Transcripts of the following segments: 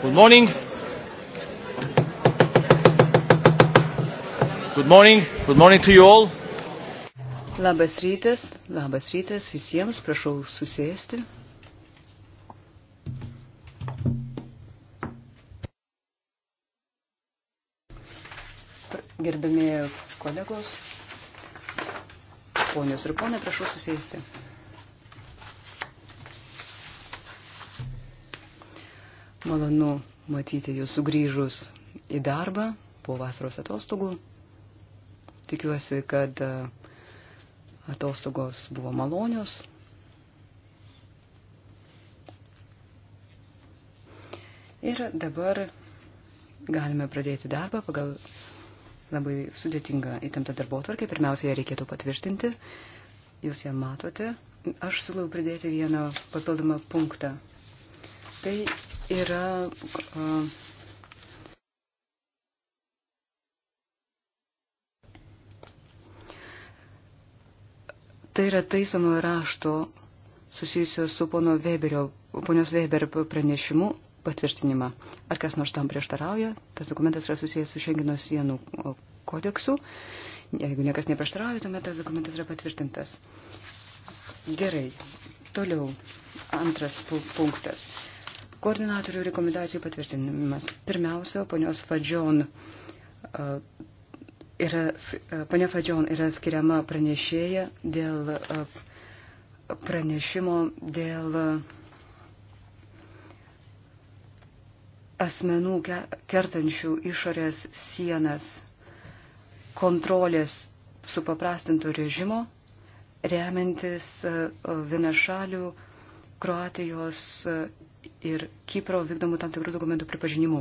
Good morning. Good morning. Good morning to you all. Labas rytas, labas rytas visiems, prašau susėsti. Gerbėmėjai kolegos, ponios ir ponai, prašau susėsti. Malonu matyti jūs sugrįžus į darbą po vasaros atostogų. Tikiuosi, kad e, atostogos buvo malonios. Ir dabar galime pradėti darbą pagal labai sudėtingą įtemptą darbo tvarkę. Pirmiausia, ją reikėtų patvirtinti. Jūs ją matote. Aš siūlau pridėti vieną papildomą punktą. Tai yra. Uh, Tai yra taisomo rašto susijusio su pono Weberio, ponios Weber pranešimu patvirtinimą. Ar kas nors tam prieštarauja? Tas dokumentas yra susijęs su Šengino sienų kodeksu. Jeigu niekas neprieštarauja, tuomet tas dokumentas yra patvirtintas. Gerai. Toliau. Antras punktas. Koordinatorių rekomendacijų patvirtinimas. Pirmiausia, ponios Fadžion. Yra, ponia Fadžion yra skiriama pranešėja dėl pranešimo dėl asmenų kertančių išorės sienas kontrolės supaprastinto režimo, remiantis vienašalių Kroatijos ir Kipro vykdomų tam tikrų dokumentų pripažinimu.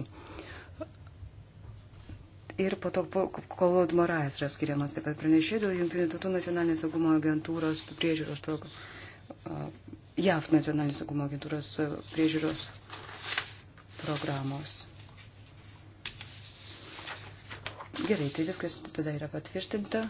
Ir po to Kolod Morais yra skiriamas taip pat pranešė dėl Junktinių tautų nacionalinės saugumo agentūros priežiūros programų. JAV nacionalinės saugumo agentūros priežiūros programos. Gerai, tai viskas tada yra patvirtinta.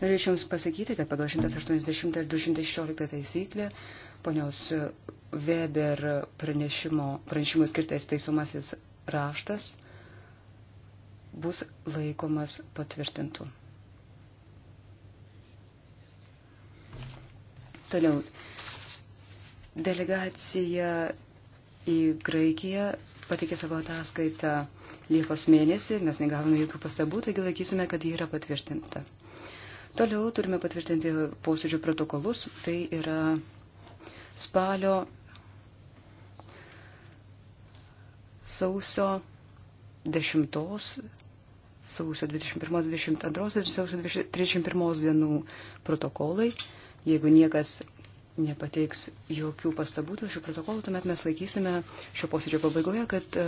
Norėčiau Jums pasakyti, kad pagal 180 ir 216 taisyklę ponios Weber pranešimui skirtas taisomasis raštas bus laikomas patvirtintų. Toliau. Delegacija į Graikiją patikė savo ataskaitą Liepos mėnesį, mes negavome jokių pastabų, taigi laikysime, kad ji yra patvirtinta. Toliau turime patvirtinti posėdžių protokolus. Tai yra spalio, sausio 10, sausio 21, 22 ir sausio 31 dienų protokolai. Jeigu niekas nepateiks jokių pastabų dėl šių protokolų, tuomet mes laikysime šio posėdžio pabaigoje, kad e,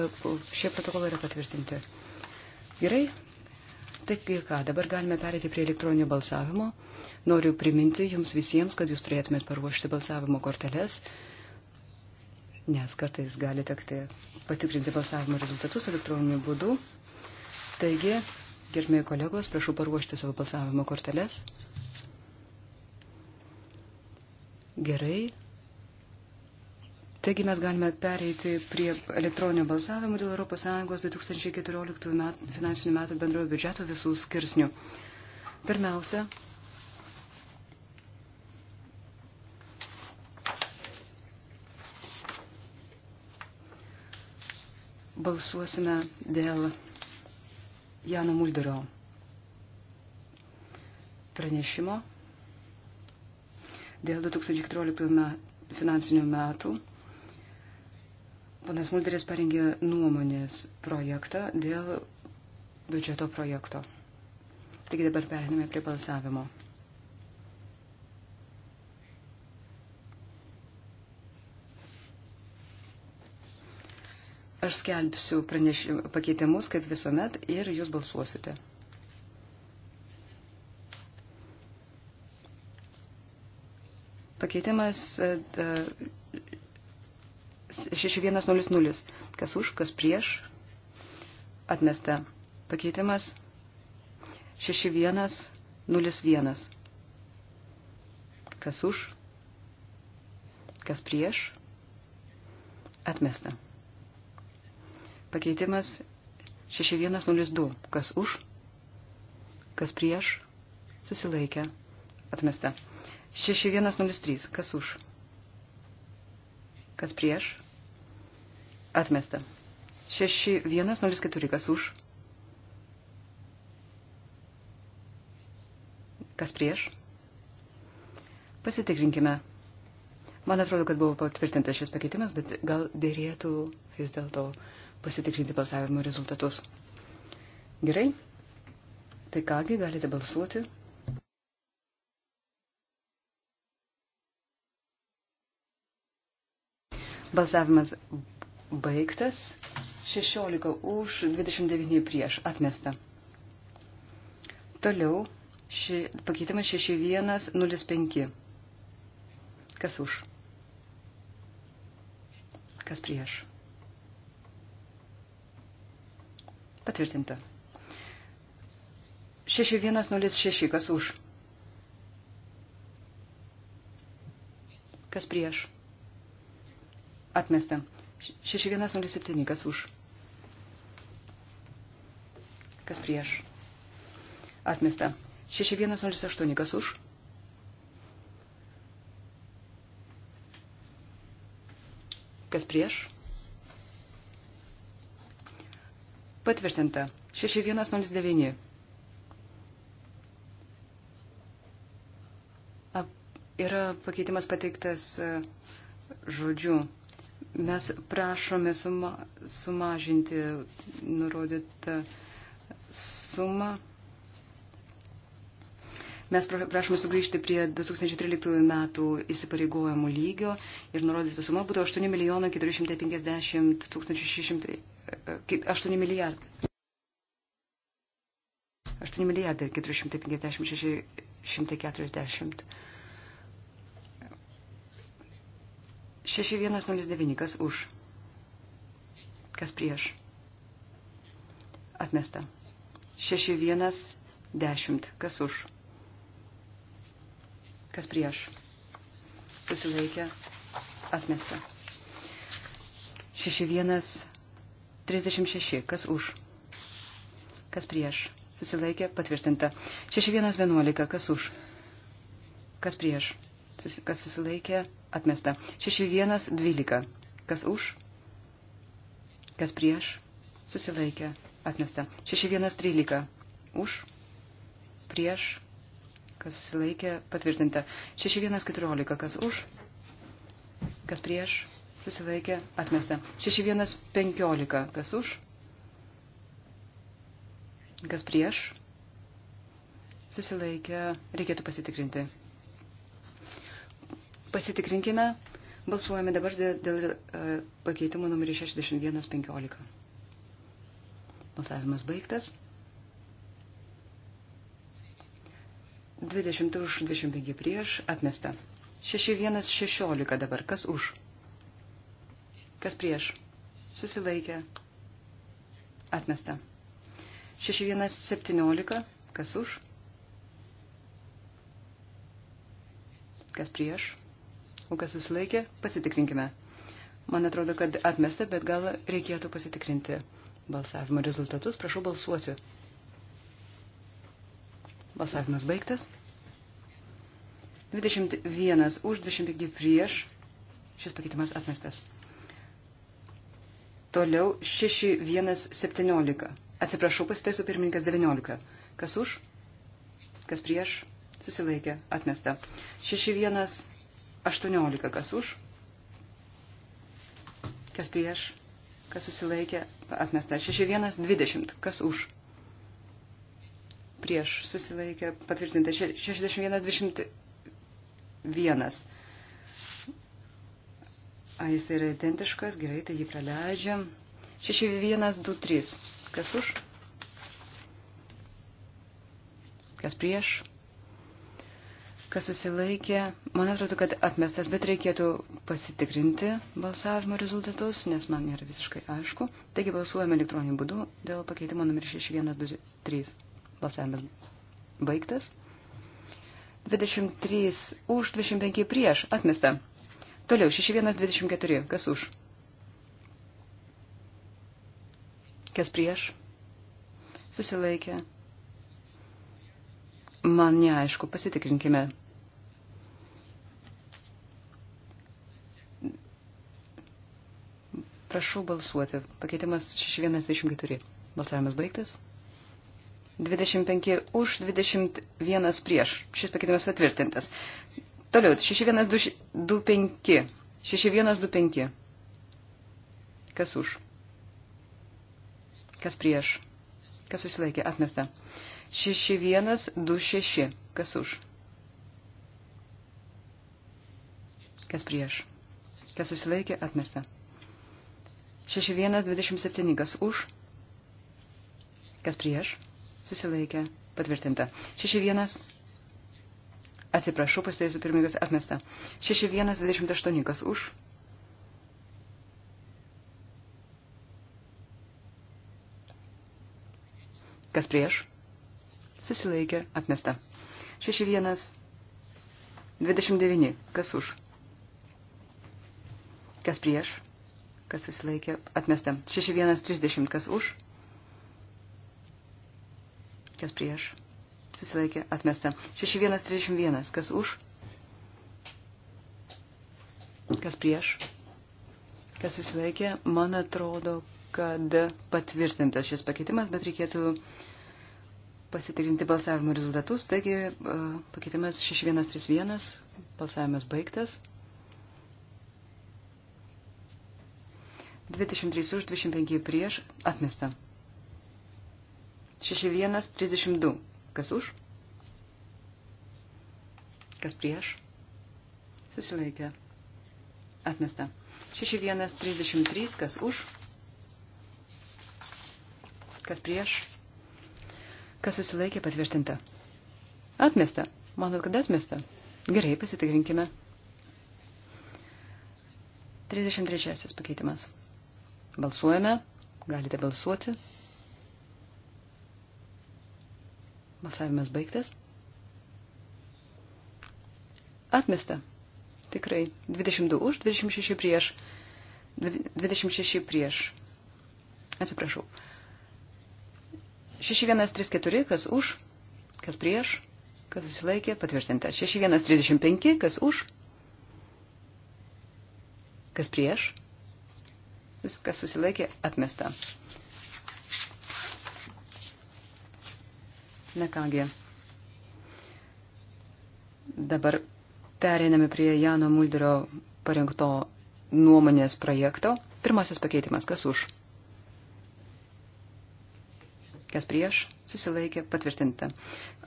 šie protokolai yra patvirtinti. Gerai, Taigi ką, dabar galime perėti prie elektroninio balsavimo. Noriu priminti jums visiems, kad jūs turėtumėt paruošti balsavimo korteles, nes kartais gali tekti patikrinti balsavimo rezultatus elektroniniu būdu. Taigi, gerbėjai kolegos, prašau paruošti savo balsavimo korteles. Gerai, Taigi mes galime pereiti prie elektroninio balsavimo dėl ES 2014 met, finansinių metų bendrojo biudžeto visų skirsnių. Pirmiausia, balsuosime dėl Jano Mulderio pranešimo dėl 2014 met, finansinių metų Panas Mulderis parengė nuomonės projektą dėl biudžeto projekto. Taigi dabar perėmėme prie balsavimo. Aš skelbsiu pakeitimus, kaip visuomet, ir jūs balsuosite. Pakeitimas e, 6100. Kas už, kas prieš. Atmesta. Pakeitimas 6101. Kas už, kas prieš. Atmesta. Pakeitimas 6102. Kas už, kas prieš. Susilaikė. Atmesta. 6103. Kas už? Kas prieš? Atmesta. 6104, kas už? Kas prieš? Pasitikrinkime. Man atrodo, kad buvo patvirtintas šis pakeitimas, bet gal dėrėtų vis dėlto pasitikrinti balsavimo rezultatus. Gerai? Tai kągi, galite balsuoti. Balsavimas baigtas. 16 už 29 prieš atmesta. Toliau ši, pakeitimas 6105. Kas už? Kas prieš? Patvirtinta. 6106. Kas už? Kas prieš? Atmesta. 6107, kas už. Kas prieš. Atmesta. 6108, kas už. Kas prieš. Patvirtinta. 6109. Yra pakeitimas pateiktas e, žodžiu Mes prašome suma, sumažinti nurodytą sumą. Mes prašome sugrįžti prie 2013 metų įsipareigojimų lygio ir nurodyta suma būtų 8 milijonai 450 600, 8 milijardai. 8 milijardai 456 140. 6109, kas už, kas prieš. Atmesta. 6110, kas už, kas prieš. Susilaikė. Atmesta. 6136, kas už, kas prieš. Susilaikė. Patvirtinta. 6111, kas už, kas prieš kas susilaikė, atmesta. 6112, kas už, kas prieš, susilaikė, atmesta. 6113, už, prieš, kas susilaikė, patvirtinta. 6114, kas už, kas prieš, susilaikė, atmesta. 6115, kas už, kas prieš, susilaikė, reikėtų pasitikrinti. Pasitikrinkime. Balsuojame dabar dėl, dėl e, pakeitimo numerį 6115. Balsavimas baigtas. 20 už 25 prieš atmesta. 6116 dabar. Kas už? Kas prieš? Susilaikė. Atmesta. 6117. Kas už? Kas prieš? o kas susilaikė, pasitikrinkime. Man atrodo, kad atmesta, bet gal reikėtų pasitikrinti balsavimo rezultatus. Prašau balsuoti. Balsavimas baigtas. 21 už, 25 prieš. Šis pakeitimas atmestas. Toliau 6117. Atsiprašau, pasitaisiu pirmininkas 19. Kas už? Kas prieš? Susilaikė. Atmesta. 6117. 18 kas už, kas prieš, kas susilaikė, atmesta 6120 kas už, prieš susilaikė, patvirtinta 6121. A, jis yra identiškas, gerai, tai jį praleidžiam. 6123. Kas už? Kas prieš? kas susilaikė. Man atrodo, kad atmestas, bet reikėtų pasitikrinti balsavimo rezultatus, nes man nėra visiškai aišku. Taigi balsuojame elektroniniu būdu dėl pakeitimo numeris 6123. Balsavimas baigtas. 23 už, 25 prieš. Atmesta. Toliau 6124. Kas už? Kas prieš? Susilaikė. Man neaišku, pasitikrinkime. Prašau balsuoti. Pakeitimas 6124. Balsavimas baigtas. 25 už, 21 prieš. Šis pakeitimas patvirtintas. Toliau, 6125. 6125. Kas už? Kas prieš? Kas susilaikė? Atmesta. 6126. Kas už? Kas prieš? Kas susilaikė? Atmesta. 6127. Kas už? Kas prieš? Susilaikė. Patvirtinta. 61. Atsiprašau, pasitaisiu pirmininkas atmesta. 6128. Kas už? Kas prieš? Susilaikė. Atmesta. 61. 29. Kas už? Kas prieš? Kas susilaikė? Atmesta. 61.30. Kas už? Kas prieš? Susilaikė. Atmesta. 61.31. Kas už? Kas prieš? Kas susilaikė? Man atrodo, kad patvirtintas šis pakeitimas, bet reikėtų uh, pasitikrinti balsavimo rezultatus. Taigi e, pakeitimas 6131, balsavimas baigtas. 23 už, 25 prieš, atmesta. 6132, kas už? Kas prieš? Susilaikė. Atmesta. 6133, kas už? Kas prieš? Kas susilaikė patvirtinta? Atmesta. Manau, kad atmesta. Gerai, pasitikrinkime. 33 pakeitimas. Balsuojame. Galite balsuoti. Balsavimas baigtas. Atmesta. Tikrai. 22 už, 26 prieš. 26 prieš. Atsiprašau. 6134, kas už, kas prieš, kas susilaikė, patvirtinta. 6135, kas už, kas prieš, kas susilaikė, atmesta. Na kągi, dabar pereiname prie Jano Mulderio parengto nuomonės projekto. Pirmasis pakeitimas, kas už? Kas prieš? Susilaikė. Patvirtinta.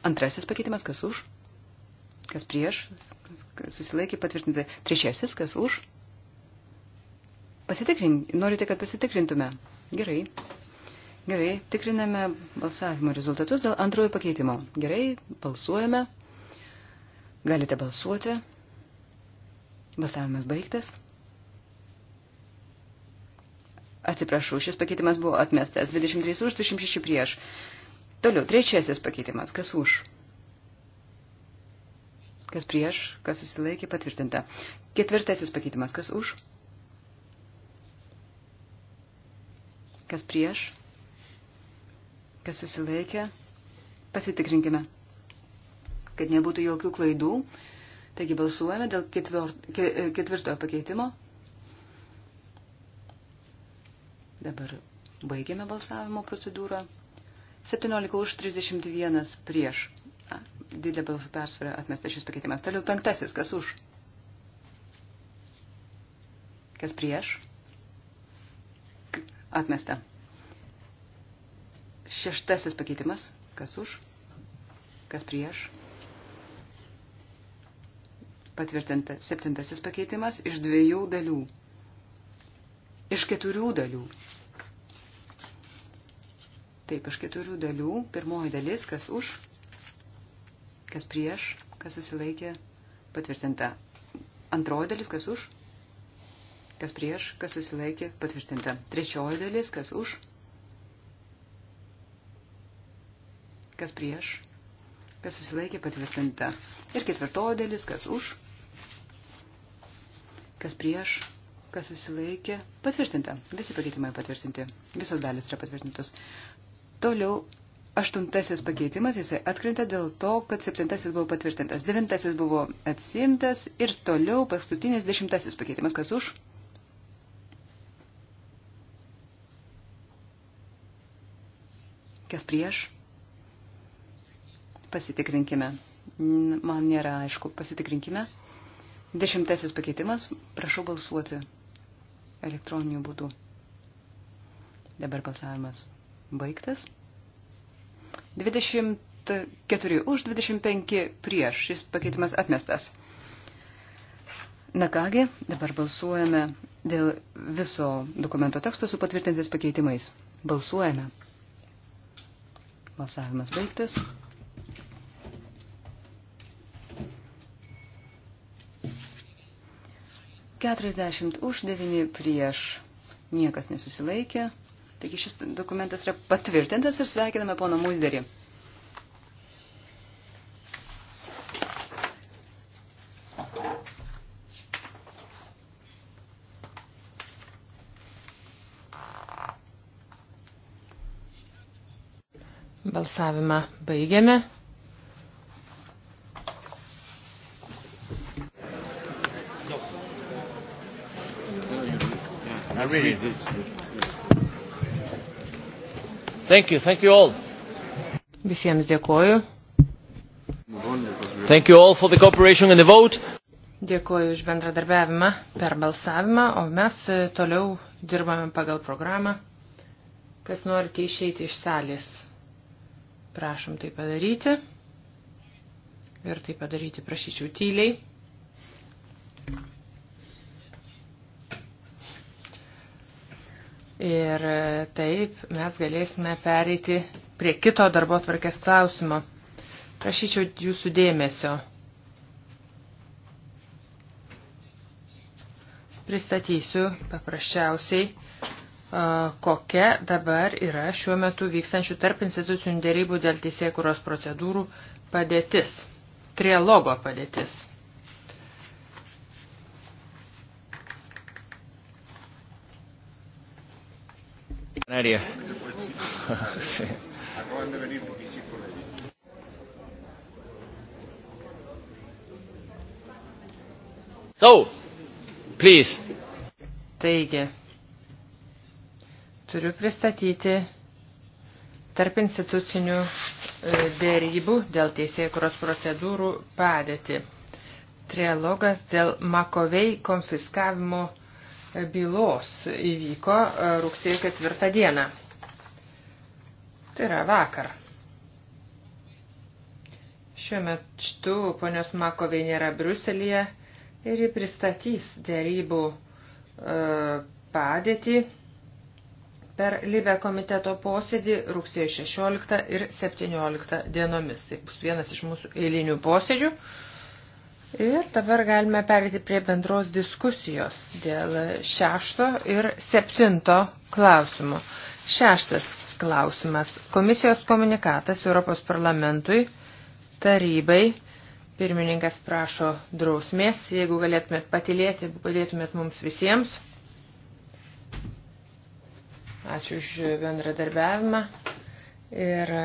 Antrasis pakeitimas. Kas už? Kas prieš? Susilaikė. Patvirtinta. Trečiasis. Kas už? Pasitikrink. Norite, kad pasitikrintume? Gerai. Gerai. Tikriname balsavimo rezultatus dėl antrojo pakeitimo. Gerai. Balsuojame. Galite balsuoti. Balsavimas baigtas. Atsiprašau, šis pakeitimas buvo atmestas. 23 už, 26 prieš. Toliau, trečiasis pakeitimas. Kas už? Kas prieš? Kas susilaikė? Patvirtinta. Ketvirtasis pakeitimas. Kas už? Kas prieš? Kas susilaikė? Pasitikrinkime, kad nebūtų jokių klaidų. Taigi balsuojame dėl ketvirtojo pakeitimo. Dabar baigiame balsavimo procedūrą. 17 už 31 prieš. Didelė balsų persvara atmesta šis pakeitimas. Toliau penktasis, kas už? Kas prieš? Atmesta. Šeštasis pakeitimas, kas už? Kas prieš? Patvirtinta. Septintasis pakeitimas iš dviejų dalių iš keturių dalių. Taip, iš keturių dalių. Pirmoji dalis, kas už, kas prieš, kas susilaikė, patvirtinta. Antroji dalis, kas už, kas prieš, kas susilaikė, patvirtinta. Trečioji dalis, kas už, kas prieš, kas susilaikė patvirtinta. Ir ketvirtoji dalis, kas už, kas prieš, kas susilaikė, patvirtinta. Visi pakeitimai patvirtinti. Visos dalis yra patvirtintos. Toliau aštuntasis pakeitimas, jisai atkrenta dėl to, kad septintasis buvo patvirtintas. Devintasis buvo atsimtas ir toliau paskutinis dešimtasis pakeitimas, kas už. Kas prieš? Pasitikrinkime. Man nėra aišku. Pasitikrinkime. Dešimtasis pakeitimas. Prašau balsuoti elektroniniu būdu. Dabar balsavimas baigtas. 24 už, 25 prieš. Šis pakeitimas atmestas. Na kągi, dabar balsuojame dėl viso dokumento teksto su patvirtintais pakeitimais. Balsuojame. Balsavimas baigtas. 40 už 9 prieš. Niekas nesusilaikė. Taigi šis dokumentas yra patvirtintas ir sveikiname pono Mulderį. Balsavimą baigiame. read this. Thank you, thank you all. Visiems dėkoju. Thank you all for the cooperation and the vote. Dėkoju už bendradarbiavimą per balsavimą, o mes e, toliau dirbame pagal programą. Kas norite išeiti iš salės, prašom tai padaryti. Ir tai padaryti prašyčiau tyliai. Ir taip mes galėsime pereiti prie kito darbo tvarkės klausimo. Prašyčiau jūsų dėmesio. Pristatysiu paprasčiausiai, kokia dabar yra šiuo metu vykstančių tarp institucijų dėrybų dėl teisėkuros procedūrų padėtis. Trialogo padėtis. Nerija. Acaban de venir 25 colegas. So, please. Taigi, turiu pristatyti tarp institucinių e, dėrybų dėl teisėkuros procedūrų padėti. Trialogas dėl Makovei konfiskavimo bylos įvyko e, rugsėjo ketvirtą dieną. Tai yra vakar. Šiuo metu ponios Makovai nėra Bruselėje ir ji pristatys dėrybų e, padėtį per Libę komiteto posėdį rugsėjo 16 ir 17 dienomis. Tai bus vienas iš mūsų eilinių posėdžių. Ir dabar galime perėti prie bendros diskusijos dėl šešto ir septinto klausimų. Šeštas klausimas. Komisijos komunikatas Europos parlamentui, tarybai. Pirmininkas prašo drausmės. Jeigu galėtumėt patilėti, galėtumėt mums visiems. Ačiū už bendradarbiavimą. Ir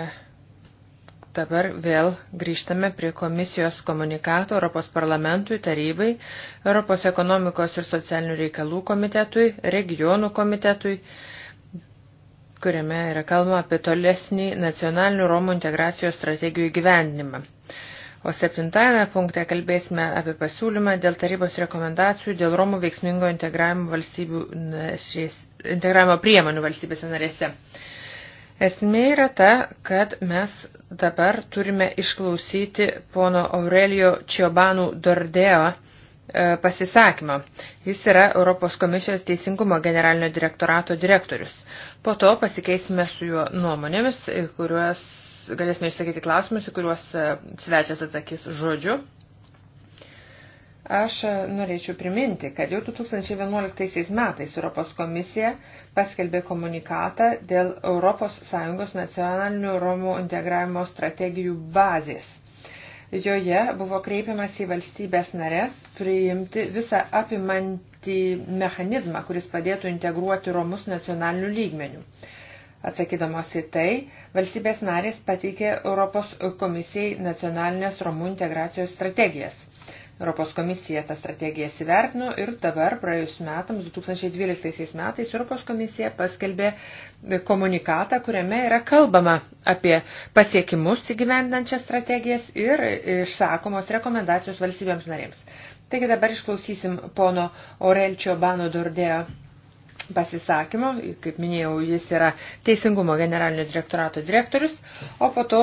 Dabar vėl grįžtame prie komisijos komunikato Europos parlamentui, tarybai, Europos ekonomikos ir socialinių reikalų komitetui, regionų komitetui, kuriame yra kalbama apie tolesnį nacionalinių Romų integracijos strategijų įgyvendinimą. O septintame punkte kalbėsime apie pasiūlymą dėl tarybos rekomendacijų dėl Romų veiksmingo integravimo, valstybių, integravimo priemonių valstybėse narėse. Esmė yra ta, kad mes dabar turime išklausyti pono Aurelio Čiobanų Dordeo e, pasisakymą. Jis yra Europos komisijos teisingumo generalinio direktorato direktorius. Po to pasikeisime su juo nuomonėmis, kuriuos galėsime išsakyti klausimus, į kuriuos e, svečias atsakys žodžiu. Aš e, norėčiau priminti, kad jau 2011 metais Europos komisija paskelbė komunikatą dėl ES nacionalinių Romų integravimo strategijų bazės. Joje buvo kreipiamas į valstybės narės priimti visą apimantį mechanizmą, kuris padėtų integruoti Romus nacionalinių lygmenių. Atsakydamos į tai, valstybės narės pateikė Europos komisijai nacionalinės Romų integracijos strategijas Europos komisija tą strategiją įsivertino ir dabar praėjus metams, 2012 metais, Europos komisija paskelbė komunikatą, kuriame yra kalbama apie pasiekimus įgyvendančias strategijas ir išsakomos rekomendacijos valstybėms narėms. Taigi dabar išklausysim pono Orelčio Bano Dordėjo pasisakymo, kaip minėjau, jis yra Teisingumo generalinio direktorato direktorius, o po to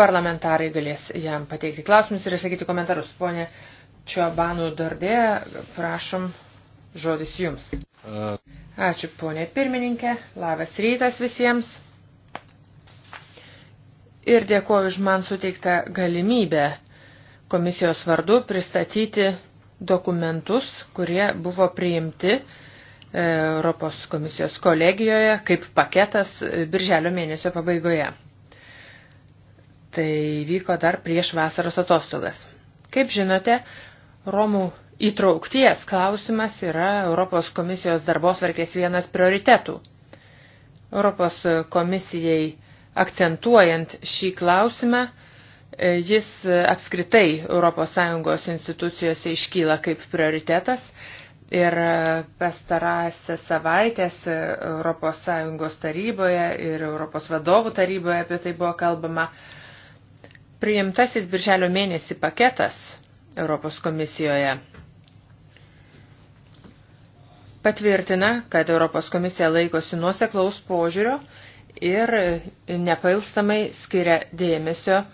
parlamentarai galės jam pateikti klausimus ir išsakyti komentarus. Pone Čia Banų Dardė, prašom, žodis jums. Ačiū, ponė pirmininkė, labas rytas visiems. Ir dėkoju už man suteiktą galimybę komisijos vardu pristatyti dokumentus, kurie buvo priimti e, Europos komisijos kolegijoje kaip paketas birželio mėnesio pabaigoje. Tai vyko dar prieš vasaros atostogas. Kaip žinote, Romų įtraukties klausimas yra Europos komisijos darbos varkės vienas prioritetų. Europos komisijai akcentuojant šį klausimą, e, jis apskritai ES institucijose iškyla kaip prioritetas ir e, pastarąsias savaitės ES taryboje ir ES vadovų taryboje apie tai buvo kalbama. Priimtasis birželio mėnesį paketas Europos komisijoje patvirtina, kad Europos komisija laikosi nuoseklaus požiūrio ir nepailstamai skiria dėmesio e,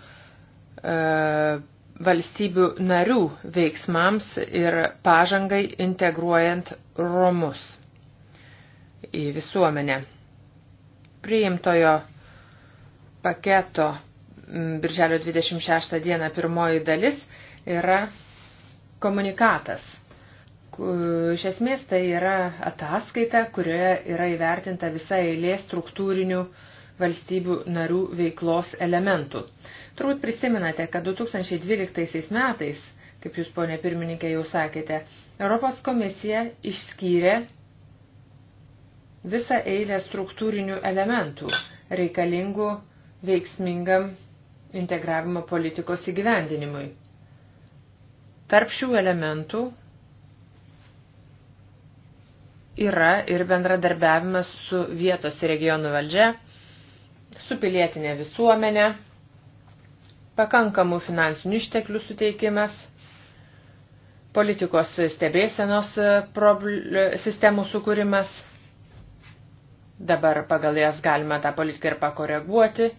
valstybių narių veiksmams ir pažangai integruojant Romus į visuomenę. Priimtojo paketo Birželio 26 dieną pirmoji dalis yra komunikatas. Iš esmės tai yra ataskaita, kurioje yra įvertinta visa eilė struktūrinių valstybių narių veiklos elementų. Turbūt prisiminate, kad 2012 metais, kaip jūs ponė pirmininkė jau sakėte, Europos komisija išskyrė visą eilę struktūrinių elementų reikalingų veiksmingam integravimo politikos įgyvendinimui. Tarp šių elementų yra ir bendradarbiavimas su vietos ir regionų valdžia, su pilietinė visuomenė, pakankamų finansinių išteklių suteikimas, politikos stebėsenos sistemų sukūrimas. Dabar pagal jas galima tą politiką ir pakoreguoti.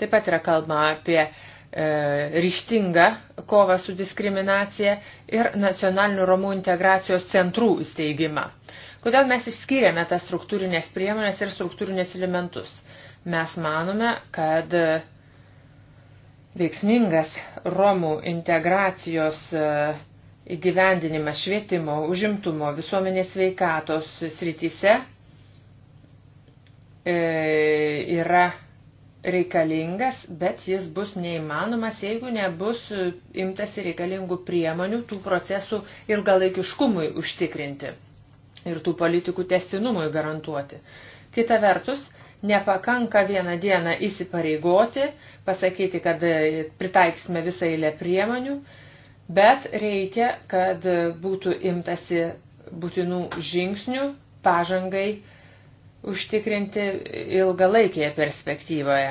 Taip pat yra kalba apie E, ryštingą kovą su diskriminacija ir nacionalinių romų integracijos centrų įsteigimą. Kodėl mes išskyrėme tas struktūrinės priemonės ir struktūrinės elementus? Mes manome, kad veiksmingas romų integracijos e, įgyvendinimas švietimo, užimtumo, visuomenės veikatos srityse e, yra reikalingas, bet jis bus neįmanomas, jeigu nebus e, imtasi reikalingų priemonių tų procesų ilgalaikiškumui užtikrinti ir tų politikų testinumui garantuoti. Kita vertus, nepakanka vieną dieną įsipareigoti, pasakyti, kad e, pritaiksime visą eilę priemonių, bet reikia, kad e, būtų imtasi būtinų žingsnių pažangai užtikrinti ilgalaikėje perspektyvoje.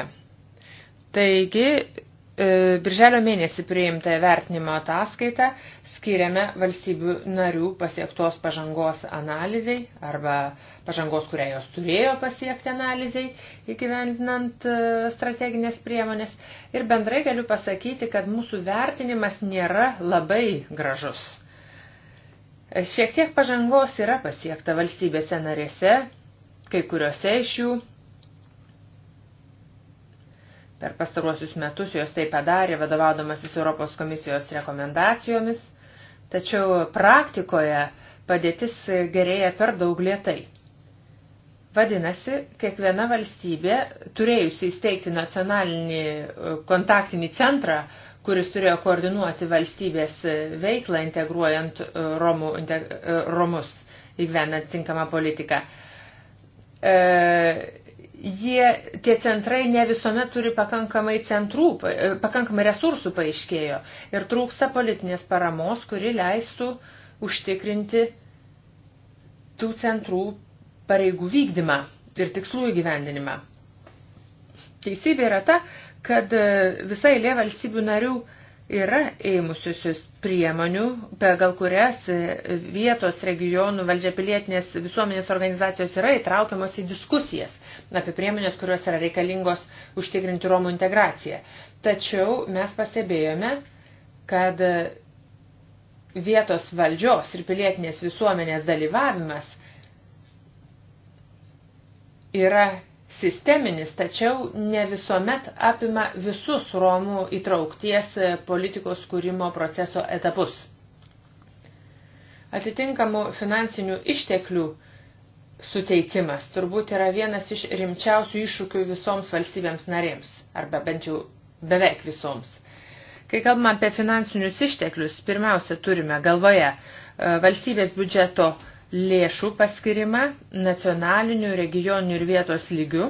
Taigi, e, Birželio mėnesį priimtą vertinimo ataskaitą skiriame valstybių narių pasiektos pažangos analizai arba pažangos, kurią jos turėjo pasiekti analizai įgyvendinant e, strateginės priemonės. Ir bendrai galiu pasakyti, kad mūsų vertinimas nėra labai gražus. Šiek tiek pažangos yra pasiekta valstybėse narėse, Kai kuriuose iš jų per pastaruosius metus jos tai padarė, vadovaudamasis Europos komisijos rekomendacijomis, tačiau praktikoje padėtis gerėja per daug lietai. Vadinasi, kiekviena valstybė, turėjusi įsteigti nacionalinį e, kontaktinį centrą, kuris turėjo koordinuoti valstybės veiklą, integruojant e, Romų, integ, e, Romus, įgyvenant tinkamą politiką, E, jie, tie centrai ne visuomet turi pakankamai, centrų, e, pakankamai resursų paaiškėjo ir trūksta politinės paramos, kuri leistų užtikrinti tų centrų pareigų vykdymą ir tikslų įgyvendinimą. Teisybė yra ta, kad e, visai lė valstybių narių uh, yra ėmusiusius priemonių, pagal kurias vietos regionų valdžia pilietinės visuomenės organizacijos yra įtraukiamos į diskusijas apie priemonės, kurios yra reikalingos užtikrinti Romų integraciją. Tačiau mes pastebėjome, kad vietos valdžios ir pilietinės visuomenės dalyvavimas yra sisteminis, tačiau ne visuomet apima visus Romų įtraukties e, politikos kūrimo proceso etapus. Atitinkamų finansinių išteklių suteikimas turbūt yra vienas iš rimčiausių iššūkių visoms valstybėms narėms, arba bent jau beveik visoms. Kai kalbame apie finansinius išteklius, pirmiausia turime galvoje e, valstybės biudžeto uh, lėšų paskirimą nacionaliniu, regioniniu ir vietos lygiu.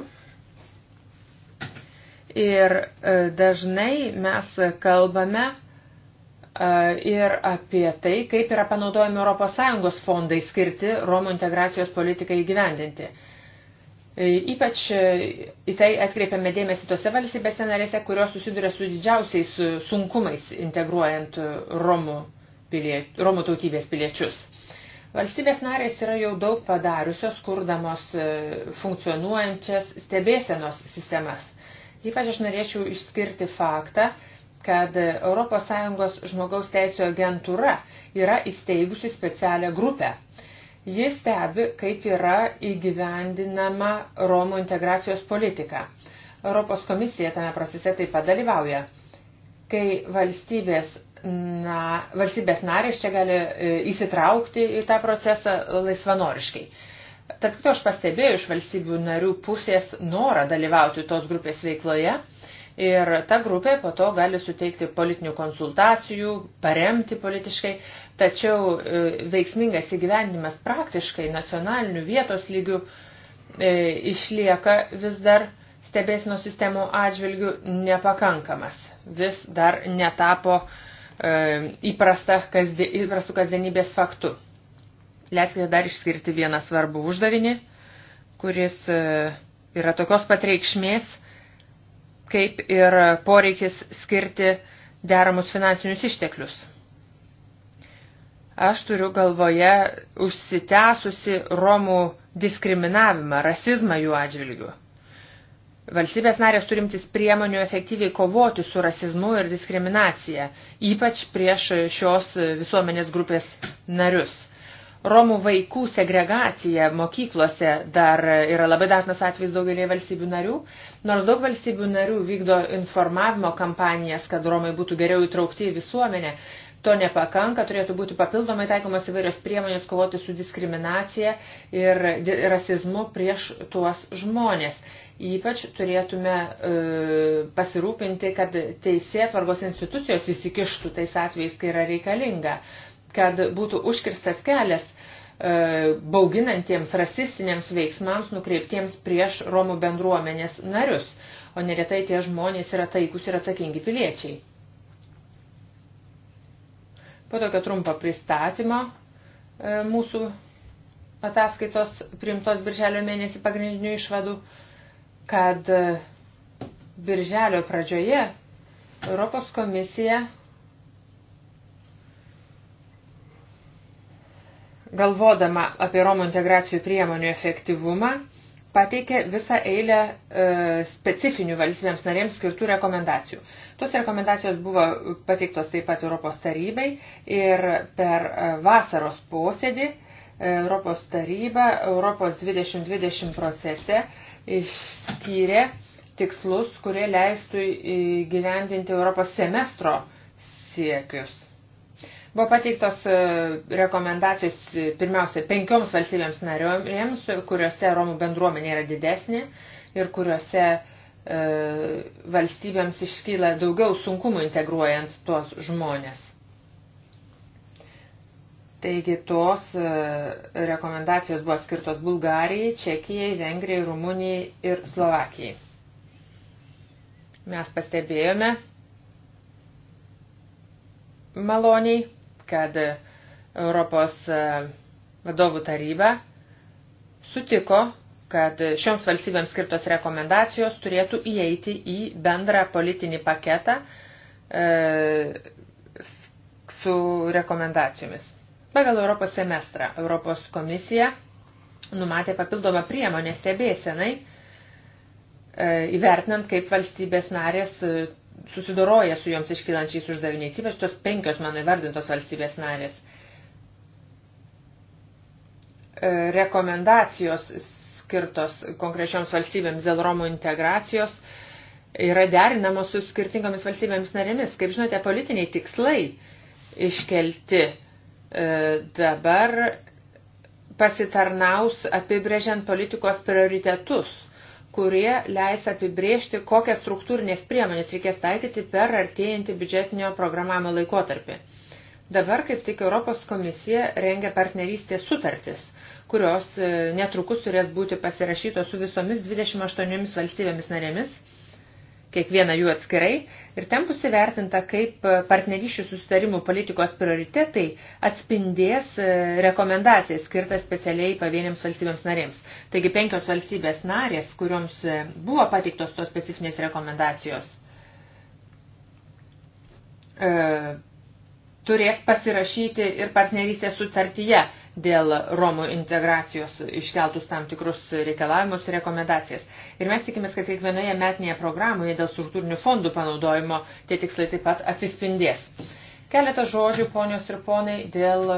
Ir e, dažnai mes kalbame e, ir apie tai, kaip yra panaudojami ES fondai skirti Romų integracijos politikai įgyvendinti. E, ypač į tai atkreipiame dėmesį tose valstybėse narėse, kurios susiduria su didžiausiais sunkumais integruojant Romų, piliet, Romų tautybės piliečius. Valstybės narės yra jau daug padariusios, kurdamos e, funkcionuojančias stebėsenos sistemas. Ypač aš norėčiau išskirti faktą, kad ES žmogaus teisų agentūra yra įsteigusi specialią grupę. Jis stebi, kaip yra įgyvendinama Romų integracijos politika. Europos komisija tame procese taip pat dalyvauja. Kai valstybės na, valstybės narės čia gali e, įsitraukti į tą procesą laisvanoriškai. Tarp kito aš pastebėjau iš valstybių narių pusės norą dalyvauti tos grupės veikloje ir ta grupė po to gali suteikti politinių konsultacijų, paremti politiškai, tačiau e, veiksmingas įgyvendimas praktiškai nacionalinių vietos lygių e, išlieka vis dar stebėsino sistemų atžvilgių nepakankamas, vis dar netapo e, E, įprasta kasdė, įprastų kasdienybės faktų. Leiskite dar išskirti vieną svarbų uždavinį, kuris e, yra tokios pat reikšmės, kaip ir poreikis skirti deramus finansinius išteklius. Aš turiu galvoje užsitęsusi Romų diskriminavimą, rasizmą jų atžvilgiu. Valstybės narės turimtis priemonių efektyviai kovoti su rasizmu ir diskriminacija, ypač prieš šios visuomenės grupės narius. Romų vaikų segregacija mokyklose dar yra labai dažnas atvejis daugelėje valstybių narių, nors daug valstybių narių vykdo informavimo kampanijas, kad Romai būtų geriau įtraukti į visuomenę. To nepakanka, turėtų būti papildomai taikomas įvairios priemonės kovoti su diskriminacija ir rasizmu prieš tuos žmonės Ypač turėtume e, pasirūpinti, kad teisėtvarkos institucijos įsikištų tais atvejais, kai yra reikalinga, kad būtų užkirstas kelias e, bauginantiems rasistiniams veiksmams nukreiptiems prieš Romų bendruomenės narius, o neretai tie žmonės yra taikus ir atsakingi piliečiai. Po tokio trumpo pristatymo e, mūsų ataskaitos primtos birželio mėnesį pagrindinių išvadų kad e, birželio pradžioje Europos komisija galvodama apie Romų integracijų priemonių efektyvumą pateikė visą eilę e, specifinių valstybėms narėms skirtų rekomendacijų. Tos rekomendacijos buvo pateiktos taip pat Europos tarybai ir per e, vasaros posėdį e, Europos taryba Europos 2020 procese išskyrė tikslus, kurie leistų įgyvendinti Europos semestro siekius. Buvo pateiktos e, rekomendacijos e, pirmiausia penkioms valstybėms narėms, kuriuose Romų bendruomenė yra didesnė ir kuriuose e, valstybėms iškyla daugiau sunkumų integruojant tuos žmonės. Taigi tos e, rekomendacijos buvo skirtos Bulgarijai, Čekijai, Vengrijai, Rumunijai ir Slovakijai. Mes pastebėjome maloniai, kad Europos e, vadovų taryba sutiko, kad šioms valstybėms skirtos rekomendacijos turėtų įeiti į bendrą politinį paketą e, su rekomendacijomis. Pagal Europos semestrą Europos komisija numatė papildomą priemonę stebėsenai, e, įvertinant, kaip valstybės narės e, susidoroja su joms iškylančiais uždaviniais, ypač tos penkios mano įvardintos valstybės narės. E, rekomendacijos skirtos konkrečioms valstybėms dėl Romų integracijos yra derinamos su skirtingomis valstybėmis narėmis. Kaip žinote, politiniai tikslai iškelti E, dabar pasitarnaus apibrėžiant politikos prioritetus, kurie leis apibrėžti, kokias struktūrinės priemonės reikės taikyti per artėjantį biudžetinio programavimo laikotarpį. Dabar kaip tik Europos komisija rengia partnerystės sutartis, kurios e, netrukus turės būti pasirašytos su visomis 28 valstybėmis narėmis kiekvieną jų atskirai ir ten bus įvertinta, kaip e, partnerysčių susitarimų politikos prioritetai atspindės e, rekomendacijas skirtas specialiai pavieniams valstybėms narėms. Taigi penkios valstybės narės, kurioms e, buvo pateiktos tos specifinės rekomendacijos, turės pasirašyti ir partnerystės sutartyje dėl Romų integracijos iškeltus tam tikrus reikalavimus ir rekomendacijas. Ir mes tikimės, kad kiekvienoje metinėje programoje dėl struktūrinių fondų panaudojimo tie tikslai taip pat atsispindės. Keletą žodžių, ponios ir ponai, dėl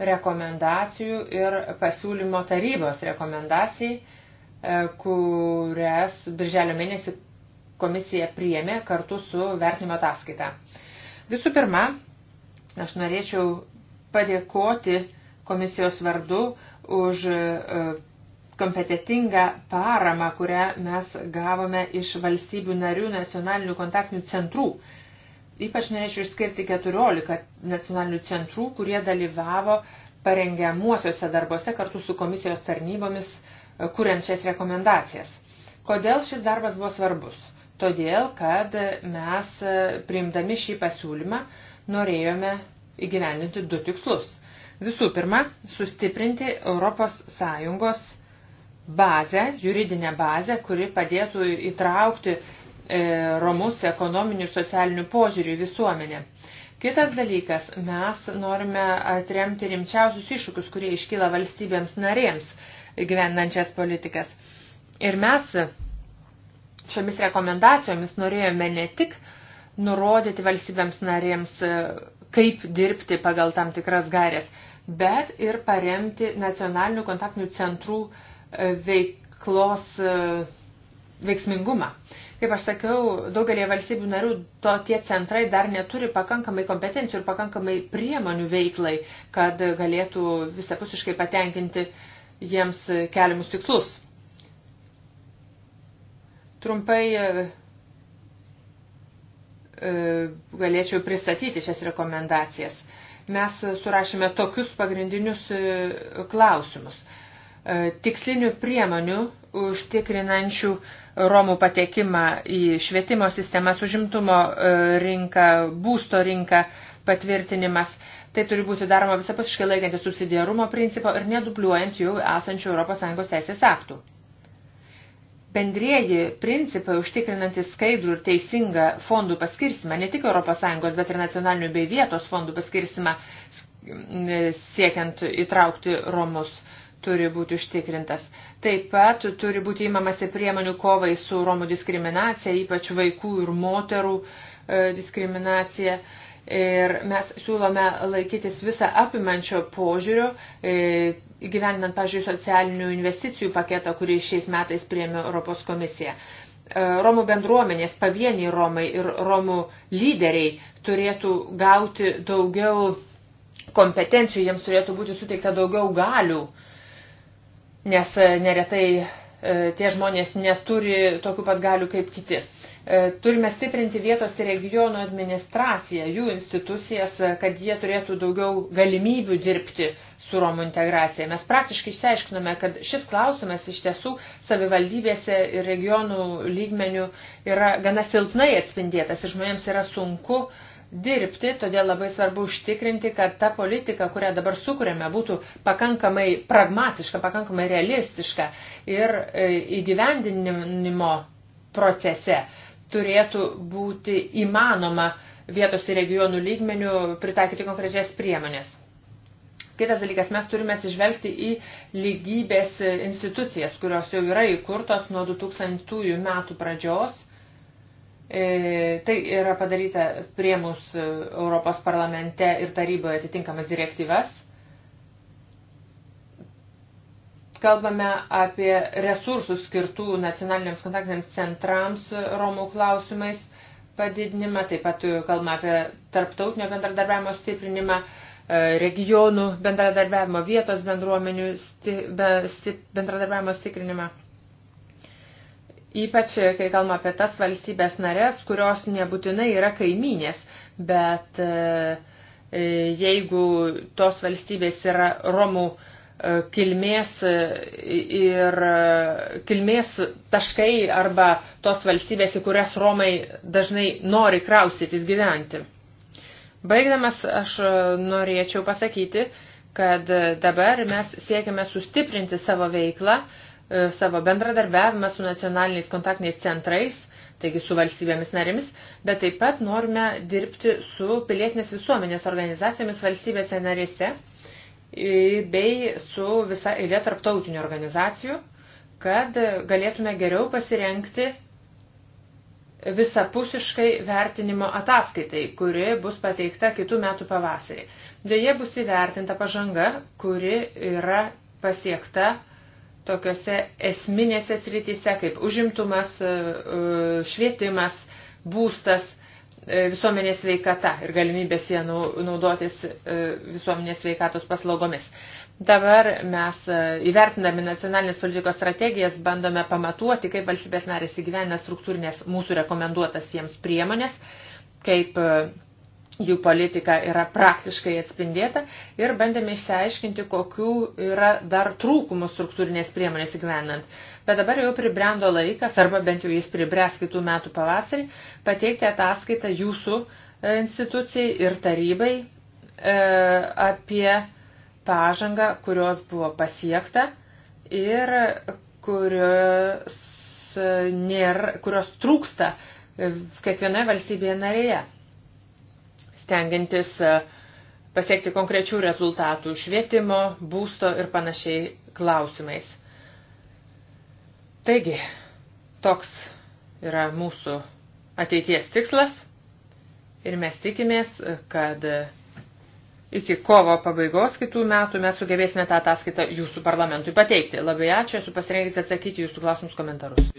rekomendacijų ir pasiūlymo tarybos rekomendacijai, e, kurias birželio mėnesį komisija priėmė kartu su vertinimo ataskaita. Visų pirma, aš norėčiau padėkoti komisijos vardu už e, kompetitingą paramą, kurią mes gavome iš valstybių narių nacionalinių kontaktinių centrų. Ypač norėčiau išskirti 14 nacionalinių centrų, kurie dalyvavo parengiamuosiuose darbuose kartu su komisijos tarnybomis, e, kuriant šias rekomendacijas. Kodėl šis darbas buvo svarbus? Todėl, kad mes e, priimdami šį pasiūlymą norėjome įgyvendinti du tikslus. Visų pirma, sustiprinti ES bazę, juridinę bazę, kuri padėtų įtraukti e, romus ekonominių ir socialinių požiūrių į visuomenę. Kitas dalykas, mes norime atremti rimčiausius iššūkius, kurie iškyla valstybėms narėms gyvenančias politikas. Ir mes šiomis rekomendacijomis norėjome ne tik nurodyti valstybėms narėms, e, kaip dirbti pagal tam tikras gairės, bet ir paremti nacionalinių kontaktinių centrų e, veiklos e, veiksmingumą. Kaip aš sakiau, daugelie valstybių narių to tie centrai dar neturi pakankamai kompetencijų ir pakankamai priemonių veiklai, kad galėtų visapusiškai patenkinti jiems keliamus tikslus. Trumpai e, galėčiau pristatyti šias rekomendacijas mes surašėme tokius pagrindinius e, klausimus. E, tikslinių priemonių užtikrinančių Romų patekimą į švietimo sistemas, užimtumo e, rinką, būsto rinką patvirtinimas. Tai turi būti daroma visapusiškai laikantis subsidiarumo principo ir nedubliuojant jų esančių ES teisės aktų bendrieji principai užtikrinantis skaidrų ir teisingą fondų paskirstimą, ne tik ES, bet ir nacionalinių bei vietos fondų paskirstimą siekiant įtraukti Romus turi būti užtikrintas. Taip pat turi būti įmamasi priemonių kovai su Romų diskriminacija, ypač vaikų ir moterų e, diskriminacija. E, ir mes siūlome laikytis visą apimančio požiūrio, e, įgyvendinant, pažiūrėjau, socialinių investicijų paketą, kurį šiais metais priėmė Europos komisija. E, Romų bendruomenės, pavieniai Romai ir Romų lyderiai turėtų gauti daugiau kompetencijų, jiems turėtų būti suteikta daugiau galių, nes e, neretai tie žmonės neturi tokių pat galių kaip kiti. E, turime stiprinti vietos ir regionų administraciją, jų institucijas, e, kad jie turėtų daugiau galimybių dirbti su Romų integracija. Mes praktiškai išsiaiškinome, kad šis klausimas iš tiesų savivaldybėse ir regionų lygmenių yra gana silpnai atspindėtas ir žmonėms yra sunku dirbti, todėl labai svarbu užtikrinti, kad ta politika, kurią dabar sukūrėme, būtų pakankamai pragmatiška, pakankamai realistiška ir e, įgyvendinimo procese turėtų būti įmanoma vietos ir regionų lygmenių pritaikyti konkrečias priemonės. Kitas dalykas, mes turime atsižvelgti į lygybės institucijas, kurios jau yra įkurtos nuo 2000 metų pradžios. E, tai yra padaryta priemus Europos parlamente ir taryboje atitinkamas direktyvas. Kalbame apie resursų skirtų nacionaliniams kontaktiniams centrams Romų klausimais padidinimą, taip pat kalbame apie tarptautinio bendradarbiavimo stiprinimą, e, regionų bendradarbiavimo, vietos bendruomenių sti, be, sti, bendradarbiavimo stiprinimą. Ypač, kai kalbame apie tas valstybės narės, kurios nebūtinai yra kaiminės, bet e, e, jeigu tos valstybės yra Romų kilmės e, ir e, kilmės taškai arba tos valstybės, į kurias Romai dažnai nori kraustytis gyventi. Baigdamas aš e, norėčiau pasakyti, kad dabar mes siekime sustiprinti savo veiklą, savo bendradarbiavimą su nacionaliniais kontaktiniais centrais, taigi su valstybėmis narėmis, bet taip pat norime dirbti su pilietinės visuomenės organizacijomis valstybėse narėse bei su visa eilė tarptautinių organizacijų, kad galėtume geriau pasirenkti visapusiškai vertinimo ataskaitai, kuri bus pateikta kitų metų pavasarį. Dėje bus įvertinta pažanga, kuri yra pasiekta tokiuose esminėse srityse kaip užimtumas, e, e, švietimas, būstas – E, visuomenės veikata ir galimybės jie naudotis e, visuomenės veikatos paslaugomis. Dabar mes e, įvertinami nacionalinės politikos strategijas bandome pamatuoti, kaip valstybės narės įgyvena struktūrinės mūsų rekomenduotas jiems priemonės, kaip jų politika yra praktiškai atspindėta ir bandėme išsiaiškinti, kokių yra dar trūkumų struktūrinės priemonės įgyvenant bet dabar jau pribrendo laikas, arba bent jau jis pribręs kitų metų pavasarį, pateikti ataskaitą jūsų e, institucijai ir tarybai e, apie pažangą, kurios buvo pasiekta ir kurios, nėra, kurios trūksta kiekvienoje valstybėje narėje, stengiantis e, pasiekti konkrečių rezultatų švietimo, būsto ir panašiai klausimais. Taigi, toks yra mūsų ateities tikslas ir mes tikimės, kad iki kovo pabaigos kitų metų mes sugebėsime tą ataskaitą jūsų parlamentui pateikti. Labai ačiū, esu pasirengęs atsakyti jūsų klausimus komentarus.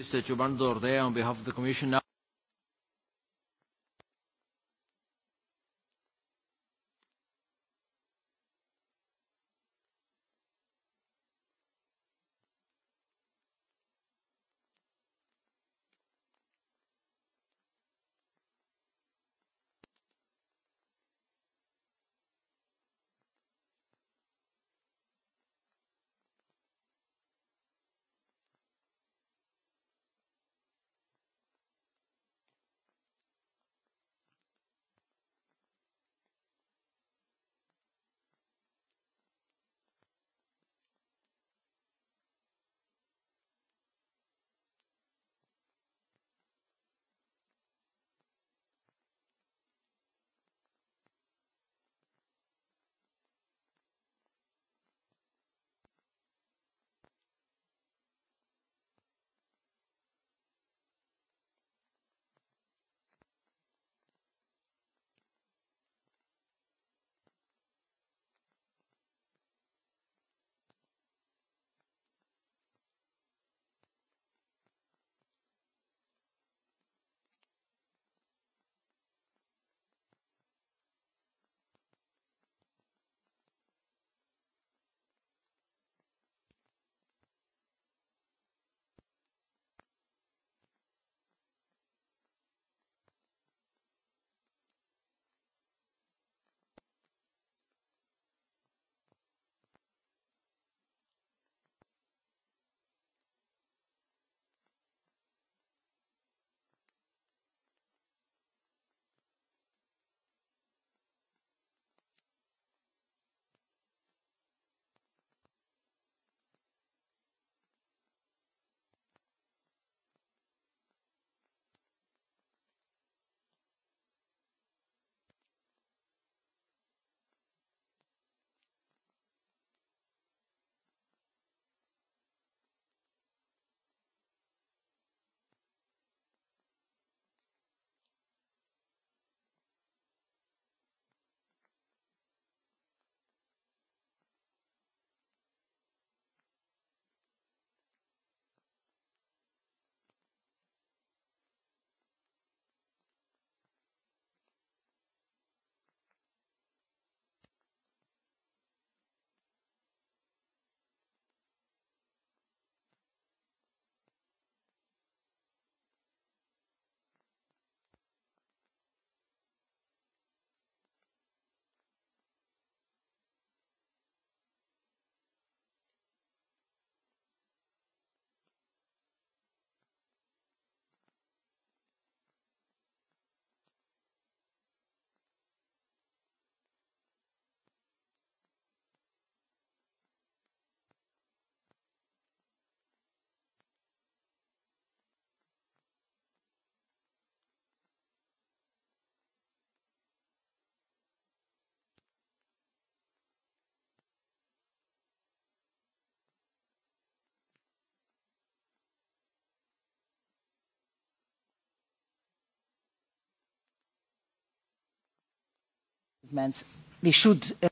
we should uh,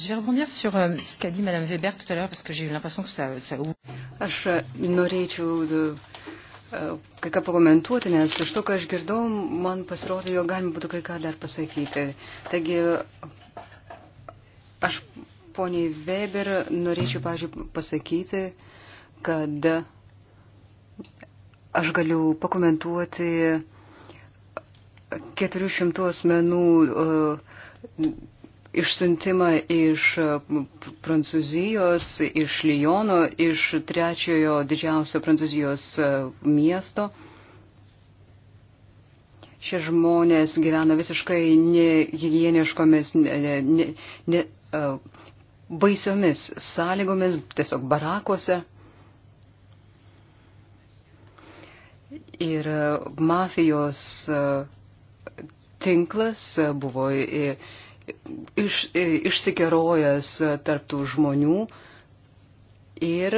Je vais rebondir sur euh, ce qu'a dit Madame Weber tout à l'heure parce que j'ai eu l'impression que ça, ça ouvre. Aš euh, norėčiau euh, kai ką pakomentuoti, nes iš to, ką aš girdau, man pasirodė, jo galima būtų kai ką dar pasakyti. Taigi, aš poniai Weber norėčiau, pažiūrėjau, pasakyti, kad aš galiu pakomentuoti 400 asmenų uh, išsiuntimą iš e, Prancūzijos, iš Lyono, iš trečiojo didžiausio Prancūzijos e, miesto. Šie žmonės gyveno visiškai nehygieniškomis, ne, ne, ne, e, baisiomis sąlygomis, tiesiog barakuose. Ir mafijos tinklas buvo iš, e, išsikerojęs tarptų žmonių ir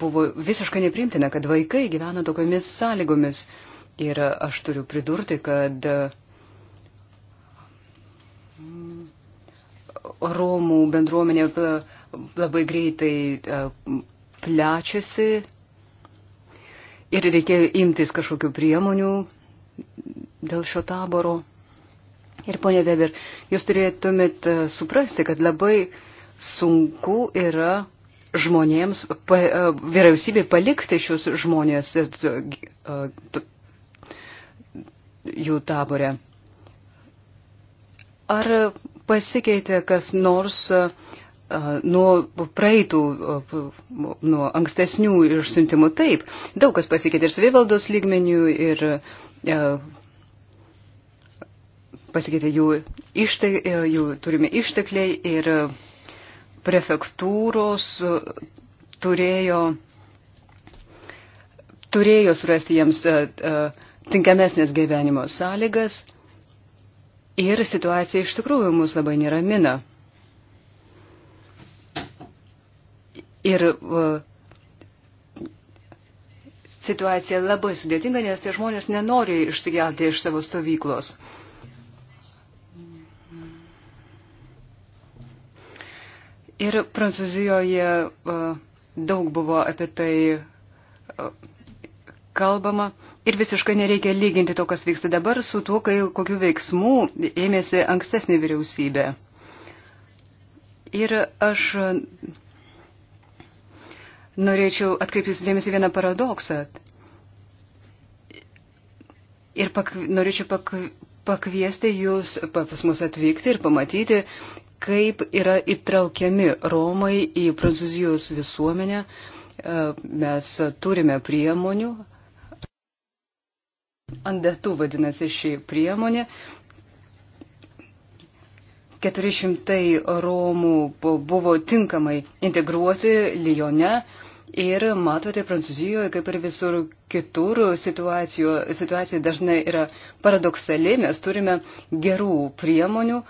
buvo visiškai neprimtina, kad vaikai gyvena tokiamis sąlygomis. Ir aš turiu pridurti, kad mm, Romų bendruomenė e, labai greitai e, plečiasi ir reikėjo imtis kažkokių priemonių dėl šio taboro. Ir ponė Weber, jūs turėtumėt e, suprasti, kad labai sunku yra žmonėms, pa, e, vyriausybė palikti šius žmonės e, jų taborę. Ar pasikeitė kas nors nuo praeitų, nuo ankstesnių išsiuntimų? Taip, daug kas pasikeitė ir savivaldos lygmenių, ir pasikeitė jų, ištek, jų turimi ištekliai ir e, prefektūros e, turėjo, turėjo surasti jiems e, tinkamesnės gyvenimo sąlygas ir situacija iš tikrųjų mus labai neramina. Ir situacija labai sudėtinga, nes tie žmonės nenori išsigelti iš savo stovyklos. Uh, Ir Prancūzijoje e, daug buvo apie tai e, kalbama. Ir visiškai nereikia lyginti to, kas vyksta dabar, su tuo, kai, kokiu veiksmu ėmėsi ankstesnė vyriausybė. Ir aš norėčiau atkreipti jūsų dėmesį vieną paradoksą. Ir pak, norėčiau pak, pakviesti jūs pas mus atvykti ir pamatyti, kaip yra įtraukiami Romai į Prancūzijos visuomenę. E, mes turime priemonių. Andetų vadinasi šį priemonę. 400 Romų buvo tinkamai integruoti Lyone. Ir matote, Prancūzijoje, kaip ir visur kitur, situacija dažnai yra paradoksali. Mes turime gerų priemonių,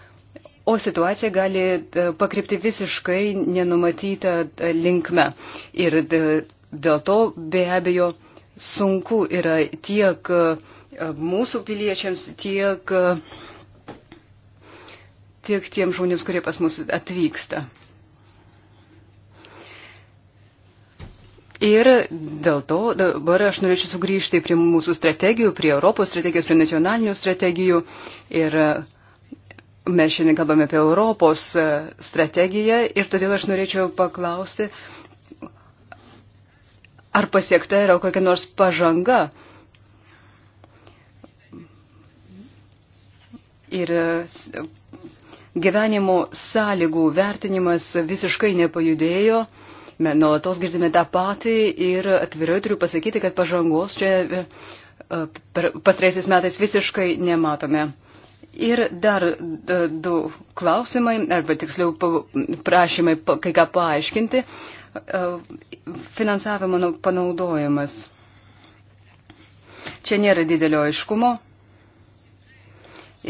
o situacija gali e, pakrypti visiškai nenumatytą e, linkme. Ir e, dėl to be abejo sunku yra tiek mūsų piliečiams, tiek, tiek tiem žmonėms, kurie pas mus atvyksta. Ir dėl to dabar aš norėčiau sugrįžti prie mūsų strategijų, prie Europos strategijos, prie nacionalinių strategijų. Ir uh, Mes šiandien kalbame apie Europos e, strategiją ir todėl aš norėčiau paklausti, ar pasiekta yra kokia nors pažanga. Ir e, gyvenimo sąlygų vertinimas visiškai nepajudėjo. Mes nuolatos girdime tą patį ir atvirai turiu pasakyti, kad pažangos čia e, pastraisiais metais visiškai nematome. Ir dar e, du klausimai, arba tiksliau prašymai kai ką paaiškinti. E, finansavimo panaudojimas. Čia nėra didelio aiškumo.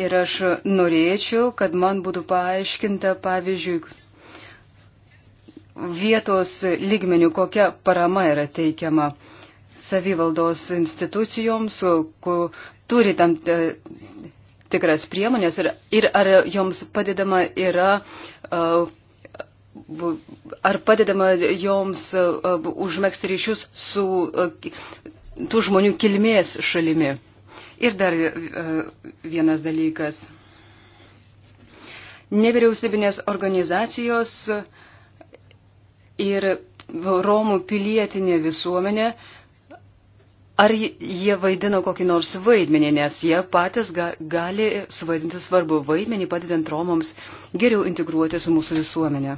Ir aš norėčiau, kad man būtų paaiškinta, pavyzdžiui, vietos lygmenių, kokia parama yra teikiama savivaldos institucijoms, kur turi tam e, tikras priemonės ir, ir ar joms padedama yra. Uh, ar padedama joms uh, užmėgsti ryšius su uh, tų žmonių kilmės šalimi? Ir dar vienas dalykas. Nevyriausybinės organizacijos ir Romų pilietinė visuomenė uh, Ar jie vaidino kokį nors vaidmenį, nes jie patys ga, gali suvaidinti svarbu vaidmenį, padedant Romams geriau integruoti su mūsų visuomenė.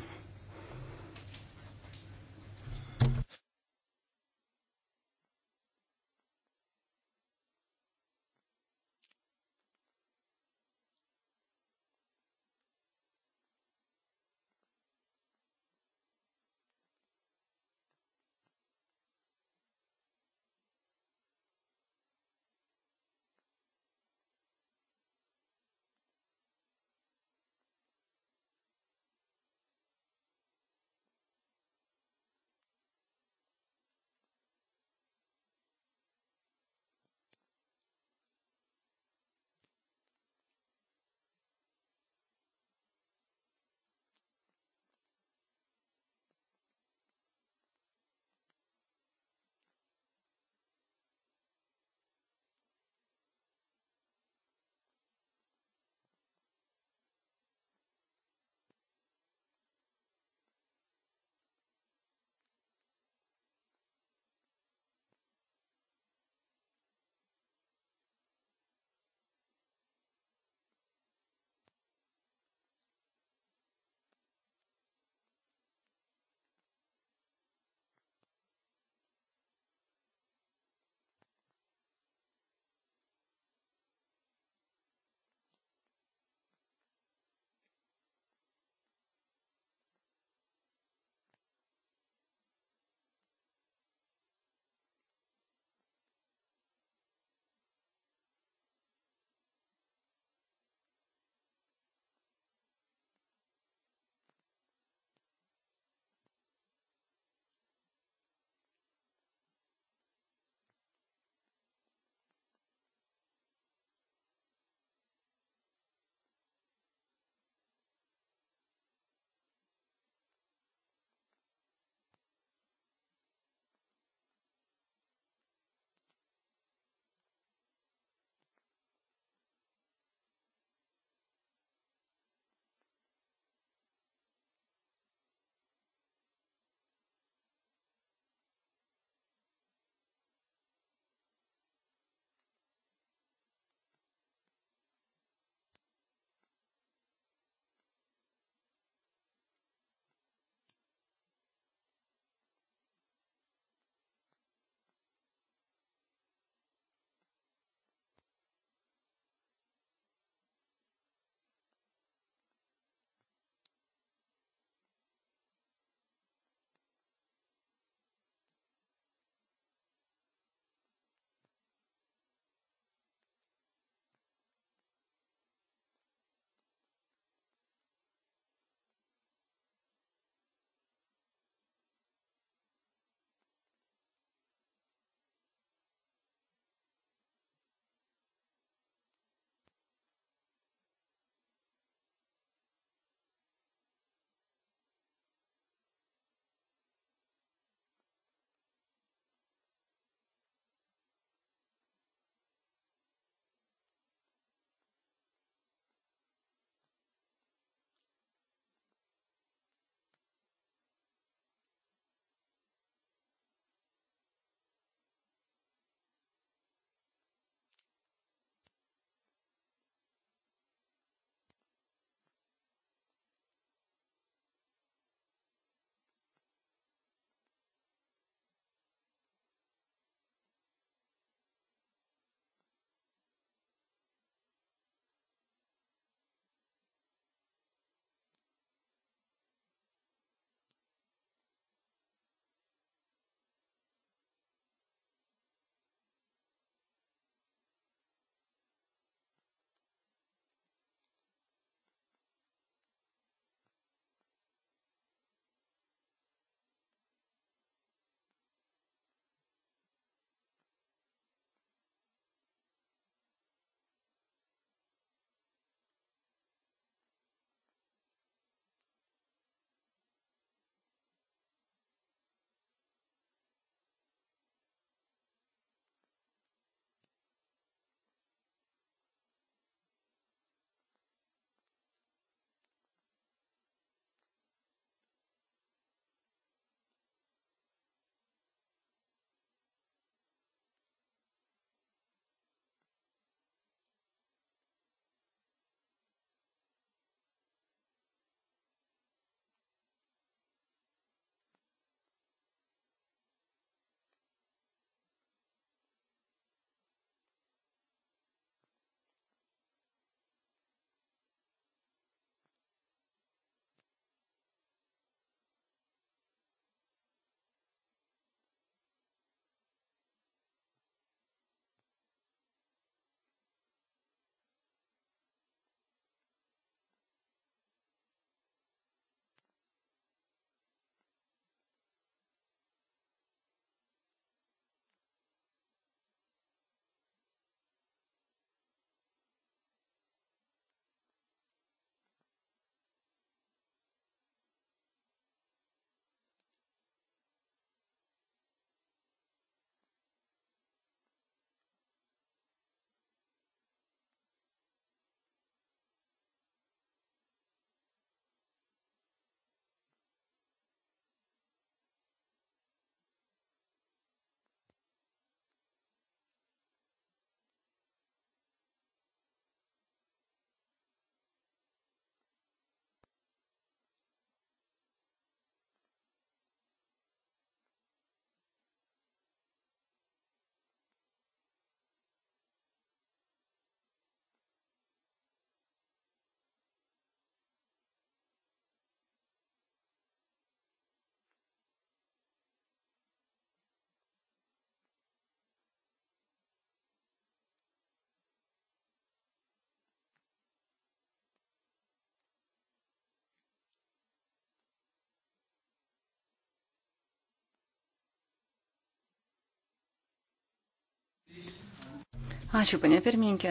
Ačiū, panė pirmininkė.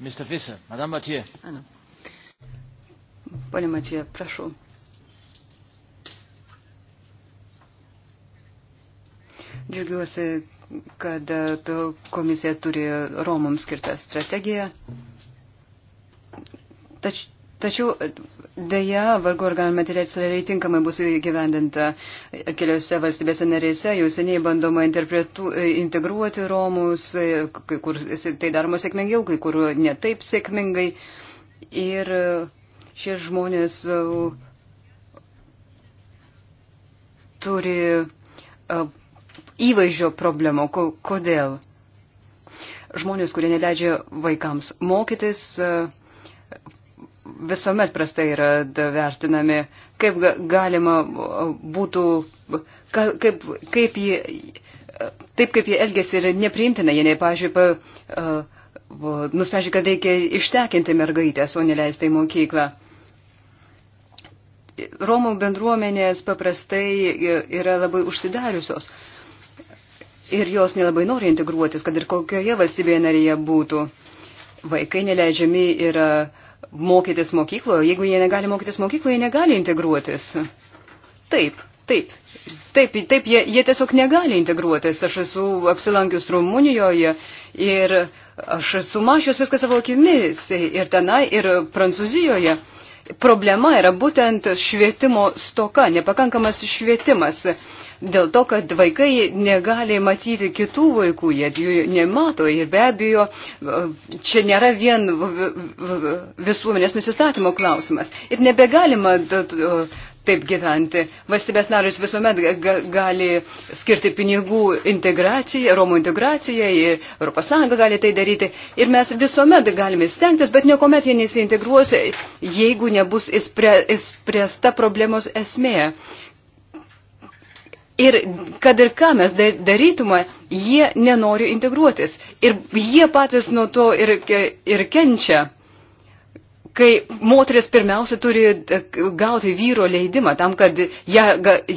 Mr. Fisser, Madame Mathieu. Ano. Pone Mathieu, prašau. Džiugiuosi, kad e, komisija turi Romams skirtą strategiją. Tačiau Tačiau dėja, vargu ar galime tikėtis, ar tinkamai bus įgyvendinta keliose valstybėse narėse, jau seniai bandoma integruoti Romus, kai kur tai daroma sėkmingiau, kai kur netaip sėkmingai. Ir šie žmonės uh, turi uh, įvaizdžio problemų. Kodėl? Žmonės, kurie neleidžia vaikams mokytis, uh, visuomet prastai yra vertinami, kaip galima būtų, kaip, kaip jie, taip kaip jie elgesi yra nepriimtina, jie, ne, pažiūrėjau, nusprendžia, kad reikia ištekinti mergaitės, o neleisti į mokyklą. Romų bendruomenės paprastai yra labai užsidariusios ir jos nelabai nori integruotis, kad ir kokioje valstybėje narėje būtų. Vaikai neleidžiami yra uh, mokytis mokykloje, jeigu jie negali mokytis mokykloje, jie negali integruotis. Taip, taip, taip, taip jie, jie tiesiog negali integruotis. Aš esu apsilankius Rumunijoje ir aš esu mačius viską savo akimis ir tenai, ir Prancūzijoje. Problema yra būtent švietimo stoka, nepakankamas švietimas dėl to, kad vaikai negali matyti kitų vaikų, jie jų nemato ir be abejo čia nėra vien visuomenės nusistatymo klausimas ir nebegalima taip gyventi. Valstybės narys visuomet gali skirti pinigų integracijai, Romų integracijai ir ES gali tai daryti. Ir mes visuomet galime stengtis, bet niekuomet jie nesiintegruos, jeigu nebus įspręsta problemos esmė. Ir kad ir ką mes darytume, jie nenori integruotis. Ir jie patys nuo to ir, ir kenčia. Kai moteris pirmiausia turi e, gauti vyro leidimą tam, kad jai,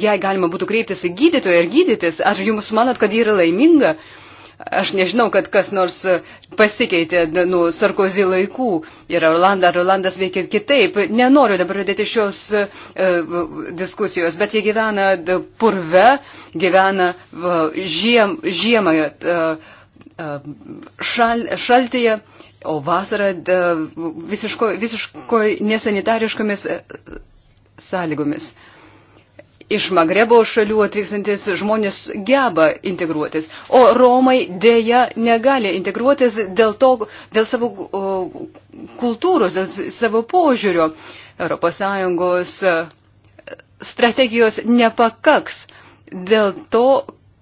jai galima būtų kreiptis į gydytoją ir gydytis, ar jums manot, kad ji yra laiminga? Uh, Aš nežinau, kad kas nors e, pasikeitė nuo Sarkozy laikų ir Orlanda, ar Orlandas veikia kitaip. Nenoriu dabar dėti šios e, e, diskusijos, bet jie gyvena purve, gyvena žiem, žiemą šal, šaltyje. O vasara visiško, visiško nesanitariškomis sąlygomis iš Magrebo šalių atvykstantis žmonės geba integruotis, o Romai dėja negali integruotis dėl, to, dėl savo kultūros, dėl savo požiūrio. ES e, strategijos nepakaks dėl to,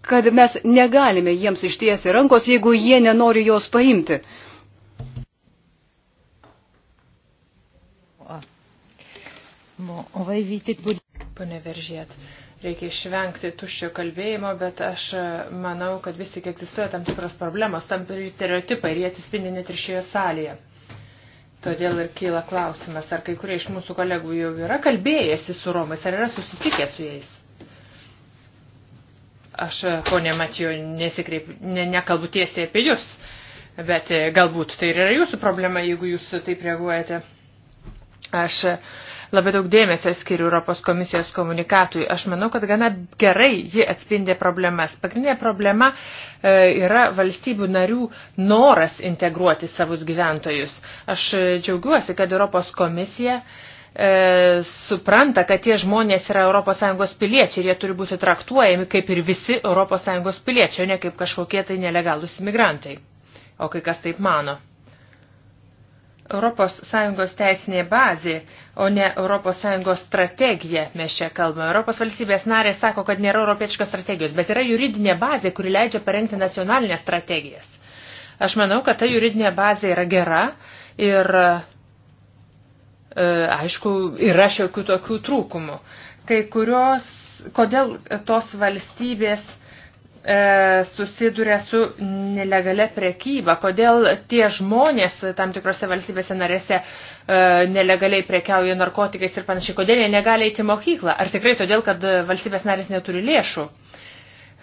kad mes negalime jiems ištiesti rankos, jeigu jie nenori jos paimti. Bon, on va éviter de pane Veržėt. Reikia išvengti tuščio kalbėjimo, bet aš e, manau, kad vis tik egzistuoja tam tikros problemos, tam tikri stereotipai ir jie atsispindi net ir šioje salėje. Todėl ir kyla klausimas, ar kai kurie iš mūsų kolegų jau yra kalbėjęsi su Romais, ar yra susitikę su jais. Aš, e, ponė Matijo, nesikreip, ne, nekalbu tiesiai apie jūs, bet e, galbūt tai ir yra jūsų problema, jeigu jūs taip reaguojate. Aš uh, Labai daug dėmesio skiriu Europos komisijos komunikatui. Aš manau, kad gana gerai ji atspindė problemas. Pagrindinė problema e, yra valstybių narių noras integruoti savus gyventojus. Aš e, džiaugiuosi, kad Europos komisija e, supranta, kad tie žmonės yra ES piliečiai ir jie turi būti traktuojami kaip ir visi ES piliečiai, o ne kaip kažkokie tai nelegalūs imigrantai. O kai kas taip mano. ES teisinė bazė, o ne ES strategija, mes čia kalbame. Europos valstybės narė sako, kad nėra europiečkos strategijos, bet yra juridinė bazė, kuri leidžia parengti nacionalinės strategijas. Aš manau, kad ta juridinė bazė yra gera ir, e, aišku, yra šiokių tokių trūkumų. Kai kurios, kodėl tos valstybės E, susiduria su nelegale prekyba, kodėl tie žmonės tam tikrose valstybėse narėse e, nelegaliai prekiauja narkotikais ir panašiai, kodėl jie negali eiti į mokyklą, ar tikrai todėl, kad valstybės narės neturi lėšų.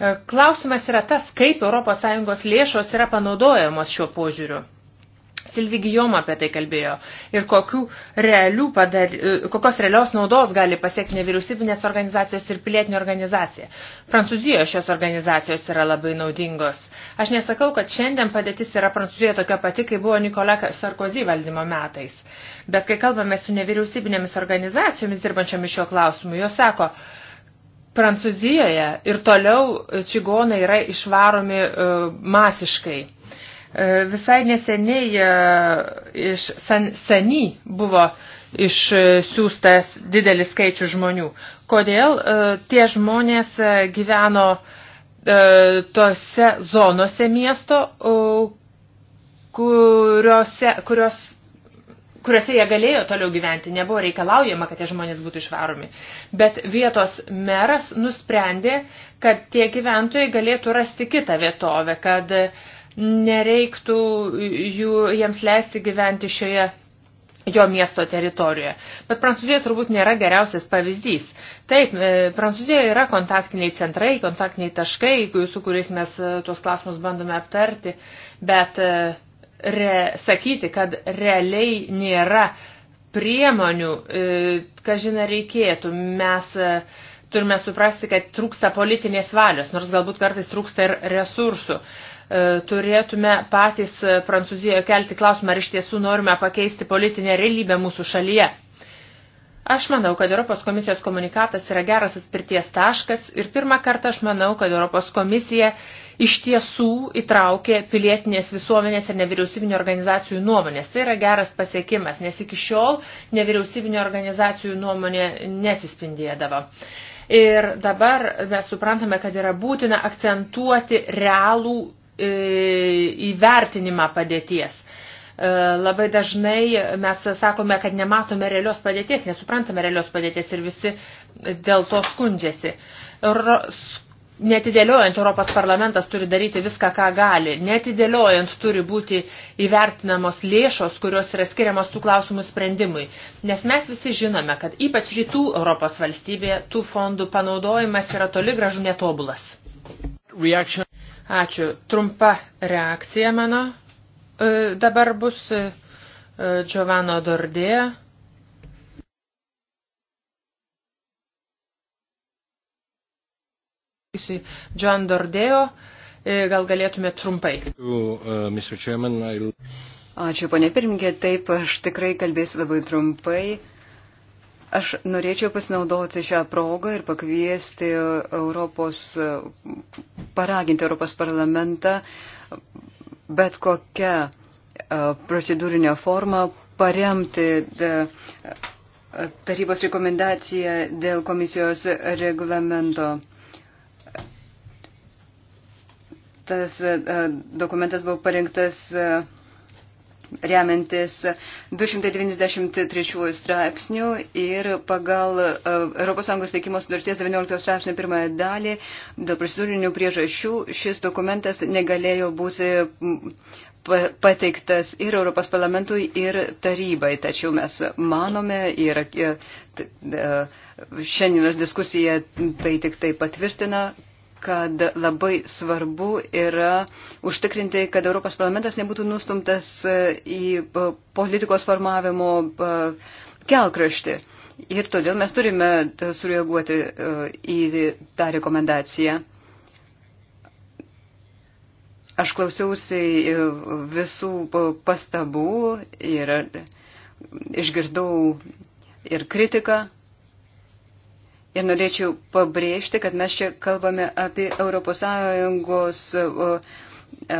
E, klausimas yra tas, kaip ES lėšos yra panaudojamos šiuo požiūriu. Silvigijom apie tai kalbėjo ir kokių realių padar, kokios realios naudos gali pasiekti nevyriausybinės organizacijos ir pilietinė organizacija. Prancūzijoje šios organizacijos yra labai naudingos. Aš nesakau, kad šiandien padėtis yra Prancūzijoje tokia pati, kai buvo Nikola Sarkozy valdymo metais. Bet kai kalbame su nevyriausybinėmis organizacijomis dirbančiomis šiuo klausimu, jos sako, Prancūzijoje ir toliau čigonai yra išvaromi e, masiškai. E, visai neseniai e, iš San, Sany buvo išsiųstas didelis skaičius žmonių. Kodėl e, tie žmonės gyveno tose zonose miesto, kuriuose, kurios, kuriuose jie galėjo toliau gyventi. Nebuvo reikalaujama, kad tie žmonės būtų išvaromi. Bet vietos meras nusprendė, kad tie gyventojai galėtų rasti kitą vietovę, kad uh, nereiktų jų, jiems leisti gyventi šioje jo miesto teritorijoje. Bet Prancūzija turbūt nėra geriausias pavyzdys. Taip, e, Prancūzijoje yra kontaktiniai centrai, kontaktiniai taškai, su kuriais mes e, tuos klausimus bandome aptarti, bet e, re, sakyti, kad realiai nėra priemonių, ką žina reikėtų, mes turime suprasti, kad trūksta politinės valios, nors galbūt kartais trūksta ir resursų. Uh, E, turėtume patys e, Prancūzijoje kelti klausimą, ar iš tiesų norime pakeisti politinę realybę mūsų šalyje. Aš manau, kad Europos komisijos komunikatas yra geras atspirties taškas ir pirmą kartą aš manau, kad Europos komisija iš tiesų įtraukė pilietinės visuomenės ir nevyriausybinio organizacijų nuomonės. Tai yra geras pasiekimas, nes iki šiol nevyriausybinio organizacijų nuomonė nesispindėdavo. Ir dabar mes suprantame, kad yra būtina akcentuoti realų E, įvertinimą padėties. E, labai dažnai mes sakome, kad nematome realios padėties, nesuprantame realios padėties ir visi dėl to skundžiasi. Euro, Netidėliojant Europos parlamentas turi daryti viską, ką gali. Netidėliojant turi būti įvertinamos lėšos, kurios yra skiriamos tų klausimų sprendimui. Nes mes visi žinome, kad ypač rytų Europos valstybėje tų fondų panaudojimas yra toli gražu netobulas. Reaction. Ačiū. Trumpa reakcija mano e, dabar bus e, e Giovano Dordėja. John Dordėjo, e, gal galėtume trumpai. E, Ačiū, ponė pirmininkė, taip, aš tikrai kalbėsiu labai trumpai. Aš norėčiau pasinaudoti šią progą ir pakviesti Europos, paraginti Europos parlamentą bet kokią e, procedūrinę formą paremti e, tarybos rekomendaciją dėl komisijos reglamento. Tas e, dokumentas buvo parengtas remiantis 293 straipsnių ir pagal ES teikimo sudarties 19 straipsnių pirmąją dalį dėl procedūrinių priežasčių šis dokumentas negalėjo būti pateiktas ir Europos parlamentui, ir tarybai. Tačiau mes manome ir e, e, šiandienos diskusija tai tik tai patvirtina, kad labai svarbu yra užtikrinti, kad Europos parlamentas nebūtų nustumtas e, į e, politikos formavimo e, kelkraštį. Ir todėl mes turime sureaguoti į tą rekomendaciją. Aš klausiausi visų pastabų ir išgirdau ir kritiką, Ir norėčiau pabrėžti, kad mes čia kalbame apie ES e,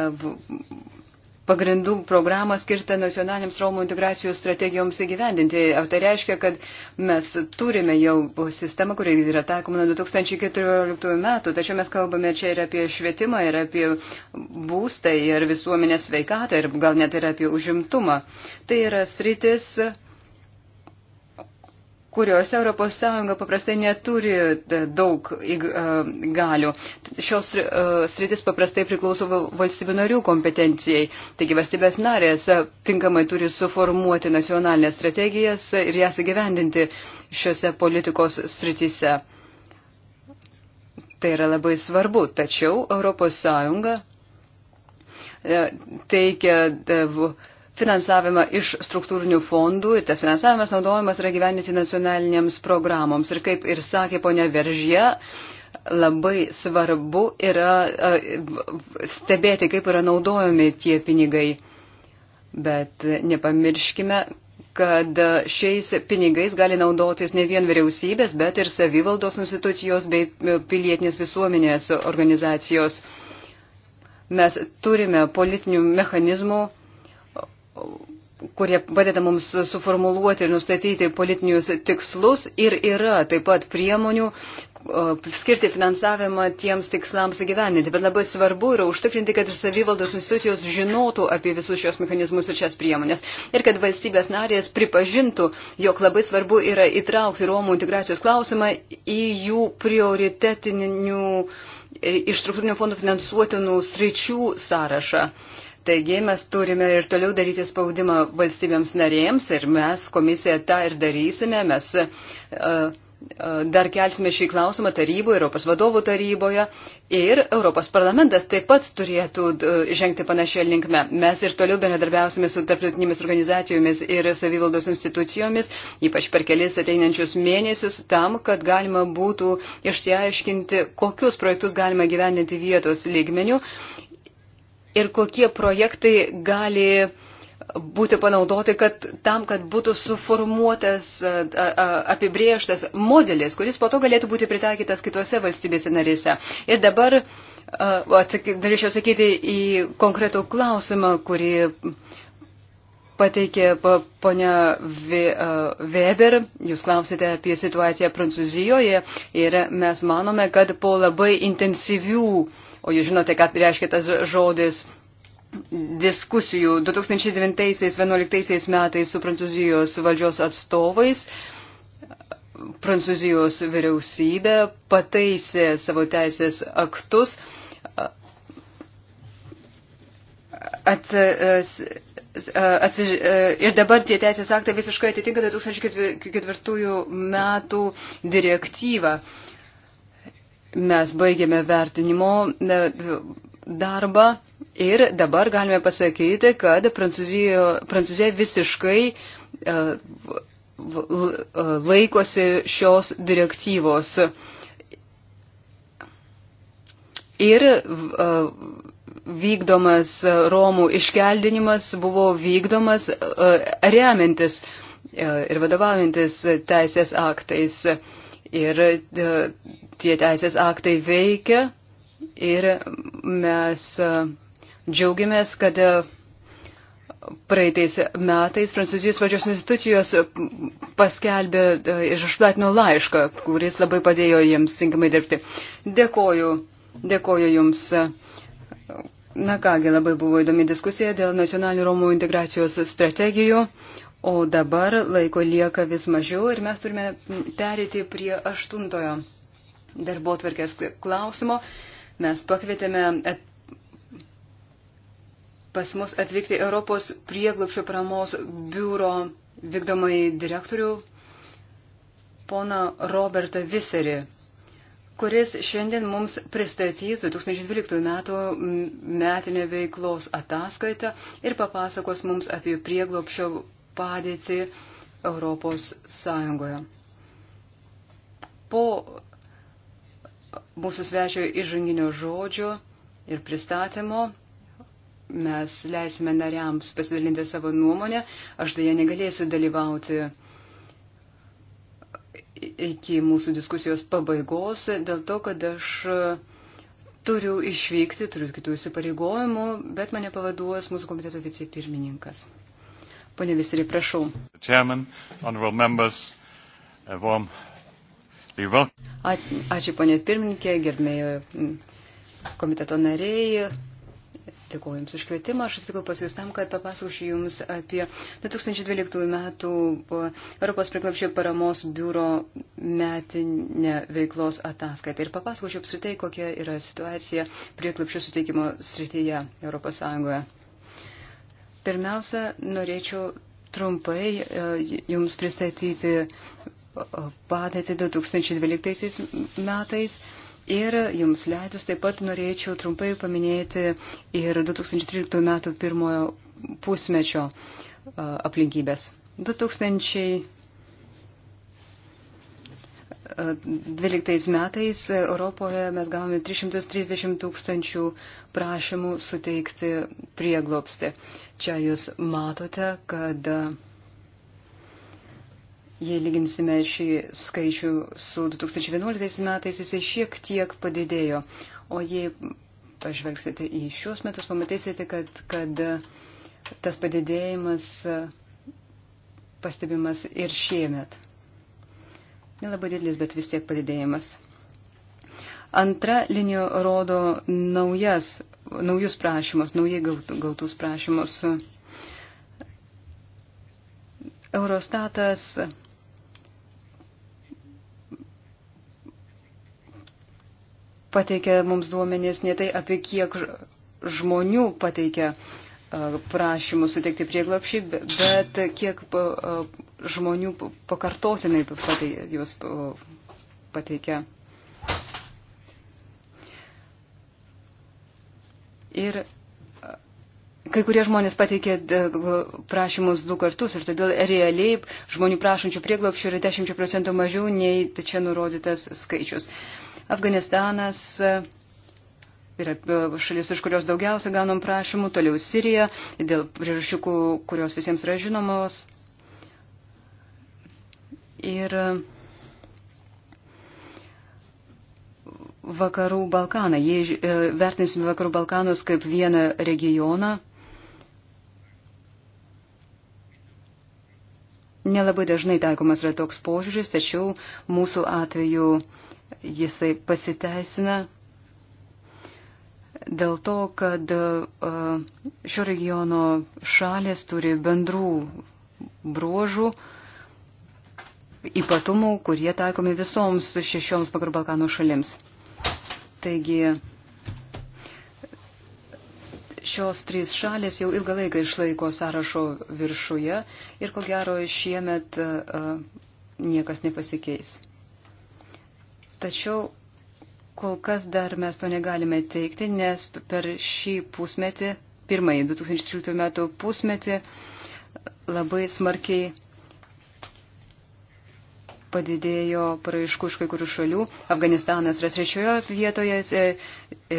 pagrindų programą skirtą nacionaliniams Romų integracijos strategijoms įgyvendinti. Ar tai reiškia, kad mes turime jau sistemą, kuri yra taikoma nuo 2014 metų, tačiau mes kalbame čia ir apie švietimą, ir apie būstą, ir visuomenės sveikatą, ir gal net ir apie užimtumą. Tai yra sritis, kuriuose ES paprastai neturi e, daug e, galių. Šios e, sritis paprastai priklauso valstybių narių kompetencijai. Taigi valstybės narės tinkamai turi suformuoti nacionalinės strategijas ir jas įgyvendinti šiuose politikos sritise. Tai yra labai svarbu, tačiau ES teikia finansavimą iš struktūrinių fondų ir tas finansavimas naudojamas yra gyveninti nacionalinėms programoms. Ir kaip ir sakė ponia Veržė, labai svarbu yra stebėti, kaip yra naudojami tie pinigai. Bet nepamirškime, kad šiais pinigais gali naudotis ne vien vyriausybės, bet ir savivaldos institucijos bei e, pilietinės visuomenės organizacijos. Mes turime politinių mechanizmų kurie padeda mums suformuluoti ir nustatyti politinius tikslus ir yra taip pat priemonių skirti finansavimą tiems tikslams įgyveninti. Bet labai svarbu yra užtikrinti, kad savivaldos institucijos žinotų apie visus šios mechanizmus ir šias priemonės. Ir kad valstybės narės pripažintų, jog labai svarbu yra įtraukti Romų integracijos klausimą į jų prioritetinių e, iš struktūrinių fondų finansuotinų sričių sąrašą. Taigi mes turime ir toliau daryti spaudimą valstybėms narėms ir mes komisija tą ir darysime. Mes e, e, dar kelsime šį klausimą taryboje, Europos vadovų taryboje ir Europos parlamentas taip pat turėtų e, žengti panašią linkmę. Mes ir toliau bendradarbiausime su tarptautinėmis organizacijomis ir savivaldos institucijomis, ypač per kelis ateinančius mėnesius, tam, kad galima būtų išsiaiškinti, kokius projektus galima gyvendinti vietos lygmenių ir kokie projektai gali būti panaudoti kad, tam, kad būtų suformuotas, apibrieštas modelis, kuris po to galėtų būti pritaikytas kitose valstybėse narėse. Ir dabar norėčiau sakyti į konkretų klausimą, kurį pateikė ponia Weber. Jūs klausėte apie situaciją Prancūzijoje ir mes manome, kad po labai intensyvių o jūs žinote, ką reiškia tas žodis diskusijų 2009-2011 metais su Prancūzijos valdžios atstovais. Prancūzijos vyriausybė pataisė savo teisės aktus, at, at, ir dabar tie teisės aktai visiškai atitinka 2004 metų direktyvą. Mes baigėme vertinimo e, darbą ir dabar galime pasakyti, kad Prancūzijo, Prancūzija visiškai e, e, laikosi šios direktyvos. Ir vykdomas Romų iškeldinimas buvo vykdomas remiantis ir vadovaujantis teisės aktais ir e, tie teisės aktai veikia ir mes e, džiaugiamės, kad e, praeitais metais Prancūzijos valdžios institucijos paskelbė iš išplatino laišką, kuris labai padėjo jiems tinkamai dirbti. Dėkoju, dėkoju jums. Na kągi, labai buvo įdomi diskusija dėl nacionalinių Romų integracijos strategijų. O dabar laiko lieka vis mažiau ir mes turime perėti prie aštuntojo darbo tvarkės klausimo. Mes pakvietėme at... pas mus atvykti Europos prieglupščio paramos biuro vykdomai direktorių pona Robertą Viserį, kuris šiandien mums pristatys 2012 metų metinę veiklos ataskaitą ir papasakos mums apie prieglupščio padėtį Europos Sąjungoje. Po mūsų svečio įžanginio žodžio ir pristatymo mes leisime nariams pasidalinti savo nuomonę. Aš dėja negalėsiu dalyvauti iki mūsų diskusijos pabaigos dėl to, kad aš turiu išvykti, turiu kitų įsipareigojimų, bet mane pavaduos mūsų komiteto vicepirmininkas. Pone Visiri, prašau. Chairman, members, warm... Ačiū, ponė pirmininkė, gerbėjo komiteto nariai. Dėkuoju Jums už kvietimą. Aš atvykau pas Jūs tam, kad papasakošiu Jums apie 2012 metų Europos priklapščio paramos biuro metinę veiklos ataskaitą ir papasakošiu apskritai, kokia yra situacija prieklapščio suteikimo srityje Europos Sąjungoje. Pirmiausia, norėčiau trumpai e, Jums pristatyti e, padėtį 2012 metais. Ir jums leidus taip pat norėčiau trumpai paminėti ir 2013 metų pirmojo pusmečio e, aplinkybės. 2000 2012 metais Europoje mes gavome 330 tūkstančių prašymų suteikti prieglopsti. Čia jūs matote, kad jei lyginsime šį skaičių su 2011 metais, jisai šiek tiek padidėjo. O jei pažvelgsite į šios metus, pamatysite, kad, kad tas padidėjimas pastebimas ir šiemet. Nelabai didelis, bet vis tiek padidėjimas. Antra linija rodo naujas, naujus prašymus, naujai gautus prašymus. Eurostatas pateikia mums duomenės ne tai, apie kiek žmonių pateikia prašymų suteikti prieglapšį, bet kiek žmonių pakartotinai juos pateikia. Ir kai kurie žmonės pateikė prašymus du kartus ir todėl realiai žmonių prašančių prieglopščių yra 10 procentų mažiau nei čia nurodytas skaičius. Afganistanas uh, yra e, šalis, iš kurios daugiausia gaunam prašymų, toliau Sirija, dėl priežasčių, kurios visiems yra žinomos. Ir e, vakarų Balkaną. Jei e, vertinsime vakarų Balkanus kaip vieną regioną, nelabai dažnai taikomas yra toks požiūris, tačiau mūsų atveju jisai pasiteisina dėl to, kad e, šio regiono šalės turi bendrų bruožų, ypatumų, kurie taikomi visoms šešioms vakarų Balkanų šalims. Taigi šios trys šalės jau ilgą laiką išlaiko sąrašo viršuje ir ko gero šiemet e, e, niekas nepasikeis. Tačiau Kol kas dar mes to negalime teikti, nes per šį pusmetį, pirmąjį 2013 metų pusmetį, labai smarkiai padidėjo paraiškų iš kai kurių šalių. Afganistanas yra trečiojo vietoje, e,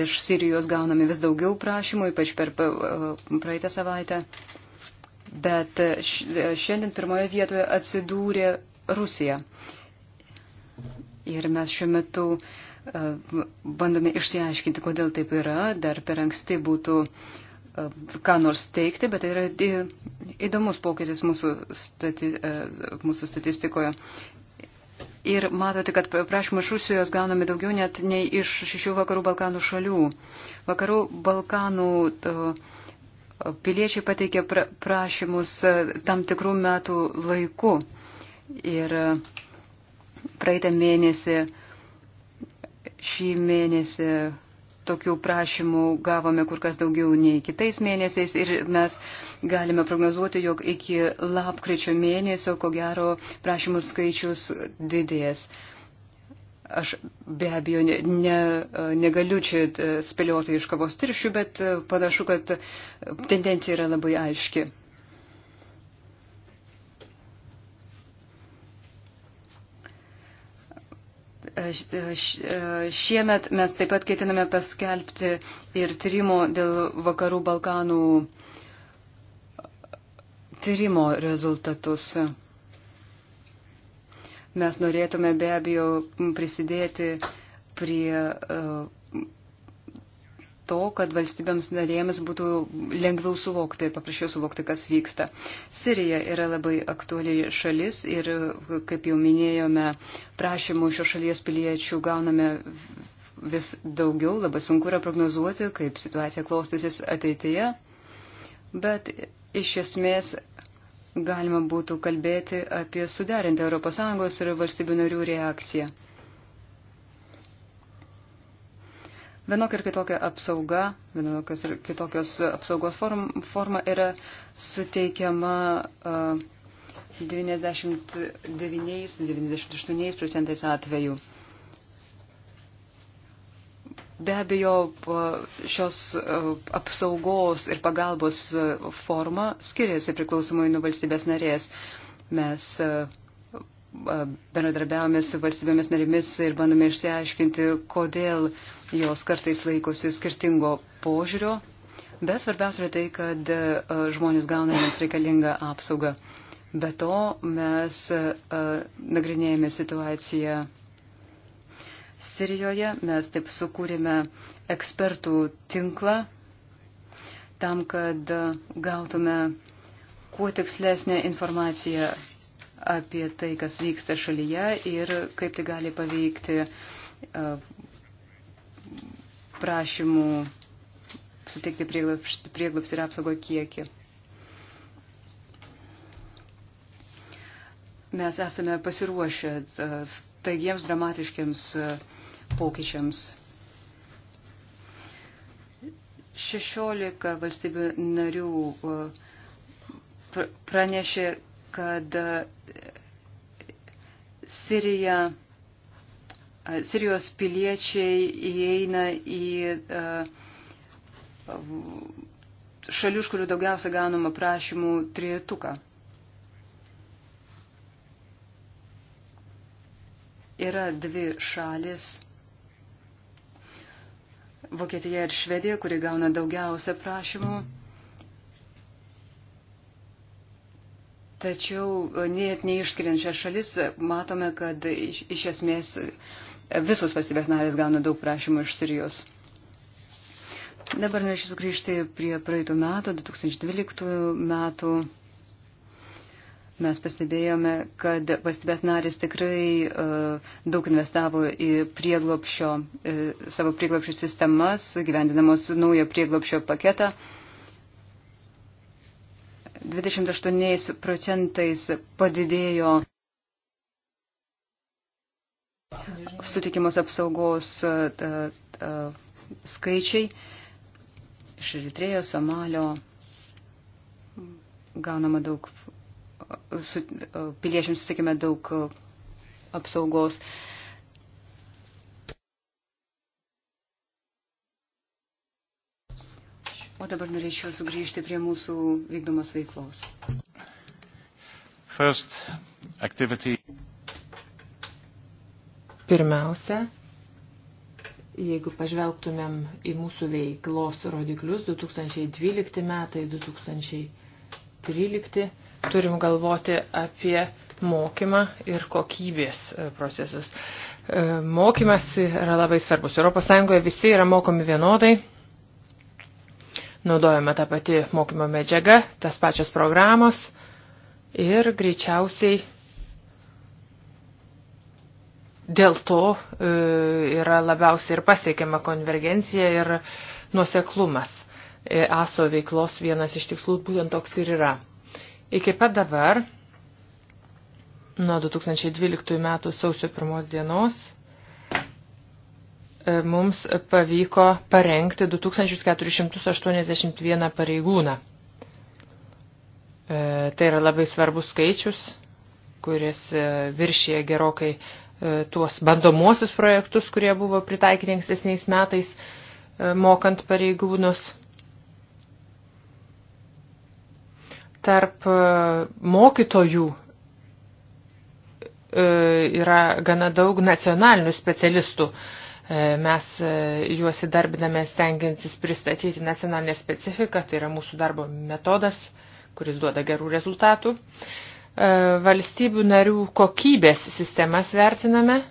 iš Sirijos gauname vis daugiau prašymų, ypač per e, praeitą savaitę. Bet e, šiandien pirmoje vietoje atsidūrė Rusija. Ir mes šiuo metu uh, E, bandome išsiaiškinti, kodėl taip yra, dar per anksti būtų e, ką nors teikti, bet tai yra įdomus pokytis mūsų, stati, e, mūsų statistikoje. Ir matote, kad prašymų iš Rusijos gauname daugiau net nei iš šešių vakarų Balkanų šalių. Vakarų Balkanų piliečiai pateikė prašymus tam tikrų metų laiku. Ir praeitą mėnesį uh, šį mėnesį tokių prašymų gavome kur kas daugiau nei kitais mėnesiais ir mes galime prognozuoti, jog iki lapkričio mėnesio, ko gero, prašymų skaičius didės. Aš be abejo ne, ne, negaliu čia e, spėlioti iš kavos tiršių, bet e, panašu, kad e, tendencija yra labai aiški. Šiemet mes taip pat ketiname paskelbti ir tyrimo dėl vakarų Balkanų tyrimo rezultatus. Mes norėtume be abejo prisidėti prie uh, to, kad valstybėms narėms būtų lengviau suvokti ir paprasčiau suvokti, kas vyksta. Sirija yra labai aktuali šalis ir, kaip jau minėjome, prašymų šios šalies piliečių gauname vis daugiau, labai sunku yra prognozuoti, kaip situacija klostysis ateityje, bet iš esmės galima būtų kalbėti apie suderintą ES ir valstybių narių reakciją. vienokia ir kitokia apsauga, vienokios ir kitokios apsaugos form, forma yra suteikiama uh, 99-98 procentais atvejų. Be abejo, šios apsaugos ir pagalbos forma skiriasi priklausomai nuo valstybės narės. Mes bendradarbiavome su valstybėmis narimis ir bandome išsiaiškinti, kodėl uh, jos kartais laikosi skirtingo požiūrio, bet svarbiausia yra tai, kad e, žmonės gauna jiems reikalingą apsaugą. Be to mes e, nagrinėjame situaciją Sirijoje, mes taip sukūrėme ekspertų tinklą tam, kad e, gautume kuo tikslesnę informaciją apie tai, kas vyksta šalyje ir kaip tai gali paveikti prašymų suteikti prieglobs ir apsaugo kiekį. Mes esame pasiruošę e, staigiems dramatiškiams e, pokyčiams. 16 valstybių narių e, pranešė, kad Sirija Sirijos piliečiai įeina į e, šalių, iš kurių daugiausia gaunama prašymų trietuką. Yra dvi šalis Vokietija ir Švedija, kuri gauna daugiausia prašymų. Tačiau net neišskiriant šias šalis, matome, kad iš, iš esmės visos valstybės narės gauna daug prašymų iš Sirijos. Dabar norėčiau sugrįžti prie praeitų metų, 2012 metų. Mes pastebėjome, kad valstybės narės tikrai uh, daug investavo į prieglopšio, uh, savo prieglopšio sistemas, gyvendinamos naujo prieglopšio paketą. 28 procentais padidėjo sutikimos apsaugos e, e, e, skaičiai iš Eritrėjo, Somalio gaunama daug, su, piliečiams sutikime daug apsaugos. O dabar norėčiau sugrįžti prie mūsų vykdomos veiklos. First, activity. Pirmiausia, jeigu pažvelgtumėm į mūsų veiklos rodiklius 2012 metai, 2013, turim galvoti apie mokymą ir kokybės e, procesus. E, mokymas yra labai svarbus. ES visi yra mokomi vienodai. Naudojame tą patį mokymo medžiagą, tas pačios programos ir greičiausiai dėl to e, yra labiausiai ir pasiekiama konvergencija ir nuoseklumas. E, ASO veiklos vienas iš tikslų būtent toks ir yra. Iki pat dabar, nuo 2012 metų sausio pirmos dienos, e, mums pavyko parengti 2481 pareigūną. Tai yra labai svarbus skaičius, kuris viršyje gerokai E, tuos bandomuosius projektus, kurie buvo pritaikyti ankstesniais metais, e, mokant pareigūnus. Tarp e, mokytojų yra gana daug nacionalinių specialistų. Mes juos įdarbiname stengiantis pristatyti nacionalinę specifiką, tai yra mūsų darbo metodas, kuris duoda gerų rezultatų. E, valstybių narių kokybės sistemas vertiname.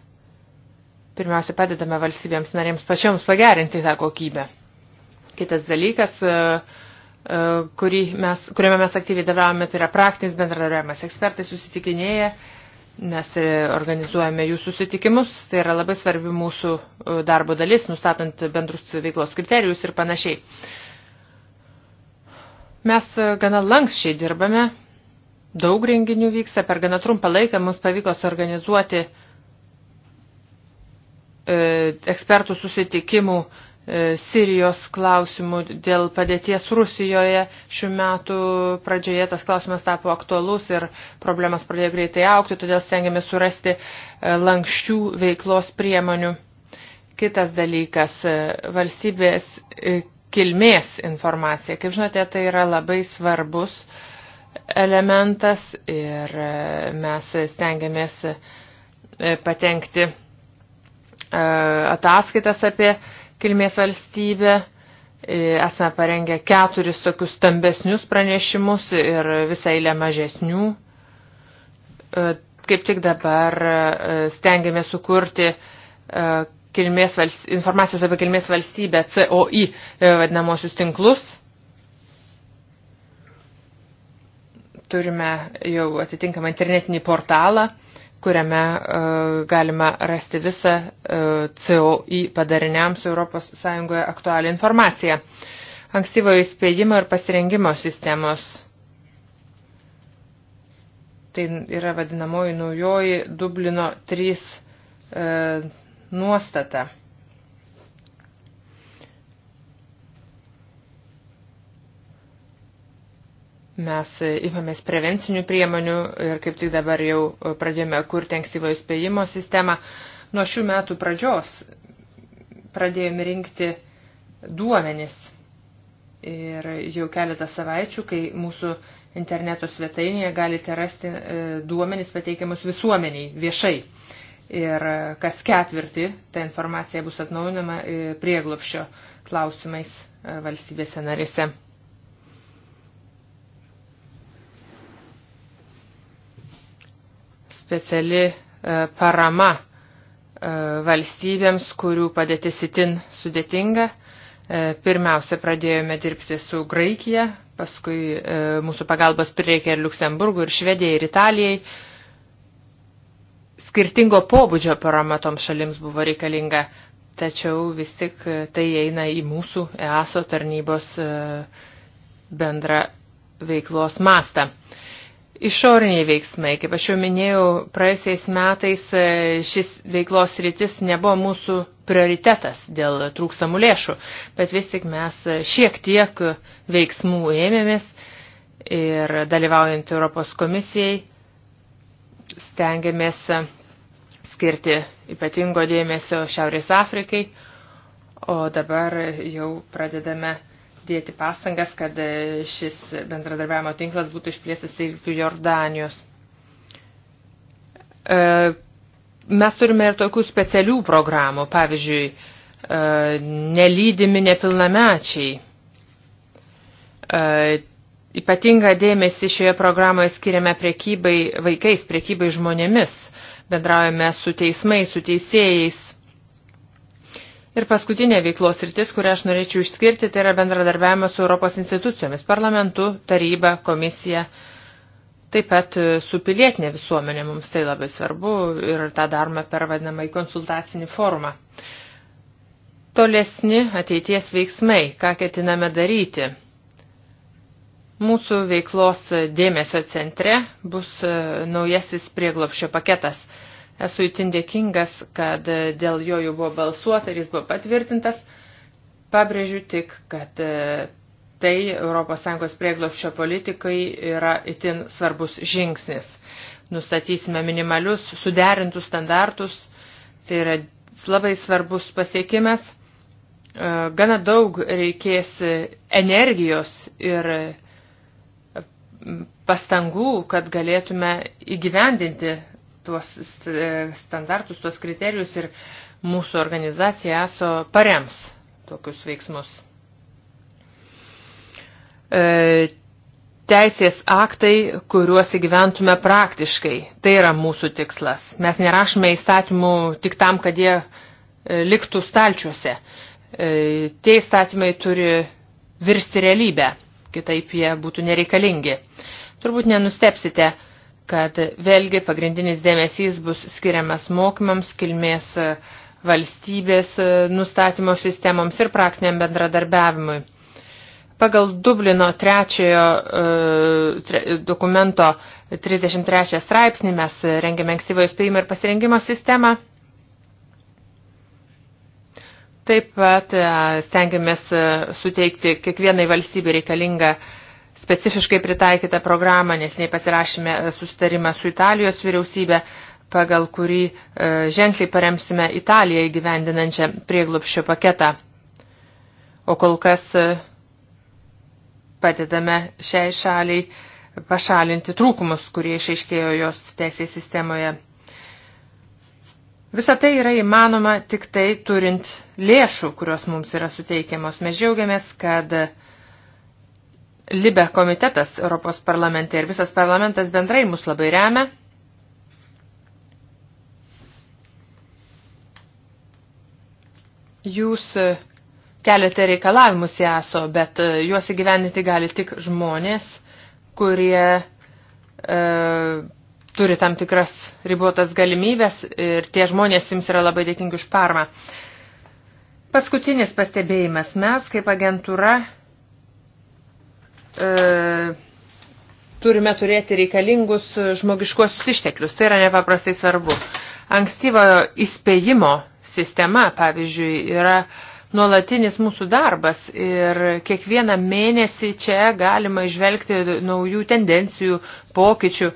Pirmiausia, padedame valstybėms narėms pačioms pagerinti tą kokybę. Kitas dalykas, e, e, mes, kuriame mes aktyviai dalyvavome, tai yra praktinis bendradarbiavimas. Ekspertai susitikinėja, mes organizuojame jų susitikimus, tai yra labai svarbi mūsų darbo dalis, nustatant bendrus veiklos kriterijus ir panašiai. Mes gana lankščiai dirbame, Daug renginių vyksta, per gana trumpą laiką mums pavyko suorganizuoti e, ekspertų susitikimų e, Sirijos klausimų dėl padėties Rusijoje. Šių metų pradžioje tas klausimas tapo aktualus ir problemas pradėjo greitai aukti, todėl stengiamės surasti e, lankščių veiklos priemonių. Kitas dalykas – valstybės kilmės informacija. Kaip žinote, tai yra labai svarbus uh, elementas ir e, mes stengiamės e, patenkti e, ataskaitas apie kilmės valstybę. Esame parengę keturis tokius stambesnius pranešimus ir visą eilę mažesnių. Kaip tik dabar stengiamės sukurti kilmės, informacijos apie kilmės valstybę COI vadinamosius tinklus turime jau atitinkamą internetinį portalą, kuriame uh, galima rasti visą uh, e, COI padariniams ES aktualią informaciją. Ankstyvo įspėjimo ir pasirengimo sistemos. Tai yra vadinamoji naujoji Dublino 3 e, uh, nuostata. Mes įmamės prevencinių priemonių ir kaip tik dabar jau pradėjome kurti ankstyvo įspėjimo sistemą. Nuo šių metų pradžios pradėjome rinkti duomenis. Ir jau keletą savaičių, kai mūsų interneto svetainėje galite rasti e, duomenis pateikiamus visuomeniai viešai. Ir e, kas ketvirtį ta informacija bus atnaujinama e, prieglopščio klausimais valstybėse narėse. speciali e, parama e, valstybėms, kurių padėtis itin sudėtinga. E, pirmiausia, pradėjome dirbti su Graikija, paskui mūsų pagalbos prireikė ir Luksemburgų, ir Švedijai, ir Italijai. Skirtingo pobūdžio parama toms šalims buvo reikalinga, tačiau vis tik tai eina į mūsų EASO tarnybos bendrą veiklos mastą. Išoriniai veiksmai, kaip aš jau minėjau, praėjusiais metais e, šis veiklos rytis nebuvo mūsų prioritetas dėl trūksamų lėšų, bet vis tik mes e, šiek tiek veiksmų ėmėmės ir dalyvaujant Europos komisijai stengiamės e, skirti ypatingo dėmesio Šiaurės Afrikai, o dabar jau pradedame dėti pastangas, kad e, šis bendradarbiavimo tinklas būtų išplėstas iki Jordanijos. E, mes turime ir tokių specialių programų, pavyzdžiui, e, nelydimi nepilnamečiai. Ypatingą dėmesį šioje programoje skiriame prekybai vaikais, prekybai žmonėmis. Bendraujame su teismais, su teisėjais, Ir paskutinė veiklos rytis, kurią aš norėčiau išskirti, tai yra bendradarbiavimas su Europos institucijomis, parlamentu, taryba, komisija, taip pat e, su pilietinė visuomenė mums tai labai svarbu ir tą darome per vadinamą į konsultacinį formą. Tolesni ateities veiksmai, ką ketiname daryti. Mūsų veiklos dėmesio centre bus e, naujasis prieglopščio paketas – Esu įtin dėkingas, kad e, dėl jo jau buvo balsuota ir jis buvo patvirtintas. Pabrėžiu tik, kad e, tai ES prieglopščio politikai yra itin svarbus žingsnis. Nustatysime minimalius, suderintus standartus. Tai yra labai svarbus pasiekimas. E, gana daug reikės energijos ir pastangų, kad galėtume įgyvendinti tuos e, standartus, tuos kriterijus ir mūsų organizacija ESO parems tokius veiksmus. E, teisės aktai, kuriuos įgyventume praktiškai, tai yra mūsų tikslas. Mes nerašome įstatymų tik tam, kad jie e, liktų stalčiuose. Tie įstatymai turi virsti realybę, kitaip jie būtų nereikalingi. Turbūt nenustepsite, kad vėlgi pagrindinis dėmesys bus skiriamas mokymams, kilmės e, valstybės e, nustatymo sistemoms ir praktiniam bendradarbiavimui. Pagal Dublino trečiojo e, tre, dokumento 33 straipsnį mes rengiame ankstyvo įspėjimo ir pasirengimo sistemą. Taip pat stengiamės suteikti kiekvienai valstybei reikalingą uh, specifiškai pritaikytą programą, nes nei pasirašėme e, sustarimą su Italijos vyriausybė, pagal kurį e, ženkliai paremsime Italiją įgyvendinančią prieglupščio paketą. O kol kas e, padedame šiai šaliai pašalinti trūkumus, kurie išaiškėjo jos teisės sistemoje. Visą tai yra įmanoma tik tai turint lėšų, kurios mums yra suteikiamos. Mes džiaugiamės, kad uh, Libe komitetas Europos parlamente ir visas parlamentas bendrai mus labai remia. Jūs e, keliate reikalavimus į ESO, bet e, juos įgyveninti gali tik žmonės, kurie e, turi tam tikras ribotas galimybės ir tie žmonės jums yra labai dėkingi už parmą. Paskutinis pastebėjimas. Mes kaip agentūra E, turime turėti reikalingus žmogiškuosius išteklius. Tai yra nepaprastai svarbu. Ankstyvo įspėjimo sistema, pavyzdžiui, yra nuolatinis mūsų darbas ir kiekvieną mėnesį čia galima išvelgti naujų tendencijų, pokyčių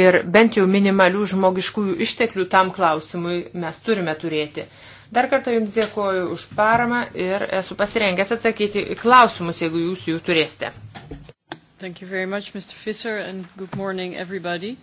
ir bent jau minimalių žmogiškųjų išteklių tam klausimui mes turime turėti. Uh, Dar kartą Jums dėkoju už paramą ir esu pasirengęs atsakyti į klausimus, jeigu Jūs jų turėsite. Thank you very much, Mr. Fisser, and good morning, everybody.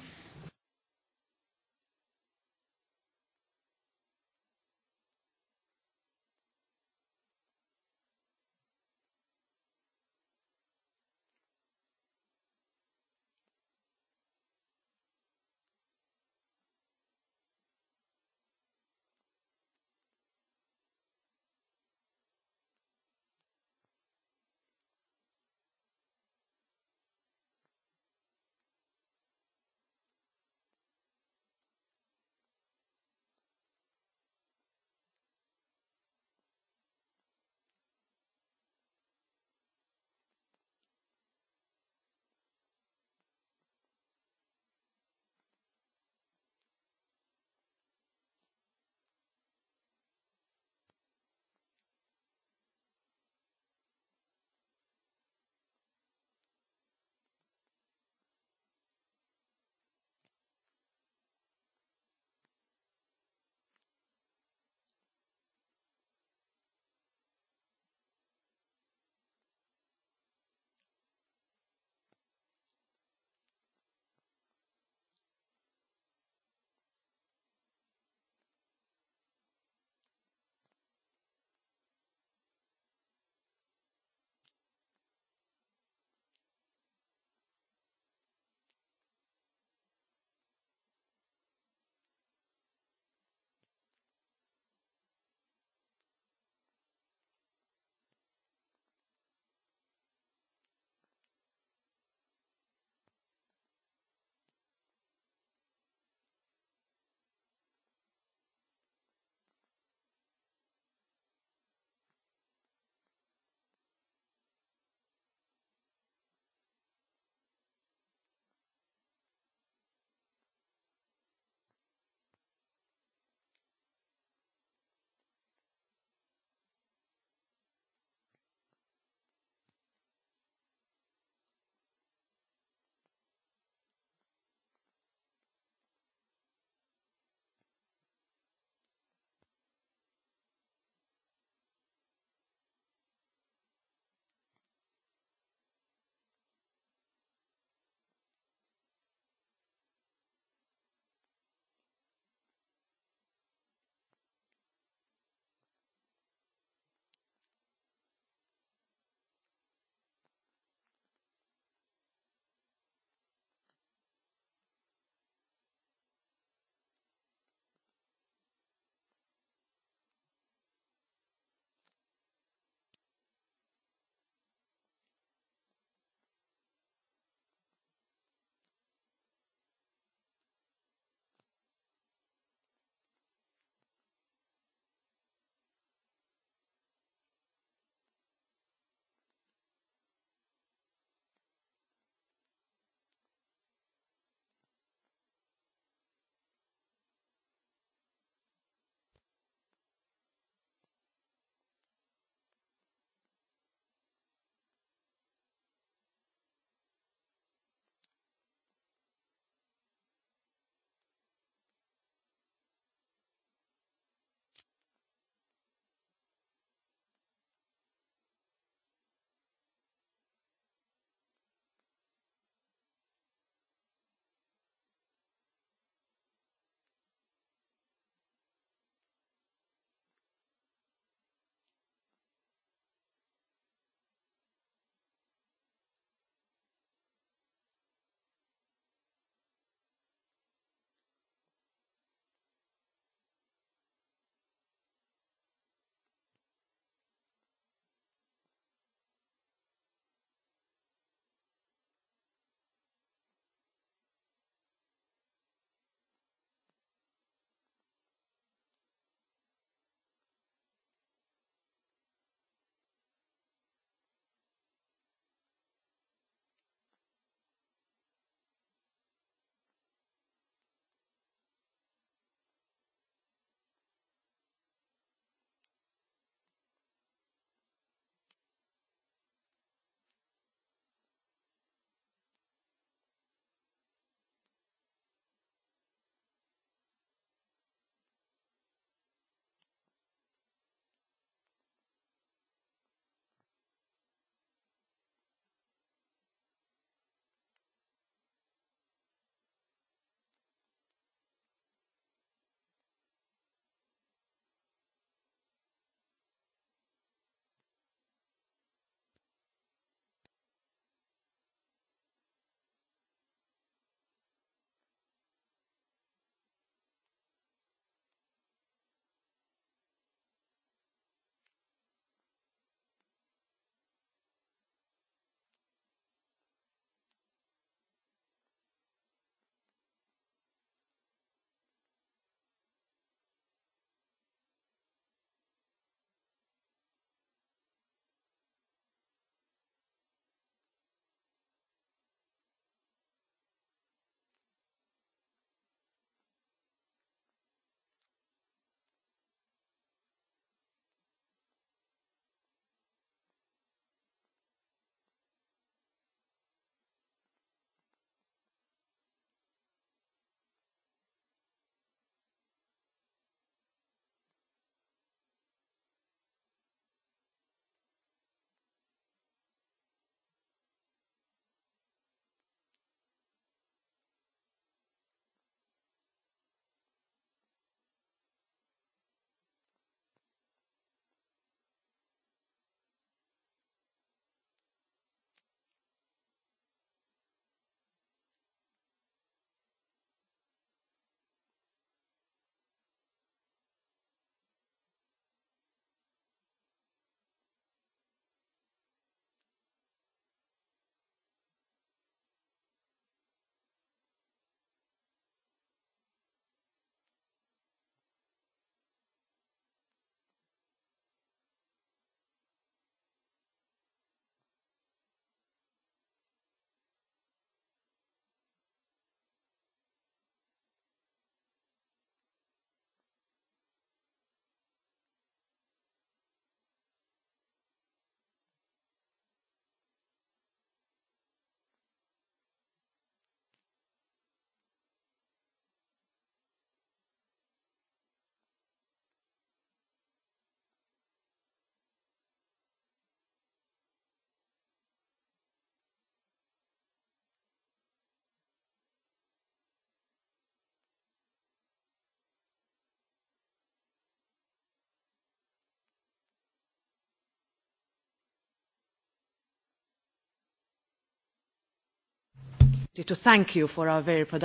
Aš norėčiau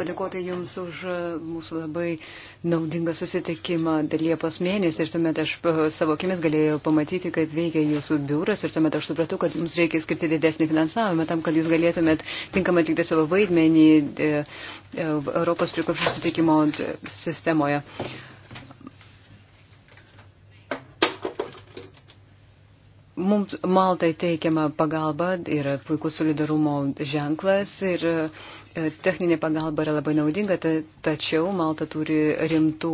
padėkoti Jums už e, mūsų labai naudingą susitikimą dėl Liepos mėnesį ir tuomet aš e, savo akimis galėjau pamatyti, kaip veikia Jūsų biuras ir tuomet aš supratau, kad Jums reikia skirti didesnį finansavimą tam, kad Jūs galėtumėt tinkamai atlikti savo vaidmenį e, Europos prikopščių sutikimo sistemoje. Uh, Mums Maltai teikiama pagalba yra puikus solidarumo ženklas ir e, techninė pagalba yra labai naudinga, tačiau Malta turi rimtų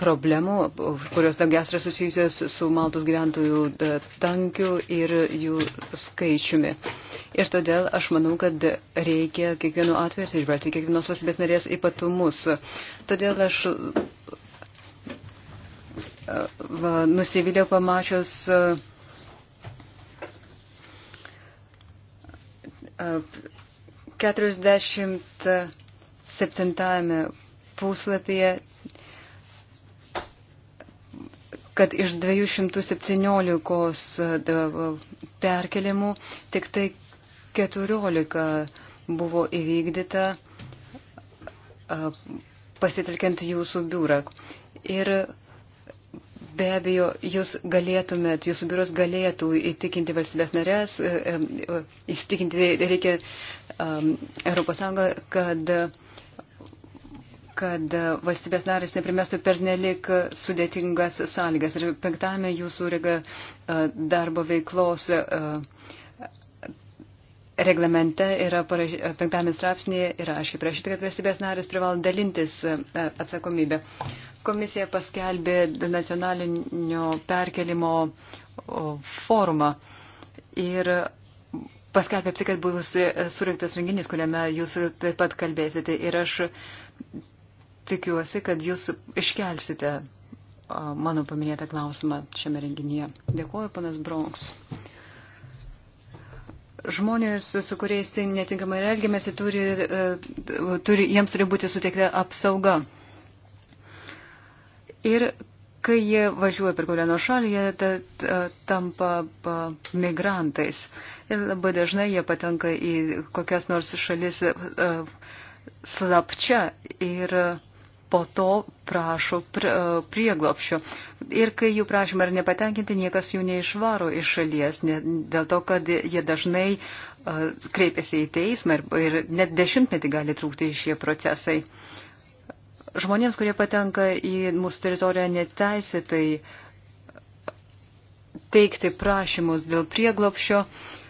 problemų, kurios daugiausia yra susijusios su Maltos gyventojų e, tankiu ir jų skaičiumi. Ir todėl aš manau, kad reikia kiekvienu atveju atsižvelgti kiekvienos valstybės narės ypatumus. Todėl aš e, va, nusivyliau pamačius. Uh, 47 puslapyje, kad iš 217 perkelimų tik tai 14 buvo įvykdyta pasitelkiant jūsų biurą. Ir Be abejo, jūs galėtumėt, jūsų biuras galėtų įtikinti valstybės narės, e, e, įtikinti reikia Europos Sąjungą, kad, kad valstybės narės neprimestų pernelik sudėtingas sąlygas. Ir penktame jūsų rega darbo veiklos. A, reglamente yra penktame straipsnėje yra aiškiai prašyta, kad valstybės narės privalo dalintis e, atsakomybę. Komisija paskelbė nacionalinio perkelimo forumą ir paskelbė apsi, kad bus e, surinktas renginys, kuriame jūs taip pat kalbėsite. Ir aš tikiuosi, kad jūs iškelsite mano paminėtą klausimą šiame renginyje. Dėkuoju, panas Bronks žmonės, su kuriais tai netinkamai elgiamasi, turi, e, turi, jiems turi būti suteikta apsauga. Ir kai jie važiuoja per kurią nors šalį, jie ta, ta, tampa migrantais. Ir labai dažnai jie patenka į kokias nors šalis e, slapčia. Ir uh, po to prašo e, prieglopšio. Ir kai jų prašymą yra nepatenkinti, niekas jų neišvaro iš šalies, ne, dėl to, kad jie dažnai uh, kreipiasi į teismą ir, ir net dešimtmetį gali trūkti šie procesai. Žmonėms, kurie patenka į mūsų teritoriją neteisėtai teikti prašymus dėl prieglopšio, uh,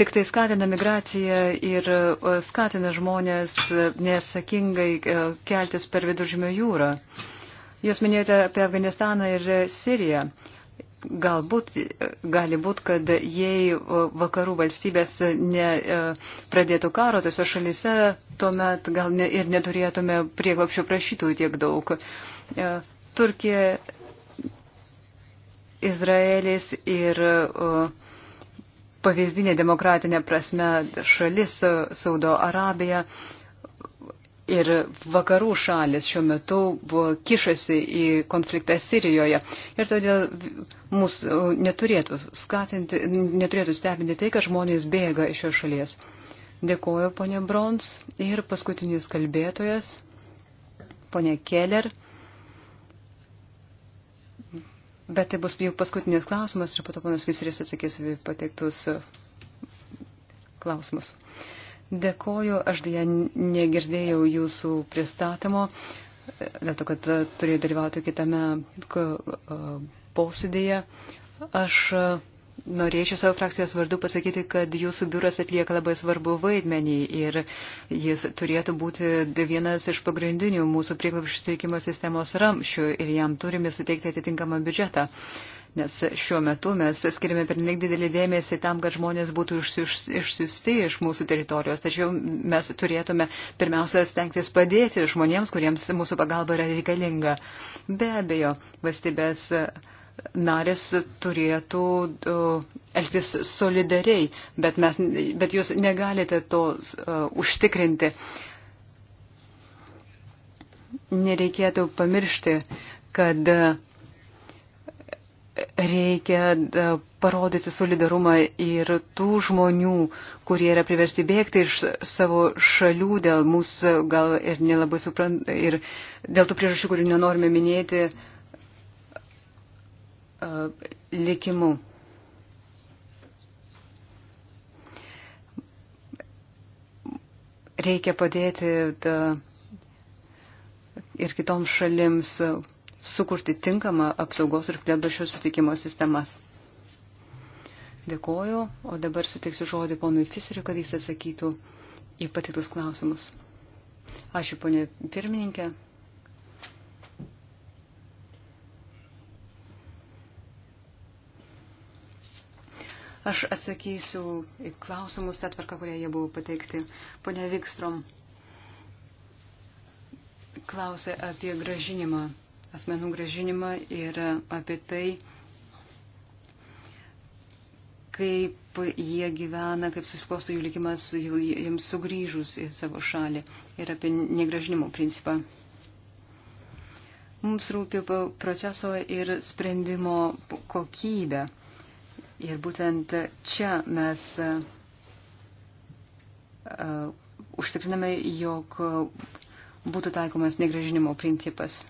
tik tai skatina migraciją ir e, skatina žmonės e, nesakingai e, keltis per viduržymio jūrą. Jūs minėjote apie Afganistaną ir Siriją. Galbūt gali būt, kad jei vakarų valstybės nepradėtų karo tose šalise, tuomet gal ne, ir neturėtume prieglapšio prašytų tiek daug. Turkija, Izraelis ir uh, pavyzdinė demokratinė prasme šalis e, Saudo Arabija ir vakarų šalis šiuo metu kišasi į konfliktą Sirijoje. Ir todėl mūsų e, neturėtų, skatinti, neturėtų stebinti tai, kad žmonės bėga iš šios šalies. Dėkoju, ponė Brons. Ir paskutinis kalbėtojas, ponė Keller. Bet tai bus jau paskutinis klausimas ir po to panas Vyseris atsakys pateiktus e, klausimus. Dėkoju, aš dėja negirdėjau jūsų pristatymo, e, dėl to, kad e, turėjau dalyvauti kitame posėdėje. Aš Norėčiau savo frakcijos vardu pasakyti, kad jūsų biuras atlieka labai svarbu vaidmenį ir jis turėtų būti vienas iš pagrindinių mūsų prieglapščių teikimo sistemos ramšių ir jam turime suteikti atitinkamą biudžetą. Nes šiuo metu mes skiriame pernelik didelį dėmesį tam, kad žmonės būtų išsiusti iš mūsų teritorijos. Tačiau mes turėtume pirmiausia stengtis padėti žmonėms, kuriems mūsų pagalba yra reikalinga. Be abejo, valstybės. Uh, narės turėtų elgtis solidariai, bet, mes, bet jūs negalite to uh, užtikrinti. Nereikėtų pamiršti, kad reikia parodyti solidarumą ir tų žmonių, kurie yra priversti bėgti iš savo šalių dėl mūsų gal ir nelabai suprant, ir dėl tų priežasčių, kurių nenorime minėti, uh, E, likimu. Reikia padėti e, ir kitoms šalims sukurti tinkamą apsaugos ir plėdošio sutikimo sistemas. Dėkoju, o dabar sutiksiu žodį ponui Fiseriu, kad jis atsakytų į patiktus klausimus. Ačiū, ponė pirmininkė. Aš atsakysiu į klausimus tą tvarką, kurie jie buvo pateikti. Pone Vikstrom klausė apie gražinimą, asmenų gražinimą ir apie tai, kaip jie gyvena, kaip susiklosto jų likimas jiems sugrįžus į savo šalį ir apie negražinimo principą. Mums rūpi proceso ir sprendimo kokybė. Ir būtent čia mes e, e, užtikriname, jog būtų taikomas negražinimo principas.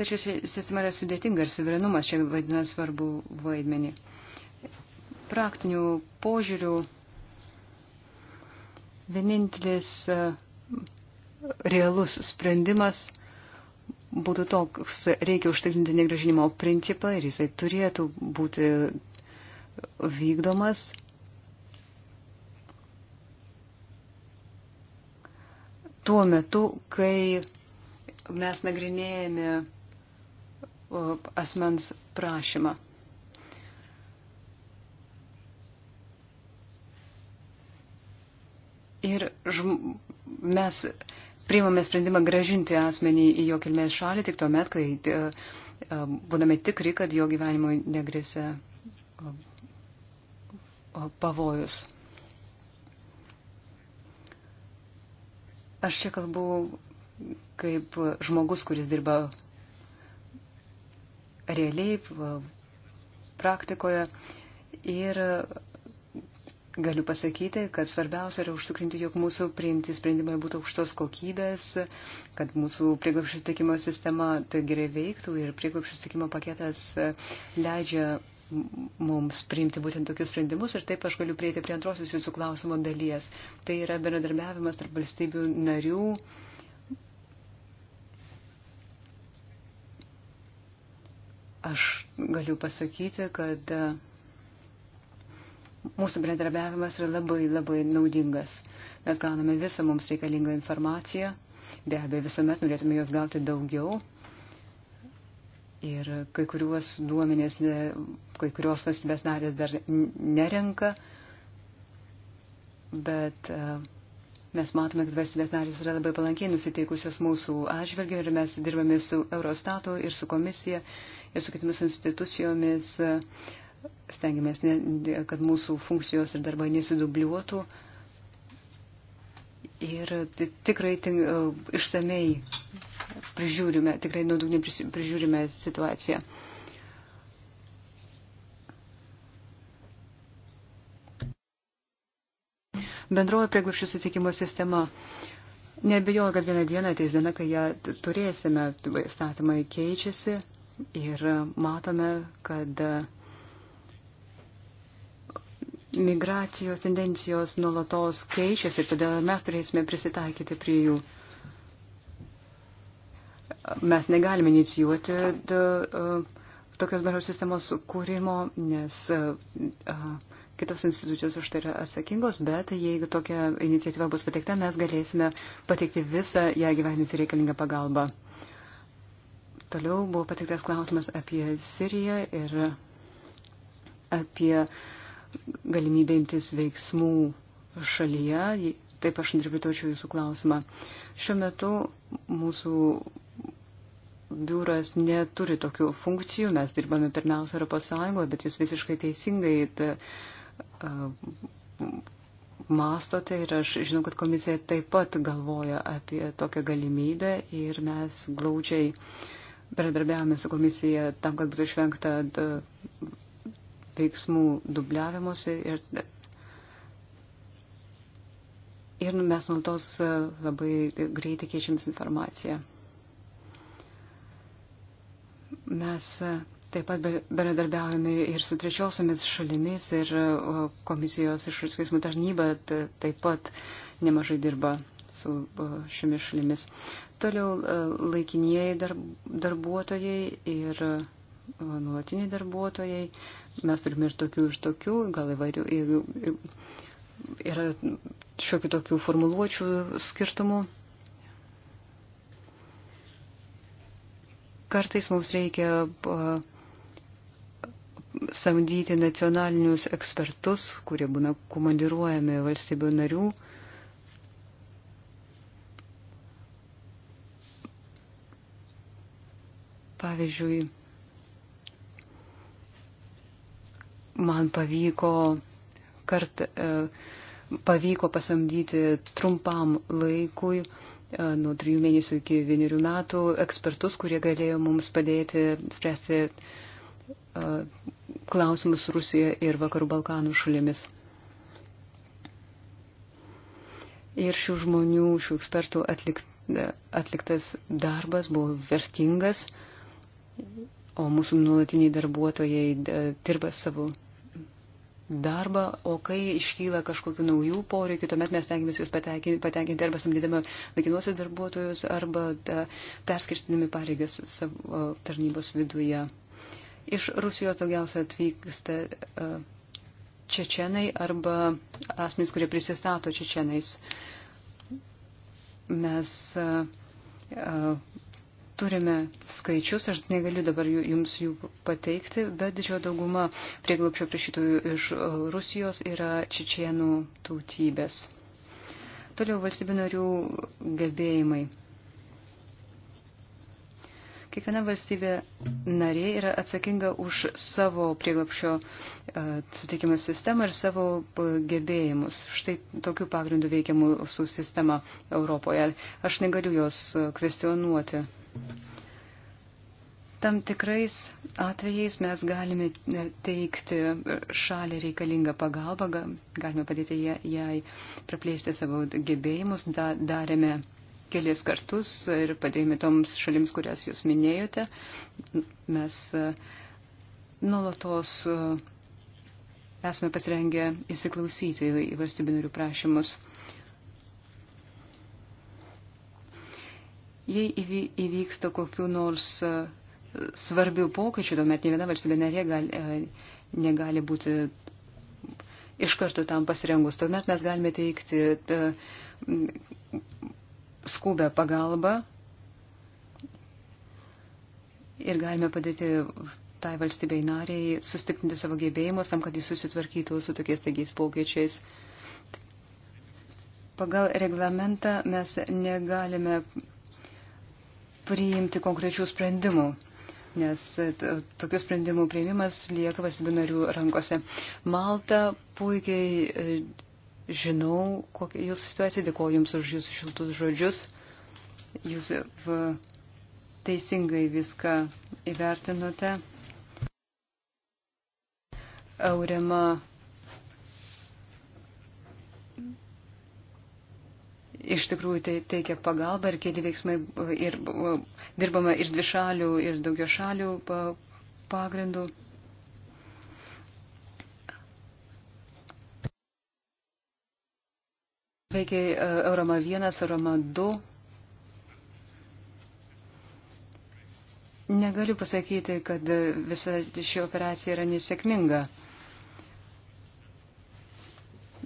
Tačiau sistema yra sudėtinga ir suverenumas čia vaidina svarbu vaidmenį. Praktinių požiūrių vienintelis e, realus sprendimas būtų toks, reikia užtikrinti negražinimo principą ir jisai turėtų būti vykdomas. Tuo metu, kai mes nagrinėjame asmens prašymą. Ir žm mes priimame sprendimą gražinti asmenį į jo kilmės šalį tik tuomet, kai e, e, būdame tikri, kad jo gyvenimui negrėsia pavojus. Aš čia kalbu kaip žmogus, kuris dirba realiai praktikoje ir Galiu pasakyti, kad svarbiausia yra užtikrinti, jog mūsų priimti sprendimai būtų aukštos kokybės, kad mūsų prieglapšio sutikimo sistema tai gerai veiktų ir prieglapšio sutikimo paketas leidžia mums priimti būtent tokius sprendimus ir taip aš galiu prieiti prie antrosios jūsų klausimo dalies. Tai yra bendradarbiavimas tarp valstybių narių. Aš galiu pasakyti, kad Mūsų bendradarbiavimas yra labai labai naudingas. Mes gauname visą mums reikalingą informaciją. Be abejo, visuomet norėtume jos gauti daugiau. Ir kai kuriuos duomenės, kai kurios valstybės narės dar nerenka, bet e, mes matome, kad valstybės narės yra labai palankiai nusiteikusios mūsų atžvilgių ir mes dirbame su Eurostatu ir su komisija ir su kitomis institucijomis. Uh, stengiamės, ne, kad mūsų funkcijos ir darbai nesidubliuotų. Ir tikrai tink, e, išsamei prižiūrime, tikrai nuodugniai prižiūrime situaciją. Bendroji prieglupščių sutikimo sistema. Nebejoju, kad vieną dieną ateis diena, kai ją turėsime, statymai keičiasi ir matome, kad migracijos tendencijos nuolatos keičiasi, todėl mes turėsime prisitaikyti prie jų. Mes negalime inicijuoti de, uh, tokios bendros sistemos kūrimo, nes uh, kitos institucijos už tai yra atsakingos, bet jeigu tokia iniciatyva bus pateikta, mes galėsime pateikti visą ją gyveninti reikalingą pagalbą. Toliau buvo pateiktas klausimas apie Siriją ir apie uh, galimybę imtis veiksmų šalyje. Taip aš interpretuočiau jūsų klausimą. Šiuo metu mūsų biuras neturi tokių funkcijų, mes dirbame pirmiausia Europos Sąjungoje, bet jūs visiškai teisingai ta, mastote ir aš žinau, kad komisija taip pat galvoja apie tokią galimybę ir mes glaudžiai bendradarbiavame su komisija tam, kad būtų išvengta veiksmų dubliavimuose ir, ir mes nuolatos labai greitai keičiamės informaciją. Mes taip pat bendradarbiaujame ir su trečiosiomis šalimis ir komisijos išorės veiksmų tarnyba taip pat nemažai dirba su šiomis šalimis. Toliau e, laikinieji darbuotojai ir nuolatiniai darbuotojai mes turime ir tokių, ir tokių, gal įvairių, yra šiokių tokių formuluočių skirtumų. Kartais mums reikia samdyti nacionalinius ekspertus, kurie būna komandiruojami valstybių narių. Pavyzdžiui, man pavyko kart, e, pavyko pasamdyti trumpam laikui, e, nuo trijų mėnesių iki vienerių metų, ekspertus, kurie galėjo mums padėti spręsti e, klausimus Rusijoje ir Vakarų Balkanų šalimis. Ir šių žmonių, šių ekspertų atlikt, atliktas darbas buvo vertingas o mūsų nulatiniai darbuotojai e, dirba savo darbą, o kai iškyla kažkokių naujų poreikių, tuomet mes tengiamės juos patenkinti arba samdydami laikinuosius darbuotojus arba e, perskirstinami pareigas savo tarnybos viduje. Iš Rusijos daugiausia atvyksta e, čečenai arba asmenys, kurie prisistato čečenais. Mes uh, turime skaičius, aš negaliu dabar jums jų pateikti, bet didžioji dauguma prieglopšio prašytojų iš e, Rusijos yra čečienų tautybės. Toliau valstybių narių gebėjimai. Kiekviena valstybė narė yra atsakinga už savo prieglopšio e, sutikimo sistemą ir savo e, gebėjimus. Štai tokiu pagrindu veikiamų su sistema Europoje. Aš negaliu jos kvestionuoti. Tam tikrais atvejais mes galime e, teikti šalį reikalingą pagalbą, galime padėti jai praplėsti savo gebėjimus. Da, darėme kelis kartus ir padėjome toms šalims, kurias jūs minėjote. Mes e, nuolatos e, esame pasirengę įsiklausyti į valstybinarių prašymus. Jei įvyksta kokiu nors e, svarbių pokyčių, tuomet ne viena valstybė narė gali, e, negali būti iš karto tam pasirengus. Tuomet mes galime teikti e, skubę pagalbą ir galime padėti tai valstybei nariai sustiprinti savo gebėjimus tam, kad jis susitvarkytų su tokiais taigiais pokyčiais. Pagal reglamentą mes negalime priimti konkrečių sprendimų, nes e, tokių sprendimų priimimas lieka valstybių narių rankose. Malta puikiai e, žinau, kokia jūsų situacija, dėkoju Jums už Jūsų šiltus žodžius. Jūs e, teisingai viską įvertinote. Aurema iš tikrųjų teikia pagalbą ir keli veiksmai ir dirbama ir dvišalių, ir daugio šalių pagrindų. Veikia e, Euroma 1, Euroma 2. Negaliu pasakyti, kad visa ši operacija yra nesėkminga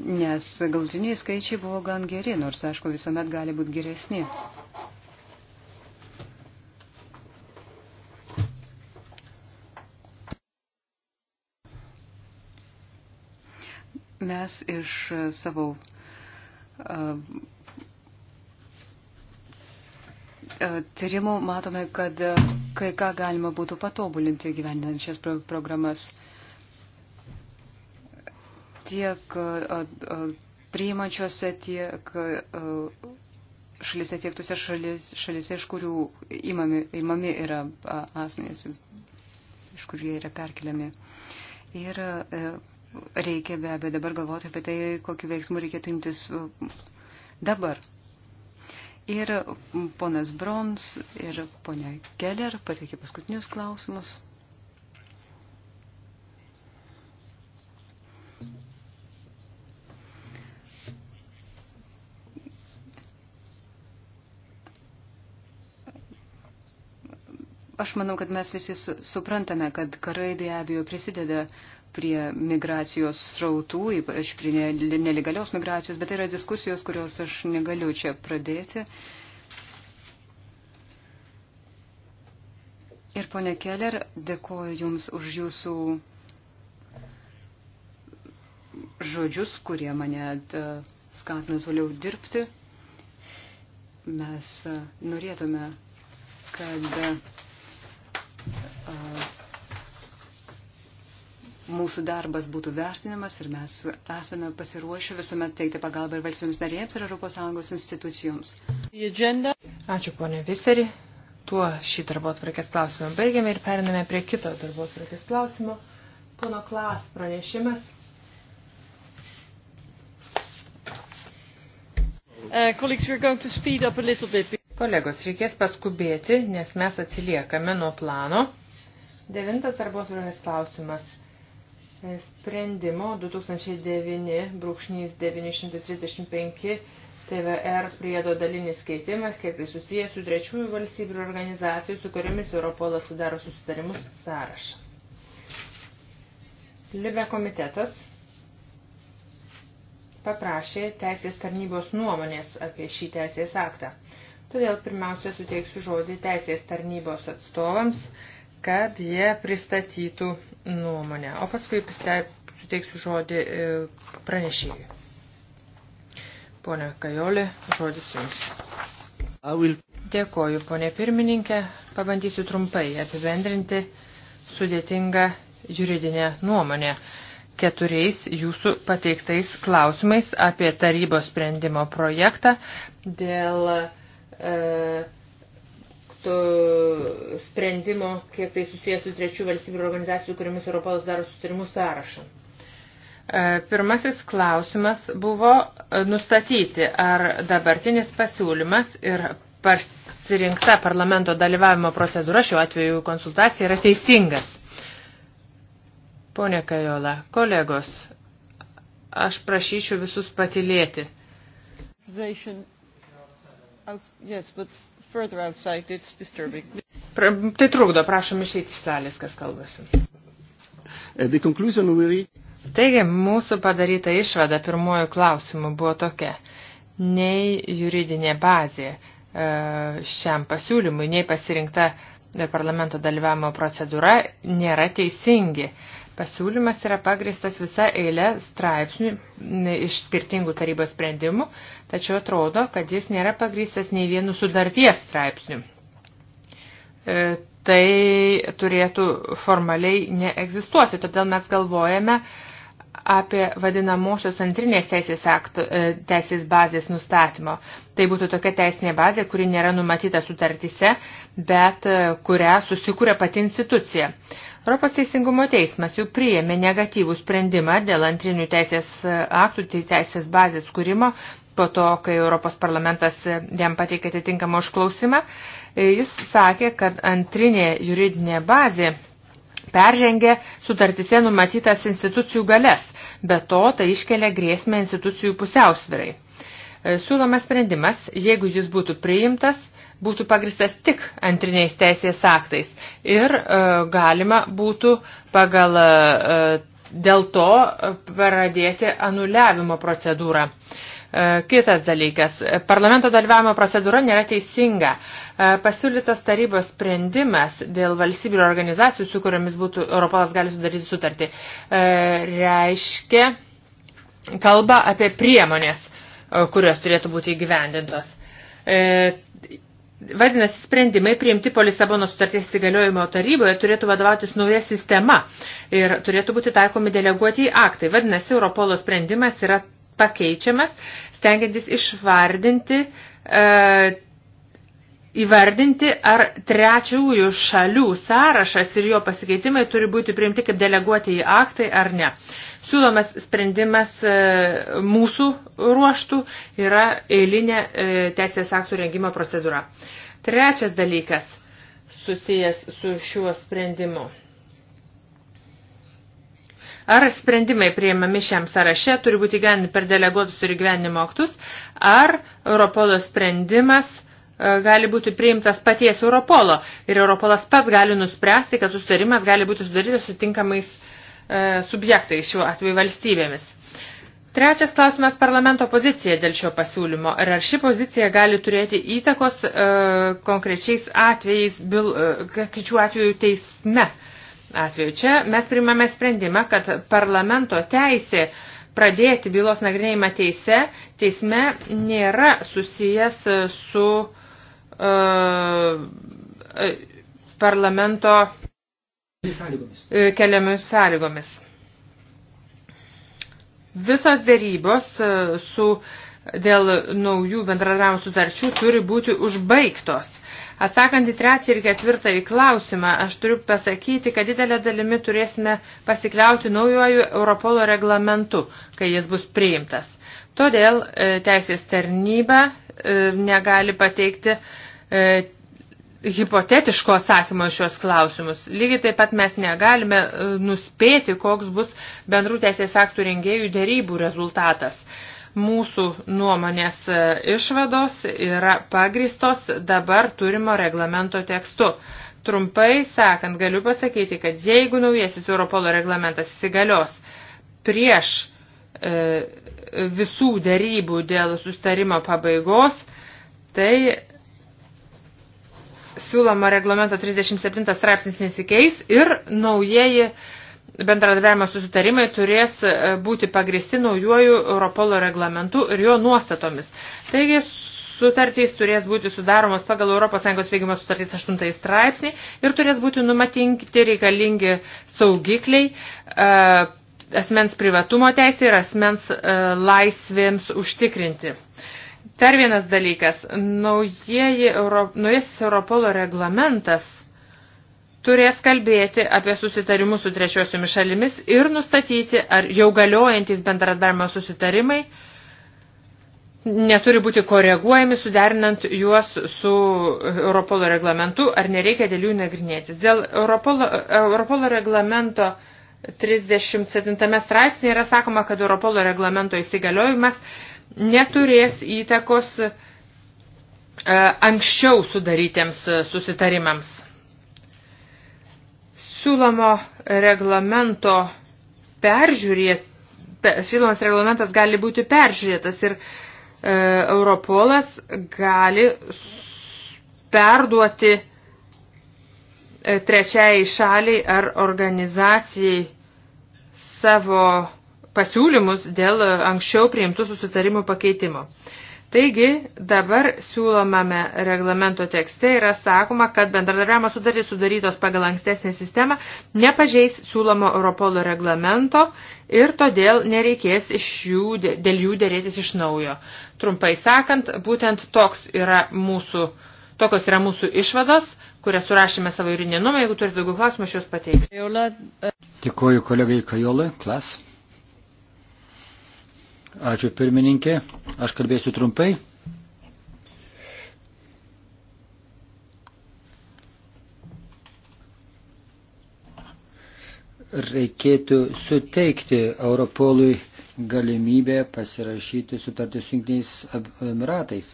nes galutiniai skaičiai buvo gan geri, nors, aišku, visuomet gali būti geresni. Mes iš savo tyrimų matome, kad kai ką galima būtų patobulinti gyvendinant šias programas tiek priimančiose, tiek šalise, tiek tuose šalis, šalise, iš kurių imami, imami yra asmenys, iš kur jie yra perkeliami. Ir e, reikia be abejo dabar galvoti apie tai, kokiu veiksmu reikėtų imtis dabar. Ir ponas Brons ir ponia Keller pateikė paskutinius klausimus. Aš manau, kad mes visi suprantame, kad karai be abejo prisideda prie migracijos srautų, ypač prie nelegalios migracijos, bet tai yra diskusijos, kurios aš negaliu čia pradėti. Ir ponė Keller, dėkoju Jums už Jūsų žodžius, kurie mane e, skatina toliau dirbti. Mes e, norėtume, kad mūsų darbas būtų vertinimas ir mes esame pasiruošę visuomet teikti pagalbą ir valstybėms narėms ir ES institucijoms. Ačiū, ponė Viseri. Tuo šį darbo atvarkės klausimą baigiame ir periname prie kito darbo atvarkės klausimo. Pono Klas pranešimas. Uh, colleagues, we're going to speed up a little bit. Kolegos, reikės paskubėti, nes mes atsiliekame nuo plano. Devintas darbos vargas klausimas sprendimo 2009-935 TVR priedo dalinis keitimas, kiek tai susijęs su trečiųjų valstybių organizacijų, su kuriamis Europolas sudaro susitarimus sąrašą. Libe komitetas paprašė teisės tarnybos nuomonės apie šį teisės aktą. Todėl pirmiausia suteiksiu žodį teisės tarnybos atstovams, kad jie pristatytų nuomonę, o paskui suteiksiu žodį e, pranešėjui. Pone Kajolė, žodis jums. Will... Dėkoju, ponė pirmininkė. Pabandysiu trumpai apibendrinti sudėtingą juridinę nuomonę keturiais jūsų pateiktais klausimais apie tarybos sprendimo projektą dėl e, to sprendimo, kiek tai susijęs su trečių valstybių ir organizacijų, kuriamis Europos daro sustarimus sąrašą. E, pirmasis klausimas buvo e, nustatyti, ar dabartinis pasiūlymas ir pasirinkta parlamento dalyvavimo procedūra, šiuo atveju konsultacija, yra teisingas. Pone Kajola, kolegos, aš prašyčiau visus patilėti. Yes, but further outside, it's disturbing. Pra, tai trukdo, prašom išeiti iš salės, kas kalbasi. Uh, Taigi, mūsų padaryta išvada pirmojų klausimų buvo tokia. Nei juridinė bazė uh, šiam pasiūlymui, nei pasirinkta uh, parlamento dalyvavimo procedūra nėra teisingi. Pasiūlymas yra pagristas visa eilė straipsnių iš skirtingų tarybos sprendimų, tačiau atrodo, kad jis nėra pagristas nei vienu sudarties straipsniu. E, tai turėtų formaliai neegzistuoti, todėl mes galvojame apie vadinamosios antrinės teisės, aktų, e, teisės bazės nustatymo. Tai būtų tokia teisinė bazė, kuri nėra numatyta sutartyse, bet e, kurią susikūrė pati institucija. Europos Teisingumo teismas jau priėmė negatyvų sprendimą dėl antrinių teisės e, aktų tai teisės bazės kūrimo po to, kai Europos parlamentas e, jam pateikė atitinkamą užklausimą. E, jis sakė, kad antrinė juridinė bazė peržengė sutartise numatytas institucijų galės, bet to tai iškelia grėsmę institucijų pusiausvirai. Siūlomas sprendimas, jeigu jis būtų priimtas, būtų pagristas tik antriniais teisės aktais ir e, galima būtų pagal e, dėl to e, pradėti anuliavimo procedūrą. E, kitas dalykas. Parlamento dalyvavimo procedūra nėra teisinga. E, pasiūlytas tarybos sprendimas dėl valstybių ir organizacijų, su kuriomis būtų Europolas gali sudaryti sutartį, reiškia kalba apie priemonės, kurios turėtų būti įgyvendintos Vadinasi, sprendimai priimti po Lisabono sutarties įgaliojimo taryboje turėtų vadovautis nauja sistema ir turėtų būti taikomi deleguoti į aktai. Vadinasi, Europolo sprendimas yra pakeičiamas, stengiantis išvardinti, e, įvardinti, ar trečiųjų šalių sąrašas ir jo pasikeitimai turi būti priimti kaip deleguoti į aktai ar ne. E, Siūlomas sprendimas e, mūsų ruoštų yra eilinė e, teisės aktų rengimo procedūra. Trečias dalykas susijęs su šiuo sprendimu. Ar sprendimai prieimami šiam sąraše turi būti gyvenimi per deleguotus ir gyvenimo aktus, ar Europolo sprendimas e, gali būti priimtas paties Europolo ir Europolas pats gali nuspręsti, kad susitarimas gali būti sudarytas su tinkamais E, subjektai, šiuo atveju valstybėmis. Trečias klausimas parlamento pozicija dėl šio pasiūlymo. Ir ar ši pozicija gali turėti įtakos e, konkrečiais atvejais, bil, e, kičių atvejų teisme atveju. Čia mes primame sprendimą, kad parlamento teisė pradėti bylos nagrinėjimą teise, teisme nėra susijęs su e, e, parlamento Sąlygomis. E, Keliomis sąlygomis. Visos dėrybos e, su dėl naujų bendradarbiavimo sutarčių turi būti užbaigtos. Atsakant į trečią ir ketvirtą į klausimą, aš turiu pasakyti, kad didelę dalimi turėsime pasikliauti naujoju Europolo reglamentu, kai jis bus priimtas. Todėl e, teisės tarnyba negali pateikti hipotetiško atsakymo šios klausimus. Lygiai taip pat mes negalime e, nuspėti, koks bus bendrų teisės aktų rengėjų dėrybų rezultatas. Mūsų nuomonės e, išvados yra pagristos dabar turimo reglamento tekstu. Trumpai sakant, galiu pasakyti, kad jeigu naujasis Europolo reglamentas įsigalios prieš e, visų dėrybų dėl sustarimo pabaigos, tai siūloma reglamento 37 straipsnis nesikeis ir naujieji bendradarbiavimo susitarimai turės e, būti pagristi naujuoju Europolo reglamentu ir jo nuostatomis. Taigi sutartys turės būti sudaromos pagal ES veikimo sutartys 8 straipsnį ir turės būti numatinti reikalingi saugikliai e, asmens privatumo teisė ir asmens e, laisvėms užtikrinti. Dar vienas dalykas. Naujieji, Euro, naujasis Europolo reglamentas turės kalbėti apie susitarimus su trečiosiomis šalimis ir nustatyti, ar jau galiojantis bendradarbiavimo susitarimai neturi būti koreguojami, suderinant juos su Europolo reglamentu, ar nereikia dėl jų nagrinėtis. Dėl Europolo, Europolo reglamento 37 straipsnėje yra sakoma, kad Europolo reglamento įsigaliojimas neturės įtakos e, anksčiau sudarytiems e, susitarimams. Siūlomo reglamento peržiūrėti, siūlomas reglamentas gali būti peržiūrėtas ir e, Europolas gali perduoti e, trečiai šaliai ar organizacijai savo pasiūlymus dėl anksčiau priimtų susitarimų pakeitimo. Taigi dabar siūlomame reglamento tekste yra sakoma, kad bendradarbiavimo sudartys sudarytos pagal ankstesnę sistemą nepažeis siūlomo Europolo reglamento ir todėl nereikės iš jų, dėl jų dėrėtis iš naujo. Trumpai sakant, būtent toks yra mūsų, tokios yra mūsų išvados, kurias surašėme savo jūrinį numerį. Jeigu turite daugiau klausimų, aš juos pateiksiu. Dėkuoju kolegai Kajolai. Klas. Ačiū pirmininkė. Aš kalbėsiu trumpai. reikėtų suteikti Europolui galimybę pasirašyti sutartį su Junktiniais Emiratais.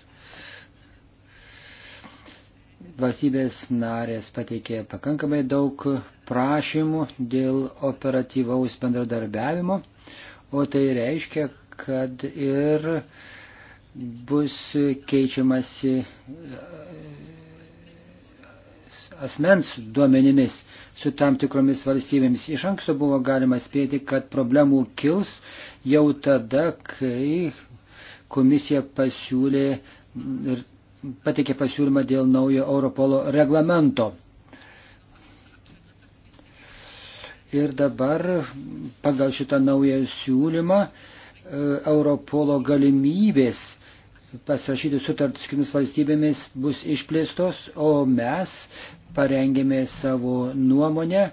Valstybės narės pateikė pakankamai daug prašymų dėl operatyvaus bendradarbiavimo, o tai reiškia, kad ir bus keičiamasi e, asmens duomenimis su tam tikromis valstybėmis. Iš anksto buvo galima spėti, kad problemų kils jau tada, kai komisija pasiūlė ir pateikė pasiūlymą dėl naujo Europolo reglamento. Ir dabar pagal šitą naują siūlymą Europolo galimybės pasirašyti sutartis kitomis valstybėmis bus išplėstos, o mes parengėme savo nuomonę,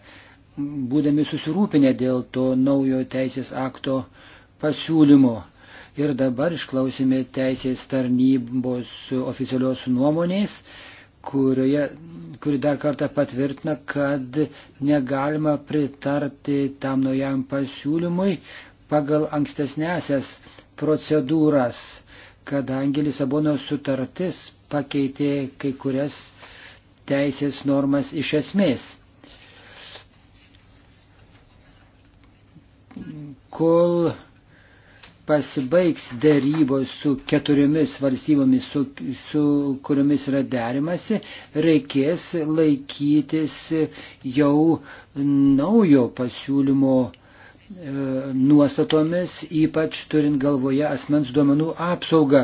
būdami susirūpinę dėl to naujo teisės akto pasiūlymo. Ir dabar išklausime teisės tarnybos oficialios nuomonės, kurioje, kuri dar kartą patvirtina, kad negalima pritarti tam naujam pasiūlymui, pagal ankstesnėsias procedūras, kadangi Lisabonos sutartis pakeitė kai kurias teisės normas iš esmės. Kol pasibaigs dėrybos su keturiomis valstybėmis, su, su kuriomis yra derimasi, reikės laikytis jau naujo pasiūlymo uh, E, nuostatomis, ypač turint galvoje asmens duomenų apsaugą.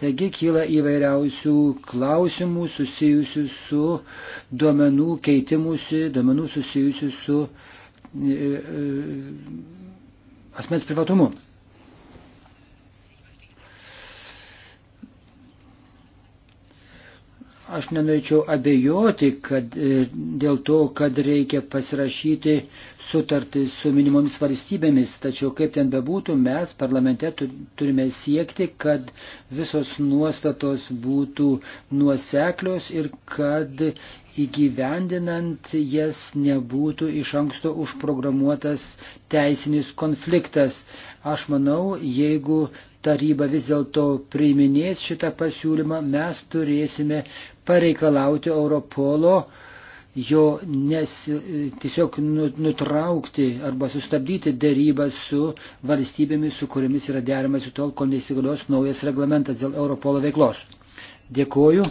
Taigi kyla įvairiausių klausimų susijusių su duomenų keitimusi, duomenų susijusių su e, e, asmens privatumu. Aš nenorėčiau abejoti, kad e, dėl to, kad reikia pasirašyti sutartį su minimomis valstybėmis, tačiau kaip ten bebūtų, mes parlamente turime siekti, kad visos nuostatos būtų nuoseklios ir kad įgyvendinant jas nebūtų iš anksto užprogramuotas teisinis konfliktas. Aš manau, jeigu taryba vis dėlto priiminės šitą pasiūlymą, mes turėsime pareikalauti Europolo jo nes, tiesiog nu, nutraukti arba sustabdyti dėrybą su valstybėmis, su kuriamis yra deramas į tol, kol neįsigalios naujas reglamentas dėl Europolo veiklos. Dėkuoju.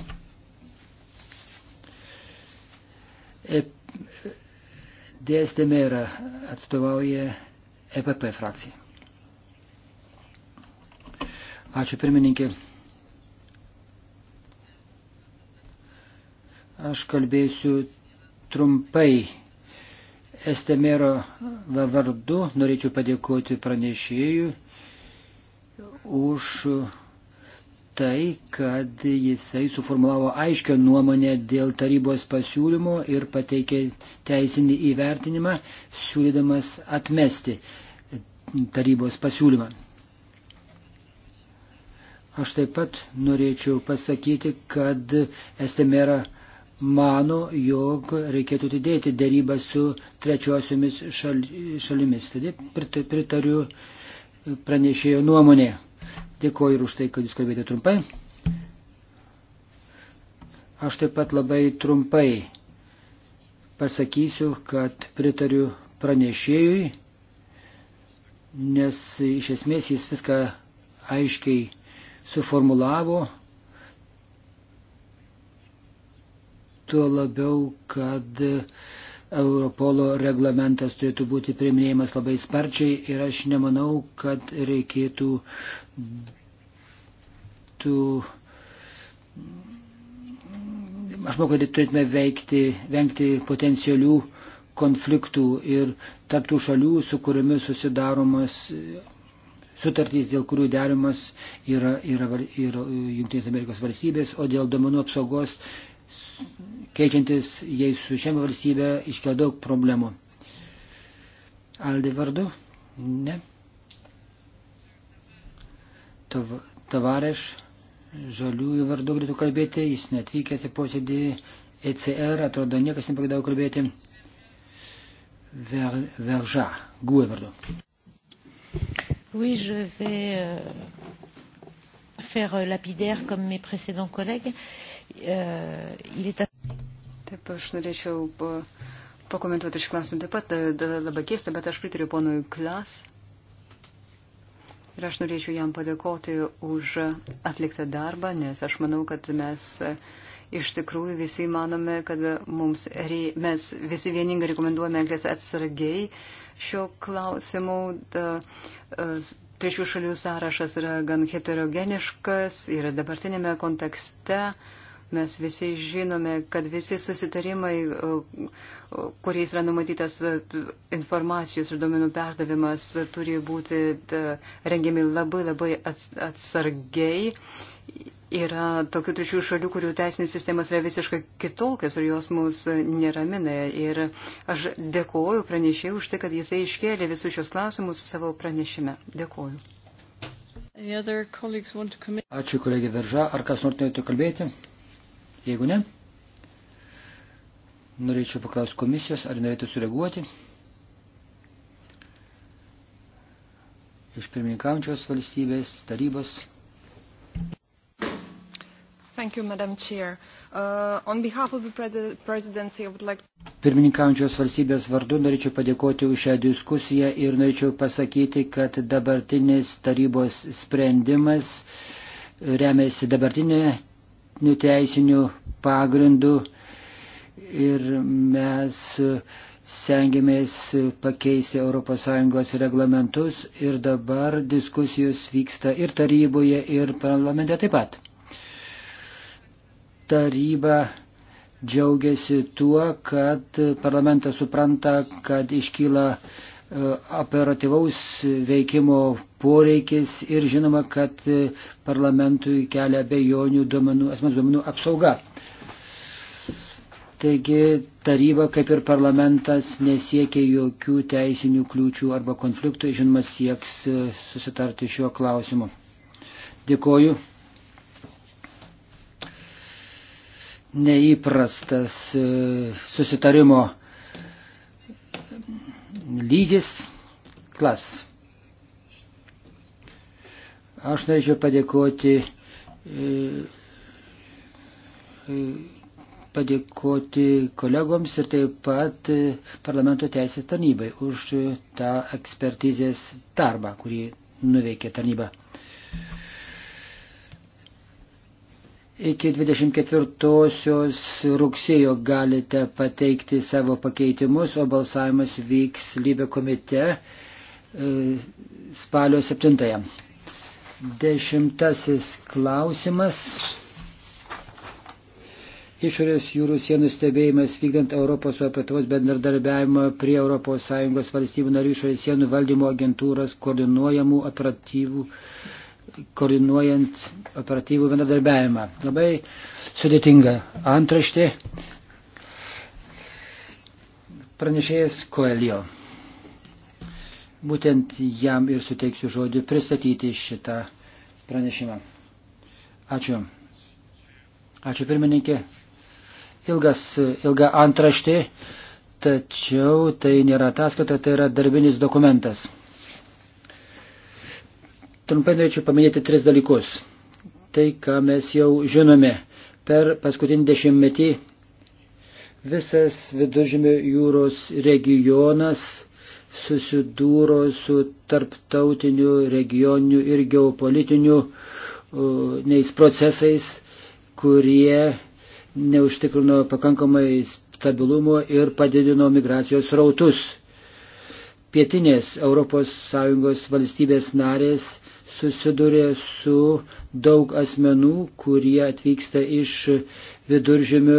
Dėstėme yra e atstovauja EPP frakcija. Ačiū pirmininkė. Aš kalbėsiu trumpai. Estemero vardu norėčiau padėkoti pranešėjui už tai, kad jisai suformulavo aiškę nuomonę dėl tarybos pasiūlymo ir pateikė teisinį įvertinimą, siūlydamas atmesti tarybos pasiūlymą. Aš taip pat norėčiau pasakyti, kad Estemera mano, jog reikėtų atidėti dėrybą su trečiosiomis šal, šalimis. Tad pritariu pranešėjo nuomonė. Dėkoju ir už tai, kad jūs kalbėjote trumpai. Aš taip pat labai trumpai pasakysiu, kad pritariu pranešėjui, nes iš esmės jis viską aiškiai suformulavo, tuo labiau, kad Europolo reglamentas turėtų būti priminėjimas labai sparčiai ir aš nemanau, kad reikėtų tų. Aš manau, kad turėtume veikti, vengti potencialių konfliktų ir tarptų šalių, su kuriomis susidaromas sutartys, dėl kurių derimas yra, yra, yra e, Junktinės Amerikos valstybės, o dėl domenų apsaugos keičiantis jais su šiame valstybė iškia daug problemų. Aldi vardu? Ne. Tav, tavareš žaliųjų vardu galėtų kalbėti, jis netvykęs į posėdį ECR, atrodo, niekas nepagėdavo kalbėti. Ver, verža, guė vardu. Oui, je vais euh, faire euh, lapidaire comme mes précédents collègues. Euh, il est Taip, aš norėčiau pakomentuoti šį klausimą. Taip pat labai keista, bet aš pritariu ponui Klas. Ir aš norėčiau jam padėkoti už atliktą darbą, nes aš manau, kad mes e, iš tikrųjų visi manome, kad mums, mes visi vieningai rekomenduojame elgtis atsargiai. Uh, šio klausimu. E, trečių šalių sąrašas yra gan heterogeniškas ir dabartinėme kontekste mes visi žinome, kad visi susitarimai, kuriais yra numatytas e, informacijos ir duomenų perdavimas, turi būti rengiami labai labai atsargiai Yra tokių trečių šalių, kurių teisinės sistemas yra visiškai kitokios ir jos mus neramina. Ir aš dėkoju pranešėjui už tai, kad jisai iškėlė visus šios klausimus savo pranešime. Dėkoju. Ačiū kolegė Verža. Ar kas norėtumėte kalbėti? Jeigu ne, norėčiau paklausti komisijos, ar norėtų sureaguoti. Iš pirmininkaujančios valstybės tarybos Thank you, Madam Chair. Uh, on behalf of the pres presidency, I would like... Pirmininkaujančios valstybės vardu norėčiau padėkoti už šią diskusiją ir norėčiau pasakyti, kad dabartinis tarybos sprendimas remiasi dabartiniu teisiniu pagrindu ir mes stengiamės pakeisti ES reglamentus ir dabar diskusijos vyksta ir taryboje, ir parlamente taip pat taryba džiaugiasi tuo, kad parlamentas supranta, kad iškyla e, operatyvaus veikimo poreikis ir žinoma, kad parlamentui kelia bejonių duomenų, asmens duomenų apsauga. Taigi taryba, kaip ir parlamentas, nesiekia jokių teisinių kliūčių arba konfliktų, žinoma, sieks susitarti šiuo klausimu. Dėkoju. neįprastas e, susitarimo lygis, klas. Aš norėčiau padėkoti, e, e, padėkoti kolegoms ir taip pat parlamento teisės tarnybai už tą ekspertizės darbą, kurį nuveikė tarnyba. Iki 24 rugsėjo galite pateikti savo pakeitimus, o balsavimas vyks lybė komite e, spalio 7. -ąją. Dešimtasis klausimas. Išorės jūrų sienų stebėjimas vykdant Europos su apietuvos bendradarbiavimą prie ES valstybių narių išorės sienų valdymo agentūros koordinuojamų operatyvų koordinuojant operatyvų bendradarbiavimą. Labai sudėtinga antraštė. Pranešėjas Koelio. Būtent jam ir suteiksiu žodį pristatyti šitą pranešimą. Ačiū. Ačiū pirmininkė. Ilgas, ilga antraštė, tačiau tai nėra ataskaita, tai yra darbinis dokumentas. Trumpai norėčiau paminėti tris dalykus. Tai, ką mes jau žinome per paskutinį dešimtmetį, visas viduržymio jūros regionas susidūro su tarptautiniu, regioniniu ir geopolitiniu neis procesais, kurie neužtikrino pakankamai stabilumo ir padidino migracijos rautus. Pietinės ES valstybės narės susidurė su daug asmenų, kurie atvyksta iš viduržėmių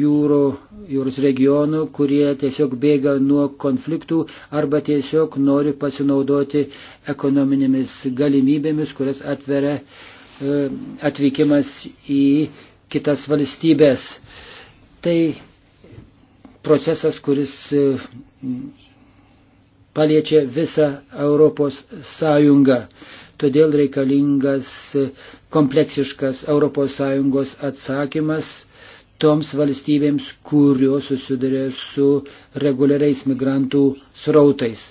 jūro, jūros regionų, kurie tiesiog bėga nuo konfliktų arba tiesiog nori pasinaudoti ekonominėmis galimybėmis, kurias atveria e, atvykimas į kitas valstybės. Tai procesas, kuris e, paliečia visą Europos sąjungą. Todėl reikalingas kompleksiškas ES atsakymas toms valstybėms, kurios susiduria su reguliariais migrantų srautais.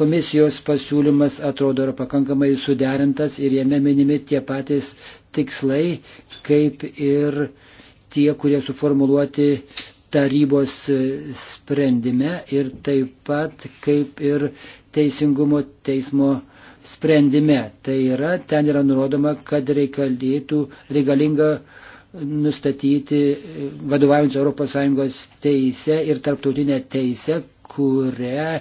Komisijos pasiūlymas atrodo yra pakankamai suderintas ir jame minimi tie patys tikslai, kaip ir tie, kurie suformuluoti tarybos sprendime ir taip pat kaip ir teisingumo teismo sprendime. Tai yra, ten yra nurodoma, kad reikalėtų, reikalinga nustatyti e, vadovaujančią ES teisę ir tarptautinę teisę, kurią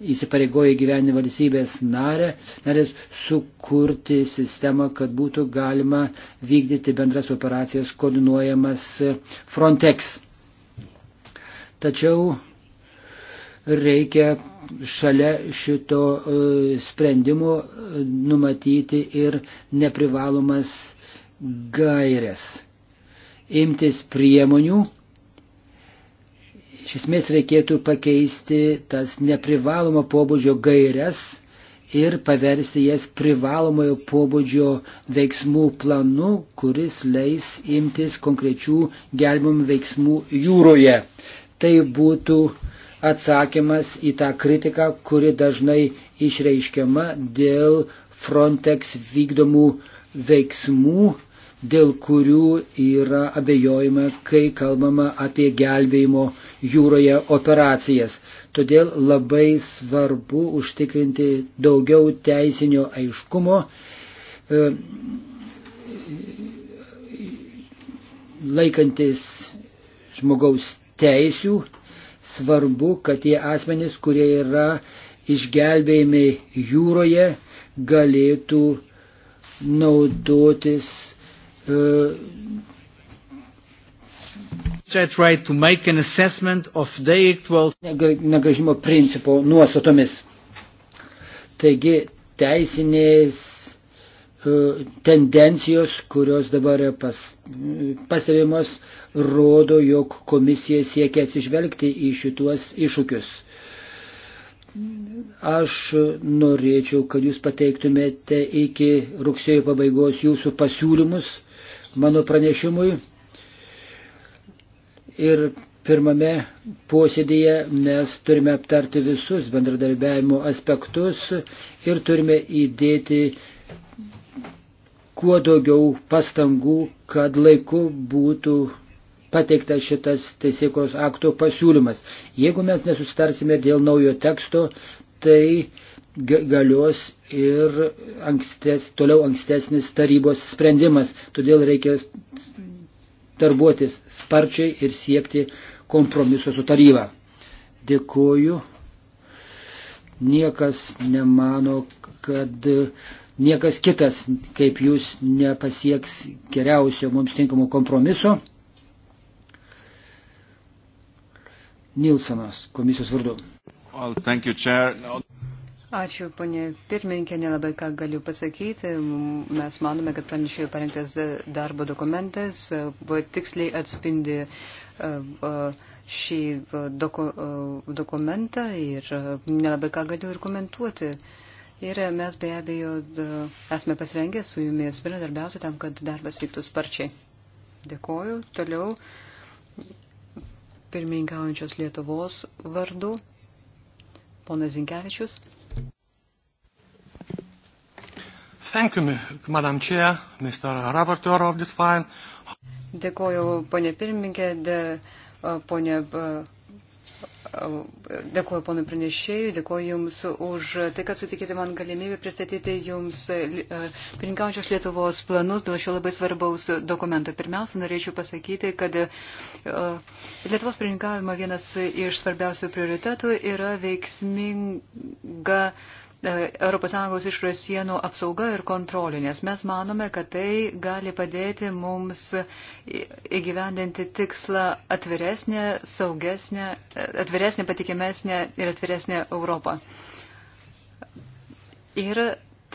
įsipareigoja gyvenimo valstybės narė, narės sukurti sistemą, kad būtų galima vykdyti bendras operacijas koordinuojamas Frontex. Tačiau reikia šalia šito e, sprendimo e, numatyti ir neprivalomas gairias. Imtis priemonių. Iš esmės reikėtų pakeisti tas neprivalomo pobūdžio gairias ir paversti jas privalomojo pobūdžio veiksmų planu, kuris leis imtis konkrečių gelbėjimo veiksmų jūroje. Tai būtų uh, atsakymas į tą kritiką, kuri dažnai išreiškiama dėl Frontex vykdomų veiksmų, dėl kurių yra abejojama, kai kalbama apie gelbėjimo jūroje operacijas. Todėl labai svarbu užtikrinti daugiau teisinio aiškumo, e, laikantis žmogaus teisių svarbu, kad tie asmenys, kurie yra išgelbėjami jūroje, galėtų naudotis. Uh, e, right to make an assessment of the actual... Negražimo principo nuostatomis. Taigi teisinės E, tendencijos, kurios dabar pas, pastebimos, rodo, jog komisija siekia atsižvelgti į šituos iššūkius. Aš norėčiau, kad jūs pateiktumėte iki rugsėjo pabaigos jūsų pasiūlymus mano pranešimui. Ir pirmame posėdėje mes turime aptarti visus bendradarbiavimo aspektus ir turime įdėti kuo daugiau pastangų, kad laiku būtų pateiktas šitas teisėkos akto pasiūlymas. Jeigu mes nesusitarsime dėl naujo teksto, tai galios ir ankstes, toliau ankstesnis tarybos sprendimas. Todėl reikia darbuotis sparčiai ir siekti kompromiso su taryba. Dėkuoju. Niekas nemano, kad niekas kitas, kaip jūs, nepasieks geriausio mums tinkamo kompromiso. Nilsonas, komisijos vardu. Well, thank you, chair. No. Ačiū, ponė pirmininkė, nelabai ką galiu pasakyti. Mes manome, kad pranešėjų parengtas darbo dokumentas e, tiksliai atspindi e, e, šį doku, dokumentą ir nelabai ką galiu ir komentuoti. Ir mes be abejo esame pasirengę su jumis bendradarbiauti tam, kad darbas vyktų sparčiai. Dėkoju. Toliau pirmininkaujančios Lietuvos vardu ponas Zinkevičius. Thank you, Madam Chair, Mr. Rapporteur of this file. Dėkoju, ponė pirmininkė, de, ponė Dėkuoju ponui pranešėjui, dėkuoju Jums už tai, kad sutikėte man galimybę pristatyti Jums e, pirinkaujančios Lietuvos planus dėl šio labai svarbaus dokumento. Pirmiausia, norėčiau pasakyti, kad e, Lietuvos pirinkavimo vienas iš svarbiausių prioritetų yra veiksminga E, ES išorės sienų apsauga ir kontrolė, nes mes manome, kad tai gali padėti mums įgyvendinti tikslą atviresnė, saugesnė, e, atviresnė, patikimesnė ir atviresnė Europą. Ir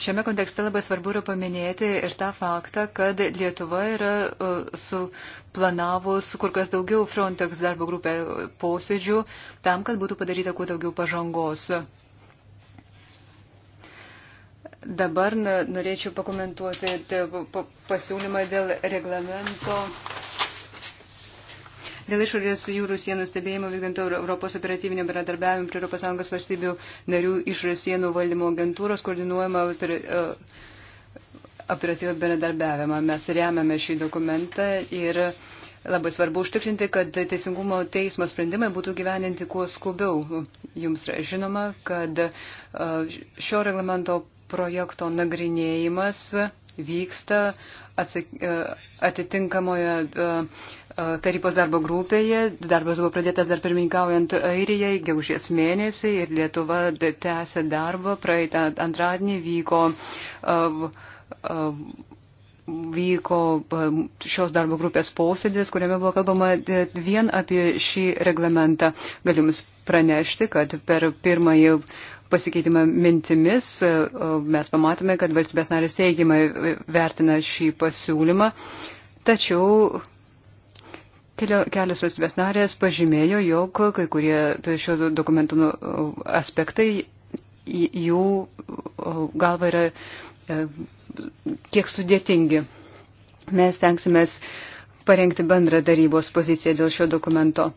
šiame kontekste labai svarbu yra paminėti ir tą faktą, kad Lietuva yra e, suplanavus kur kas daugiau Frontex darbo grupė posėdžių tam, kad būtų padaryta kuo daugiau pažangos. Dabar norėčiau pakomentuoti pasiūlymą dėl reglamento. Dėl išorės jūrų sienų stebėjimo vykdant Europos operatyvinio bendradarbiavimo prie ES valstybių narių išorės sienų valdymo agentūros koordinuojama per e, operatyvą bendradarbiavimą. Mes remiame šį dokumentą ir labai svarbu užtikrinti, kad teisingumo teismo sprendimai būtų gyveninti kuo skubiau. Jums yra žinoma, kad e, šio reglamento projekto nagrinėjimas vyksta e, atitinkamoje e, e, tarybos darbo grupėje. Darbas buvo pradėtas dar pirmininkaujant Airijai, gegužės mėnesį ir Lietuva tęsė darbą. Praeitą antradienį vyko vyko e, šios darbo grupės posėdis, kuriame buvo kalbama e, vien apie šį reglamentą. Galiu Jums pranešti, kad per pirmąjį pasikeitimą mintimis e, mes pamatome, kad valstybės narės teigiamai vertina šį pasiūlymą, tačiau kelios valstybės narės pažymėjo, jog kai kurie šio dokumento nu, aspektai jų galva yra kiek sudėtingi. Mes tenksimės parengti bendrą darybos poziciją dėl šio dokumento.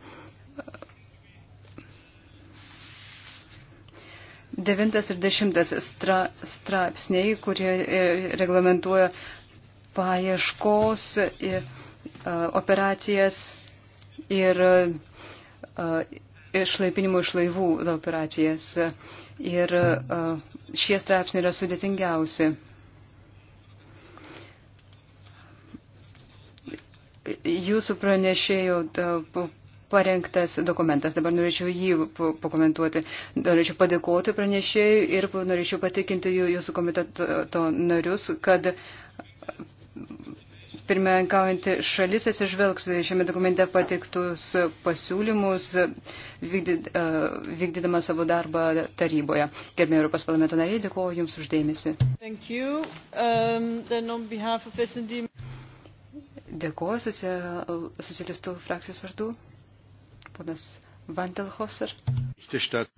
Devintas ir dešimtas stra, straipsniai, kurie e, reglamentuoja paieškos ir, a, e, operacijas ir a, e, išlaipinimo iš laivų operacijas. Ir a, šie straipsniai yra sudėtingiausi. jūsų pranešėjo parengtas dokumentas. Dabar norėčiau jį pakomentuoti. Norėčiau padėkoti pranešėjui ir norėčiau patikinti jūsų komiteto narius, kad pirmininkaujantį šalis atsižvelgs šiame dokumente pateiktus pasiūlymus, vykdyd, vykdydama savo darbą taryboje. Gerbėjai Europos parlamento nariai, dėkuoju Jums uždėmesi. Thank you. Um, Dėkuoju socialistų frakcijos vardu. Ponas Vandelhoser.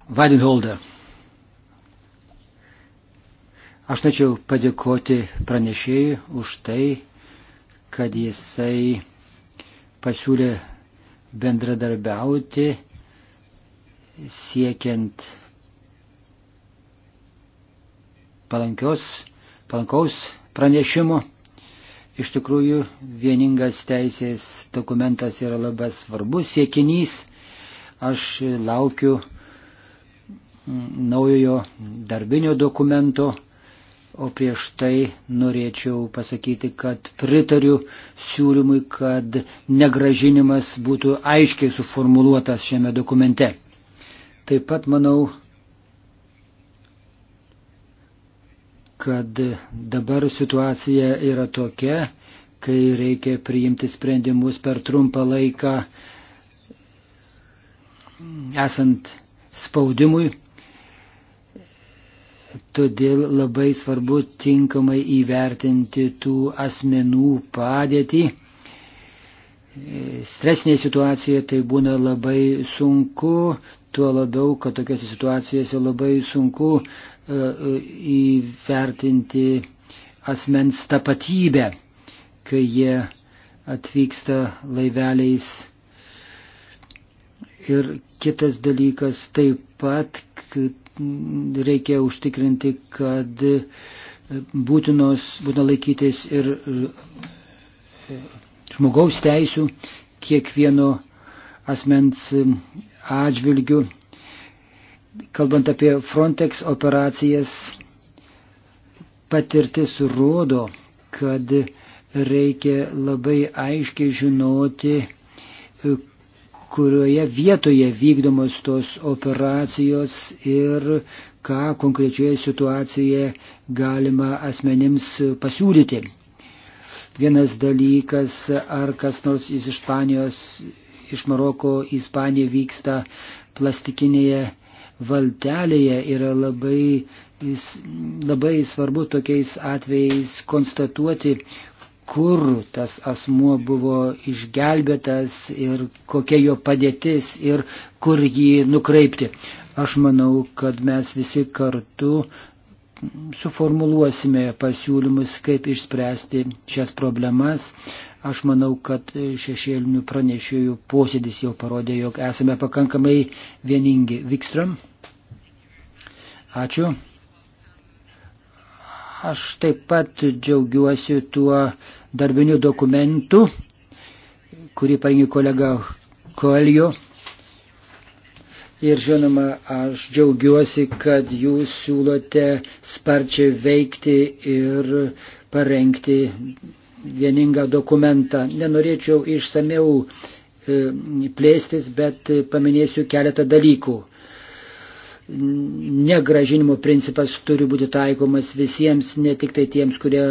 Vandenholder. Aš norėčiau padėkoti pranešėjui už tai, kad jisai pasiūlė bendradarbiauti siekiant palankios, palankaus pranešimo. Iš tikrųjų, vieningas teisės dokumentas yra labai svarbus siekinys. Aš laukiu mm, naujojo darbinio dokumento, o prieš tai norėčiau pasakyti, kad pritariu siūlymui, kad negražinimas būtų aiškiai suformuluotas šiame dokumente. Taip pat manau, kad dabar situacija yra tokia, kai reikia priimti sprendimus per trumpą laiką esant spaudimui. Todėl labai svarbu tinkamai įvertinti tų asmenų padėtį. Stresinėje situacijoje tai būna labai sunku, Tuo labiau, kad tokiose situacijose labai sunku e, e, įvertinti asmens tapatybę, kai jie atvyksta laiveliais. Ir kitas dalykas taip pat reikia užtikrinti, kad būtinos, būtina laikytis ir e, žmogaus teisų kiekvieno asmens atžvilgių, kalbant apie Frontex operacijas, patirtis rodo, kad reikia labai aiškiai žinoti, kurioje vietoje vykdomos tos operacijos ir ką konkrečioje situacijoje galima asmenims pasiūlyti. Vienas dalykas, ar kas nors iš Ispanijos iš Maroko į Ispaniją vyksta plastikinėje valtelėje yra labai, labai svarbu tokiais atvejais konstatuoti, kur tas asmuo buvo išgelbėtas ir kokia jo padėtis ir kur jį nukreipti. Aš manau, kad mes visi kartu suformuluosime pasiūlymus, kaip išspręsti šias problemas. Aš manau, kad šešėlinių pranešėjų posėdis jau parodė, jog esame pakankamai vieningi. Vikstram. Ačiū. Aš taip pat džiaugiuosi tuo darbiniu dokumentu, kurį parengė kolega Koelio. Ir žinoma, aš džiaugiuosi, kad jūs siūlote sparčiai veikti ir parengti vieningą dokumentą. Nenorėčiau išsameu e, plėstis, bet e, paminėsiu keletą dalykų. Negražinimo principas turi būti taikomas visiems, ne tik tai tiems, kurie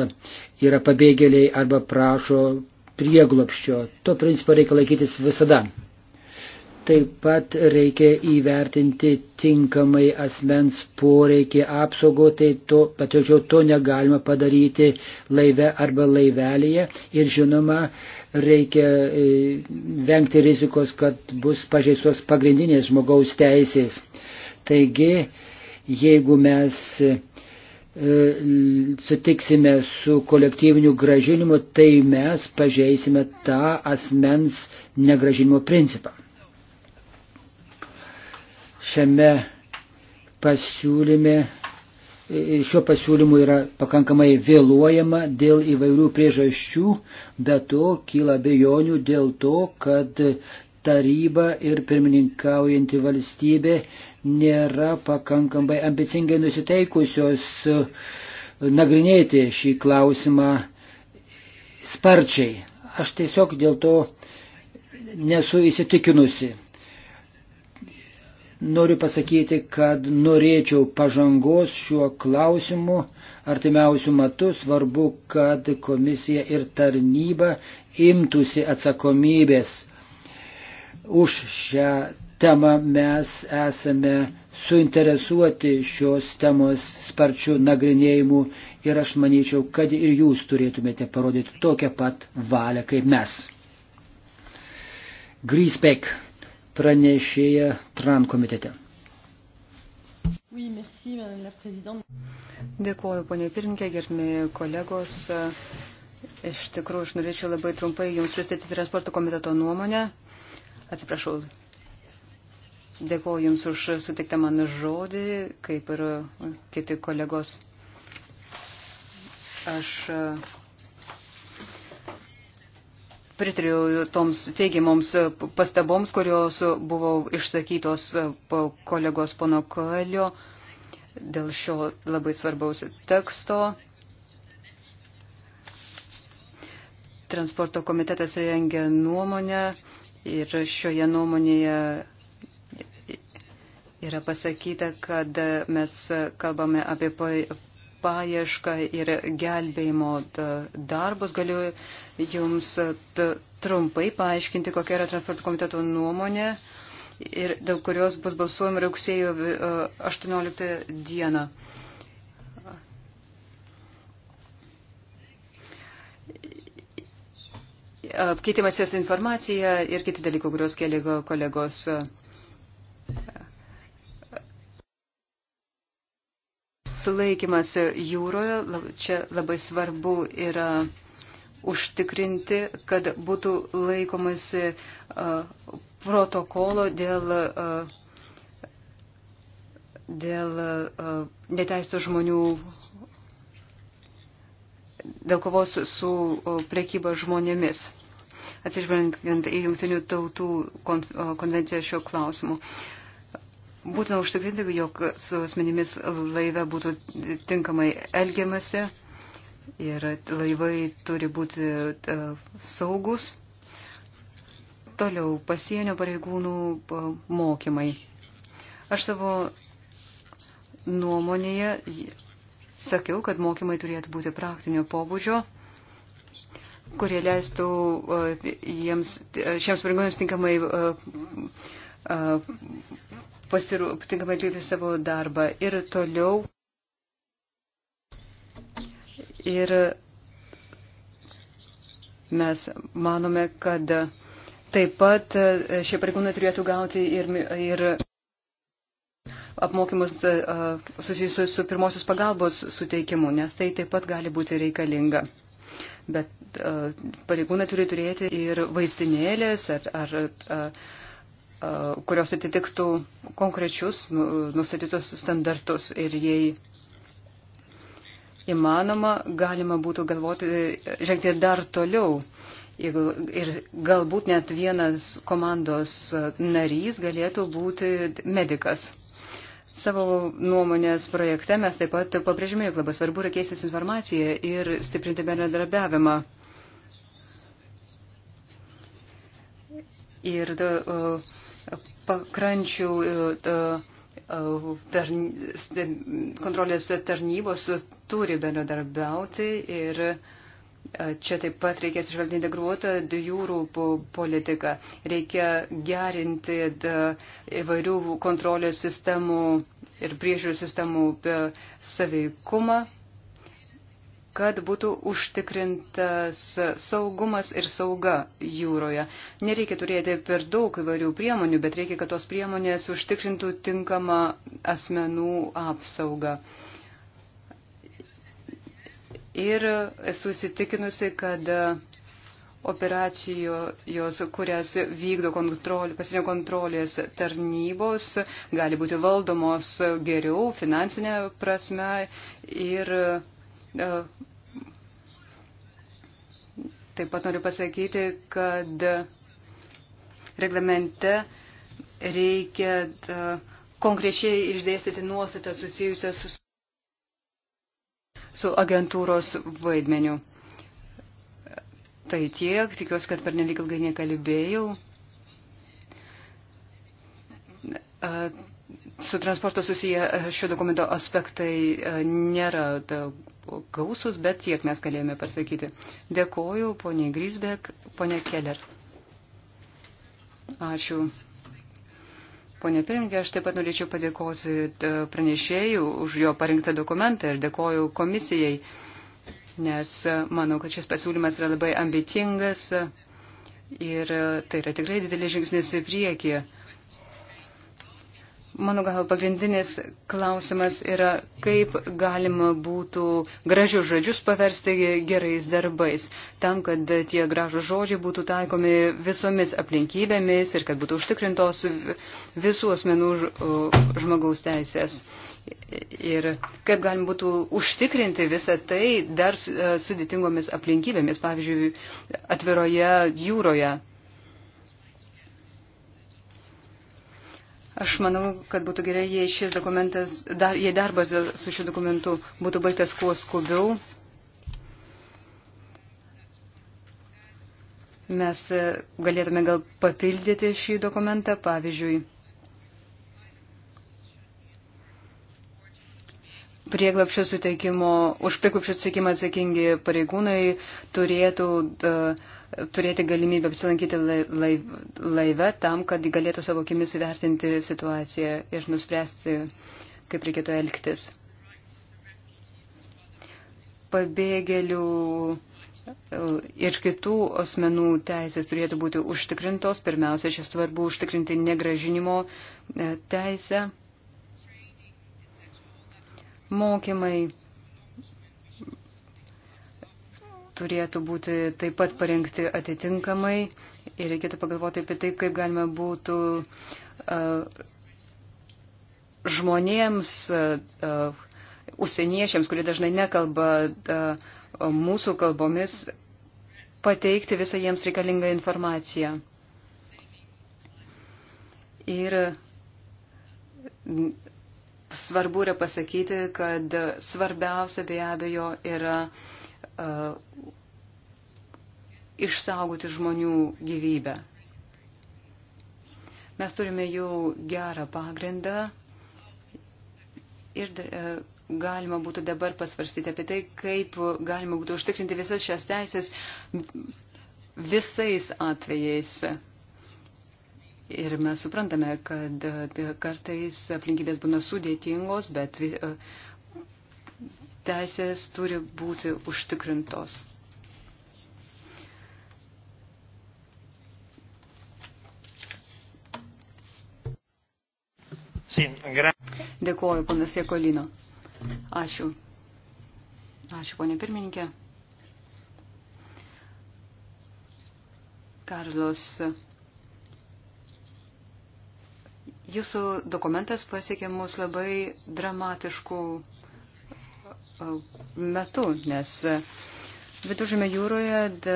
yra pabėgėliai arba prašo prieglopščio. To principo reikia laikytis visada. Taip pat reikia įvertinti tinkamai asmens poreikį apsaugo, tai to, patirčiau to negalima padaryti laive arba laivelėje ir žinoma, reikia e, vengti rizikos, kad bus pažeistos pagrindinės žmogaus teisės. Taigi, jeigu mes e, sutiksime su kolektyviniu gražinimu, tai mes pažeisime tą asmens negražinimo principą šiame pasiūlyme, šiuo pasiūlymu yra pakankamai vėluojama dėl įvairių priežasčių, bet to kyla bejonių dėl to, kad taryba ir pirmininkaujanti valstybė nėra pakankamai ambicingai nusiteikusios e, nagrinėti šį klausimą sparčiai. Aš tiesiog dėl to nesu įsitikinusi. Noriu pasakyti, kad norėčiau pažangos šiuo klausimu artimiausių metų. Svarbu, kad komisija ir tarnyba imtųsi atsakomybės. Už šią temą mes esame suinteresuoti šios temos sparčių nagrinėjimų ir aš manyčiau, kad ir jūs turėtumėte parodyti tokią pat valią kaip mes. Grisbek pranešėja TRAN komitete. Dėkuoju, ponė pirmininkė, gerbimi kolegos. Iš tikrųjų, aš norėčiau labai trumpai Jums pristatyti transporto komiteto nuomonę. Atsiprašau, dėkuoju Jums už sutiktą man žodį, kaip ir kiti kolegos. Aš pritariu toms teigiamoms pastaboms, kurios buvo išsakytos kolegos pono Koelio dėl šio labai svarbaus teksto. Transporto komitetas rengia nuomonę ir šioje nuomonėje yra pasakyta, kad mes kalbame apie paiešką ir gelbėjimo darbus. Galiu jums e, trumpai paaiškinti, kokia yra transporto komiteto nuomonė ir dėl kurios bus balsuojama rugsėjo 18 e, dieną. E, keitimasis informacija ir kiti dalykai, kuriuos kėlė kolegos. Sulaikimas jūroje, čia labai svarbu yra užtikrinti, kad būtų laikomasi protokolo dėl, dėl neteisų žmonių, dėl kovos su prekyba žmonėmis atsižvelgiant į jungtinių tautų konvenciją šiuo klausimu. Būtina užtikrinti, jog su asmenimis laive būtų tinkamai elgiamasi ir laivai turi būti e, saugus. Toliau pasienio pareigūnų e, mokymai. Aš savo nuomonėje sakiau, kad mokymai turėtų būti praktinio pobūdžio, kurie leistų e, jiems, šiems pareigūnams tinkamai, pasiru, tinkamai atlikti savo darbą. Ir toliau. Ir mes manome, kad taip pat šie pareigūnai turėtų gauti ir, ir apmokymus susijusius su pirmosios pagalbos suteikimu, nes tai taip pat gali būti reikalinga. Bet pareigūnai turi turėti ir vaistinėlės, ar, ar, ar, kurios atitiktų konkrečius nu, nustatytus standartus. Ir jei įmanoma, galima būtų galvoti, žengti dar toliau. Ir galbūt net vienas komandos narys galėtų būti medikas. Savo nuomonės projekte mes taip pat pabrėžime, jog labai svarbu yra keistis informaciją ir stiprinti bendradarbiavimą. Ir uh, pakrančių. Uh, uh, tarny, kontrolės tarnybos turi bendradarbiauti ir e, čia taip pat reikės išvelgti integruotą jūrų politiką. Reikia gerinti e, įvairių kontrolės sistemų ir priežiūrų sistemų e, saveikumą kad būtų užtikrintas saugumas ir sauga jūroje. Nereikia turėti per daug įvairių priemonių, bet reikia, kad tos priemonės užtikrintų tinkamą asmenų apsaugą. Ir esu įsitikinusi, kad operacijos, kurias vykdo kontrol, pasienio kontrolės tarnybos, gali būti valdomos geriau finansinė prasme ir e, Taip pat noriu pasakyti, kad reglamente reikia e, konkrečiai išdėstyti nuostatą susijusią su, su agentūros vaidmeniu. Tai tiek, tikiuosi, kad per nelik ilgai nekalbėjau. E, su transporto susiję šio dokumento aspektai e, nėra gausus, bet tiek mes galėjome pasakyti. Dėkoju, ponė Grisbek, ponė Keller. Ačiū. Pone Pirinkė, aš taip pat norėčiau padėkoti e, pranešėjų už jo parinktą dokumentą ir dėkoju komisijai, nes e, manau, kad šis pasiūlymas yra labai ambicingas e, ir tai yra tikrai didelis žingsnis į priekį. Mano gal pagrindinis klausimas yra, kaip galima būtų gražius žodžius paversti gerais darbais, tam, kad tie gražus žodžiai būtų taikomi visomis aplinkybėmis ir kad būtų užtikrintos visų asmenų žmogaus teisės. Ir kaip galima būtų užtikrinti visą tai dar e, sudėtingomis aplinkybėmis, pavyzdžiui, atviroje jūroje Aš manau, kad būtų gerai, jei šis dokumentas, dar, jei darbas su šiuo dokumentu būtų baigtas kuo skubiau. Mes e, galėtume gal papildyti šį dokumentą, pavyzdžiui, prieglapščio suteikimo, už prieglapščio suteikimą atsakingi pareigūnai turėtų uh, turėti galimybę apsilankyti laive tam, kad galėtų savo akimis įvertinti situaciją ir nuspręsti, kaip reikėtų elgtis. Pabėgėlių e, ir kitų asmenų teisės turėtų būti užtikrintos. Pirmiausia, šis svarbu užtikrinti negražinimo e, teisę. Mokymai turėtų būti taip pat parengti atitinkamai ir reikėtų pagalvoti apie taip, kaip galima būtų žmonėms, užsieniečiams, kurie dažnai nekalba mūsų kalbomis, pateikti visą jiems reikalingą informaciją. Ir svarbu yra pasakyti, kad svarbiausia be abejo yra uh, išsaugoti žmonių gyvybę. Mes turime jau gerą pagrindą ir galima būtų dabar pasvarstyti apie tai, kaip galima būtų užtikrinti visas šias teisės visais atvejais. Ir mes suprantame, kad kartais aplinkybės būna sudėtingos, bet teisės turi būti užtikrintos. Dėkuoju, panas Jekolino. Ačiū. Ačiū, ponė pirmininkė. Karlos, jūsų dokumentas pasiekė mus labai dramatiškų metu, nes e, viduržėme jūroje da,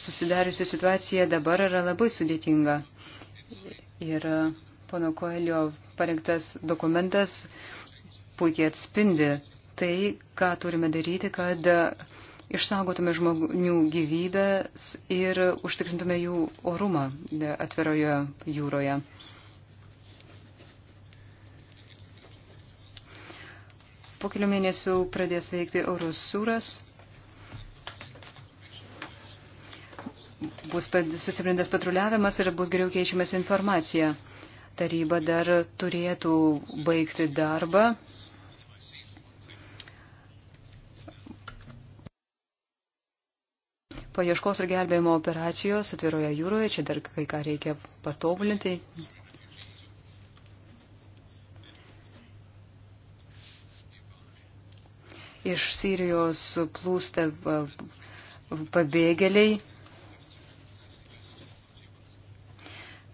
susidariusi situacija dabar yra labai sudėtinga. Ir e, pono Koelio parengtas dokumentas puikiai atspindi tai, ką turime daryti, kad e, išsaugotume žmonių gyvybės ir užtikrintume jų orumą atviroje jūroje. po kelių mėnesių pradės veikti Eurosūras. Bus sustiprintas patruliavimas ir bus geriau keičiamas informacija. Taryba dar turėtų baigti darbą. Paieškos ir gelbėjimo operacijos atviroje jūroje, čia dar kai ką reikia patobulinti, iš Sirijos plūsta pabėgėliai.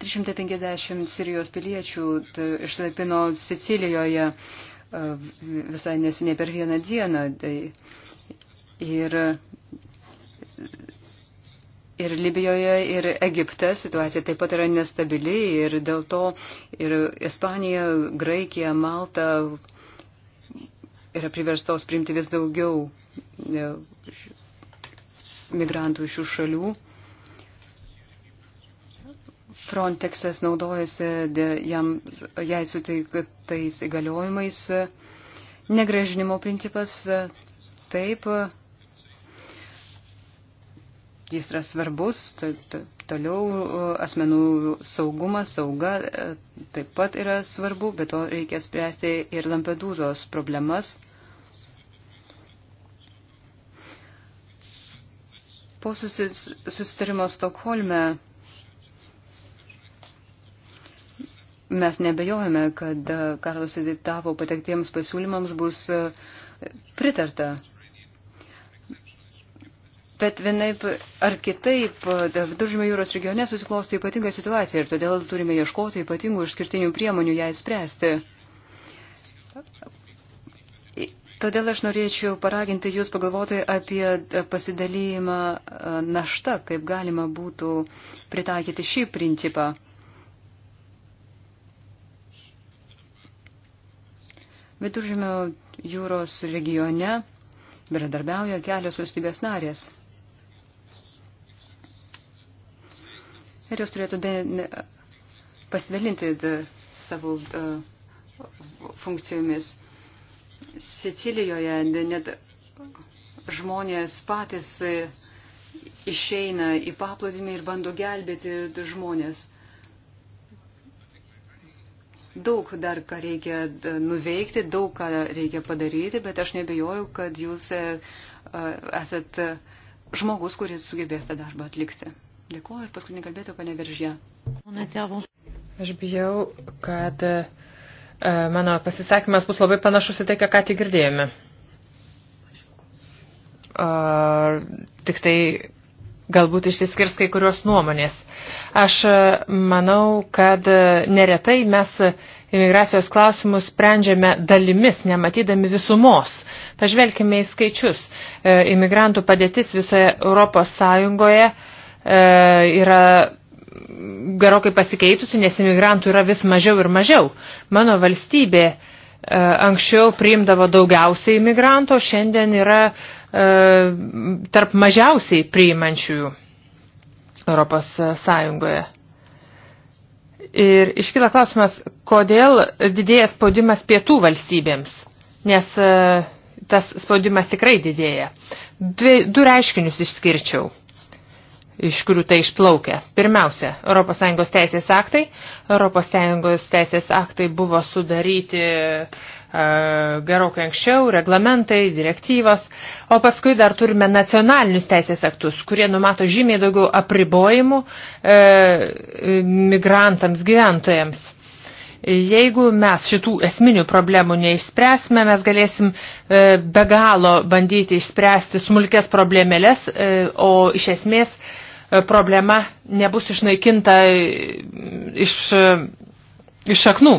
350 Sirijos piliečių išsilaipino Sicilijoje visai nesinė per vieną dieną. Tai ir, ir Libijoje, ir Egipte situacija taip pat yra nestabili ir dėl to ir Ispanija, Graikija, Malta yra priverstos priimti vis daugiau e, migrantų iš šių šalių. Frontexas naudojasi jam, jai suteiktais įgaliojimais. Negražinimo principas taip, jis yra svarbus, toliau e, asmenų saugumas, sauga e, taip pat yra svarbu, bet to reikia spręsti ir Lampedūzos problemas. Po susitarimo Stokholme mes nebejojame, kad e, Karlas įdiktavo patektiems pasiūlymams bus e, pritarta. Bet vienaip ar kitaip e, Viduržymio jūros regione susiklosti ypatinga situacija ir todėl turime ieškoti ypatingų išskirtinių priemonių ją įspręsti. Todėl aš norėčiau paraginti Jūs pagalvoti apie e, pasidalymą e, naštą, kaip galima būtų pritaikyti šį principą. Viduržymio jūros regione bendradarbiauja kelios valstybės narės. Ir jos turėtų pasidalinti savo e, funkcijomis. Sicilijoje net žmonės patys e, išeina į paplūdimį ir bando gelbėti žmonės. Daug dar ką reikia e, nuveikti, daug ką reikia padaryti, bet aš nebejoju, kad jūs e, esat žmogus, kuris sugebės tą darbą atlikti. Dėkuoju ir paskutinį kalbėtoją, pane Veržė. Aš bijau, kad uh, E, mano pasisakymas bus labai panašus į tai, ką tik girdėjome. Ar tik tai galbūt išsiskirs kai kurios nuomonės. Aš e, manau, kad e, neretai mes imigracijos klausimus sprendžiame dalimis, nematydami visumos. Pažvelkime į skaičius. Imigrantų padėtis visoje Europos Sąjungoje yra gerokai pasikeitusi, nes imigrantų yra vis mažiau ir mažiau. Mano valstybė e, anksčiau priimdavo daugiausiai imigrantų, šiandien yra e, tarp mažiausiai priimančiųjų Europos Sąjungoje. Ir iškyla klausimas, kodėl didėja spaudimas pietų valstybėms, nes e, tas spaudimas tikrai didėja. Dvi, du reiškinius išskirčiau iš kurių tai išplaukia. Pirmiausia, ES teisės aktai. ES teisės aktai buvo sudaryti e, gerokai anksčiau, reglamentai, direktyvos, o paskui dar turime nacionalinius teisės aktus, kurie numato žymiai daugiau apribojimų e, migrantams, gyventojams. Jeigu mes šitų esminių problemų neišspręsime, mes galėsim e, be galo bandyti išspręsti smulkės problemėlės, e, o iš esmės E, problema nebus išnaikinta iš, e, iš šaknų.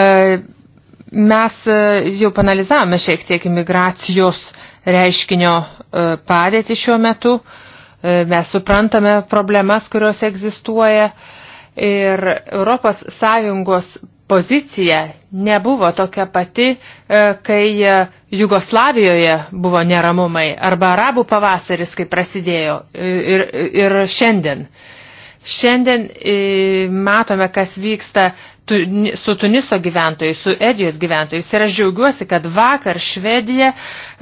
E, mes jau panalizavome šiek tiek imigracijos reiškinio padėtį šiuo metu. Mes suprantame problemas, kurios egzistuoja. Ir Europos Sąjungos pozicija nebuvo tokia pati, e, kai e, Jugoslavijoje buvo neramumai arba arabų pavasaris, kai prasidėjo e, ir, ir šiandien. Šiandien matome, kas vyksta su Tuniso gyventojais, su Edijos gyventojais. Ir aš džiaugiuosi, kad vakar Švedija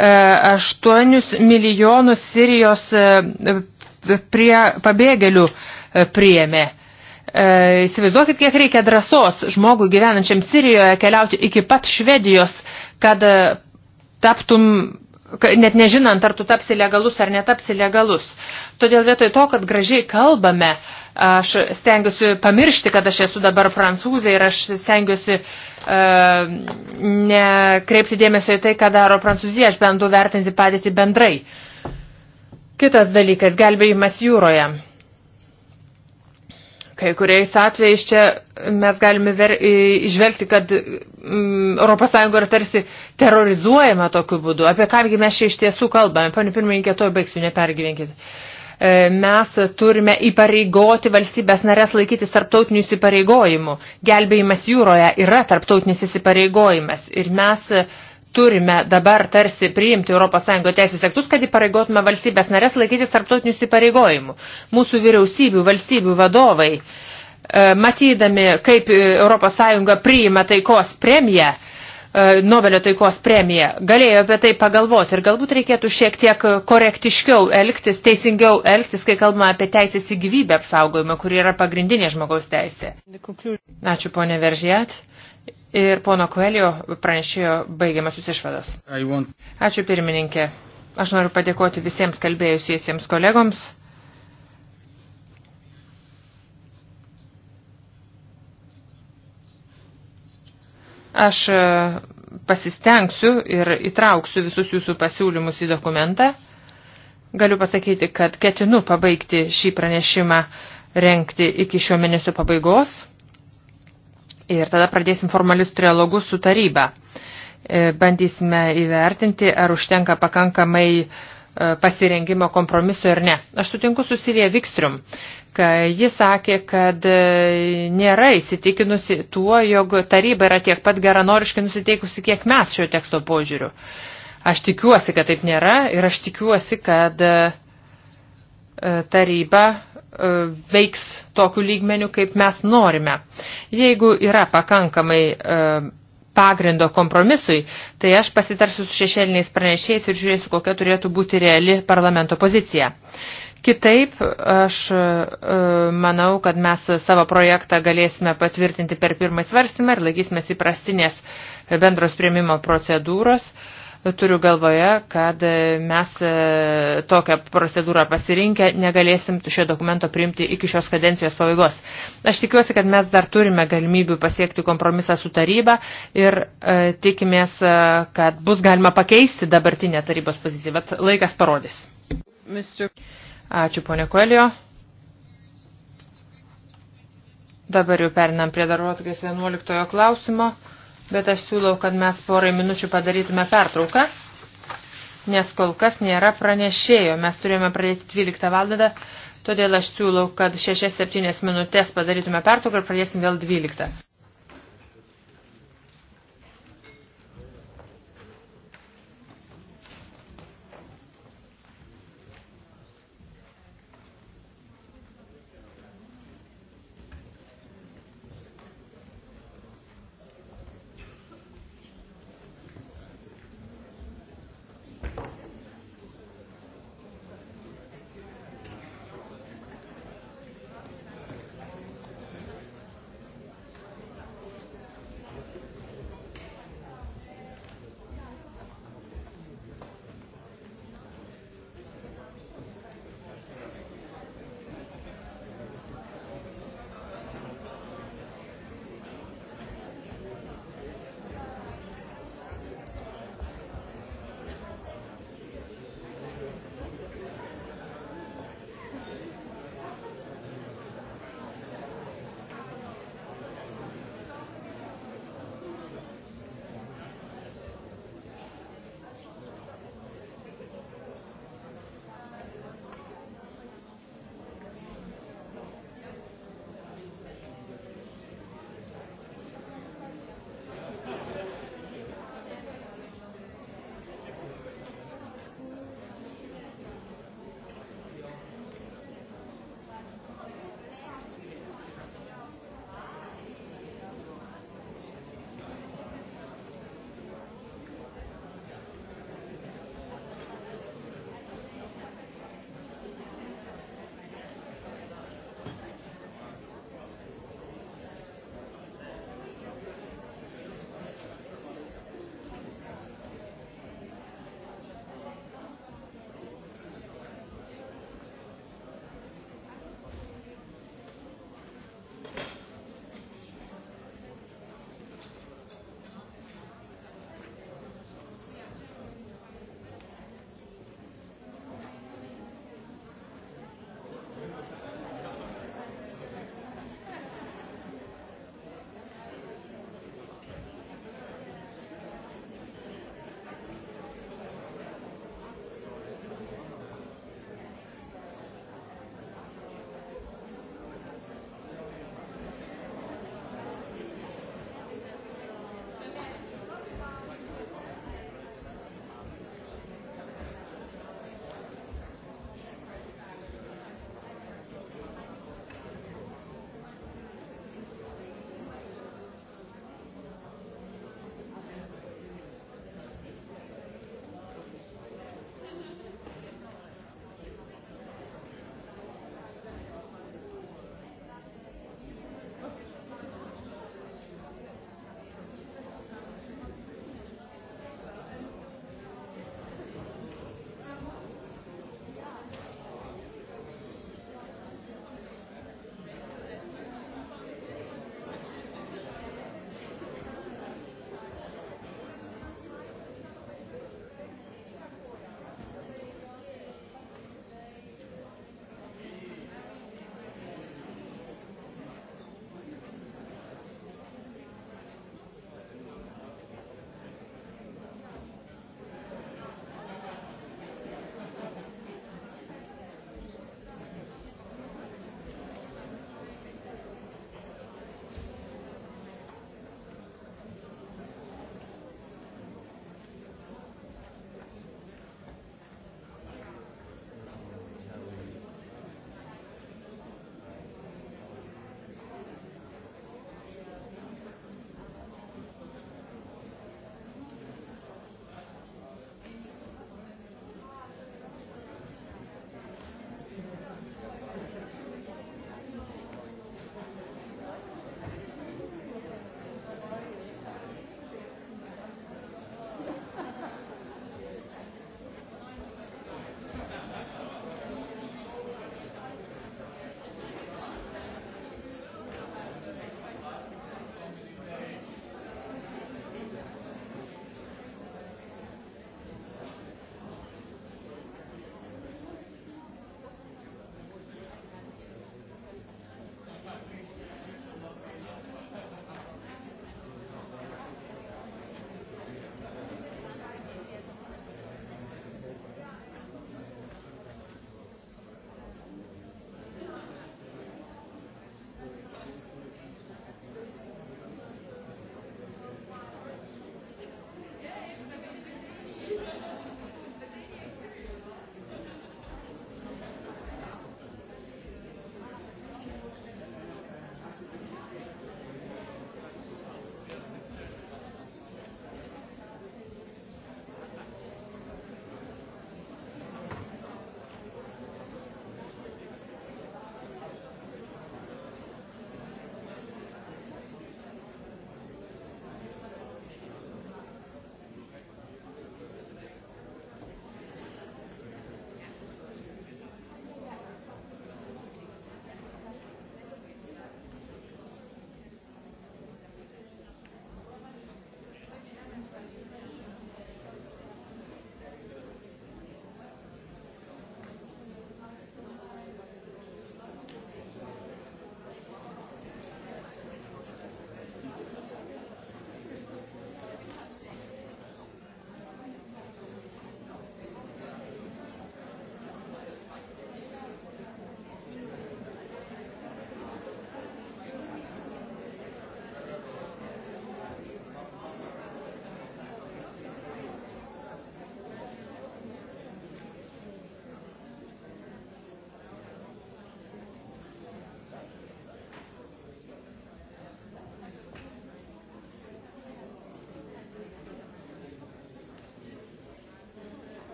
8 milijonus Sirijos prie pabėgėlių priėmė. E, įsivaizduokit, kiek reikia drąsos žmogui gyvenančiam Sirijoje keliauti iki pat Švedijos, kad e, taptum, net nežinant, ar tu tapsi legalus ar netapsi legalus. Todėl vietoj to, kad gražiai kalbame, aš stengiuosi pamiršti, kad aš esu dabar prancūzė ir aš stengiuosi uh, nekreipti dėmesio į tai, ką daro Prancūzija, aš bendu vertinti padėtį bendrai. Kitas dalykas – gelbėjimas jūroje. Kai kuriais atvejais čia mes galime ver, išvelgti, kad mm, ES yra tarsi terrorizuojama tokiu būdu. Apie kągi mes čia iš tiesų kalbame. Pane pirmininkė, to baigsiu, nepergyvenkite. Mes turime įpareigoti valstybės narės laikytis tarptautinių įsipareigojimų. Gelbėjimas jūroje yra tarptautinis įsipareigojimas. Ir mes uh, turime dabar tarsi priimti ES teisės aktus, kad įpareigotume valstybės narės laikytis tarptautinių įsipareigojimų. Mūsų vyriausybių, valstybių vadovai, e, matydami, kaip ES priima taikos premiją, e, Nobelio taikos premiją, galėjo apie tai pagalvoti ir galbūt reikėtų šiek tiek korektiškiau elgtis, teisingiau elgtis, kai kalbame apie teisės į gyvybę apsaugojimą, kuri yra pagrindinė žmogaus teisė. Ačiū, ponė Veržėt ir pono Koelio pranešėjo baigiamasius išvadas. Want... Ačiū pirmininkė. Aš noriu padėkoti visiems kalbėjusiesiems kolegoms. Aš e, pasistengsiu ir įtrauksiu visus jūsų pasiūlymus į dokumentą. Galiu pasakyti, kad ketinu pabaigti šį pranešimą renkti iki šio mėnesio pabaigos. Ir tada pradėsim formalius trialogus su taryba. E, bandysime įvertinti, ar užtenka pakankamai e, pasirengimo kompromiso ir ne. Aš sutinku su Silija Vikstrium, kai ji sakė, kad e, nėra įsitikinusi tuo, jog taryba yra tiek pat geranoriškai nusiteikusi, kiek mes šio teksto požiūriu. Aš tikiuosi, kad taip nėra ir aš tikiuosi, kad taryba veiks tokiu lygmeniu, kaip mes norime. Jeigu yra pakankamai e, pagrindo kompromisui, tai aš pasitarsiu su šešėliniais pranešėjais ir žiūrėsiu, kokia turėtų būti reali parlamento pozicija. Kitaip, aš e, manau, kad mes savo projektą galėsime patvirtinti per pirmąjį svarstymą ir laikysime įprastinės bendros prieimimo procedūros. Uh, Turiu galvoje, kad mes e, tokią procedūrą pasirinkę negalėsim šio dokumento priimti iki šios kadencijos pabaigos. Aš tikiuosi, kad mes dar turime galimybių pasiekti kompromisą su taryba ir e, tikimės, e, kad bus galima pakeisti dabartinę tarybos poziciją, bet laikas parodys. Ačiū, ponė Koelio. Dabar jau perinam prie darbuotojas 11 klausimo bet aš siūlau, kad mes porai minučių padarytume pertrauką, nes kol kas nėra pranešėjo. Mes turėjome pradėti 12 valandą, todėl aš siūlau, kad 6-7 minutės padarytume pertrauką ir pradėsim vėl 12.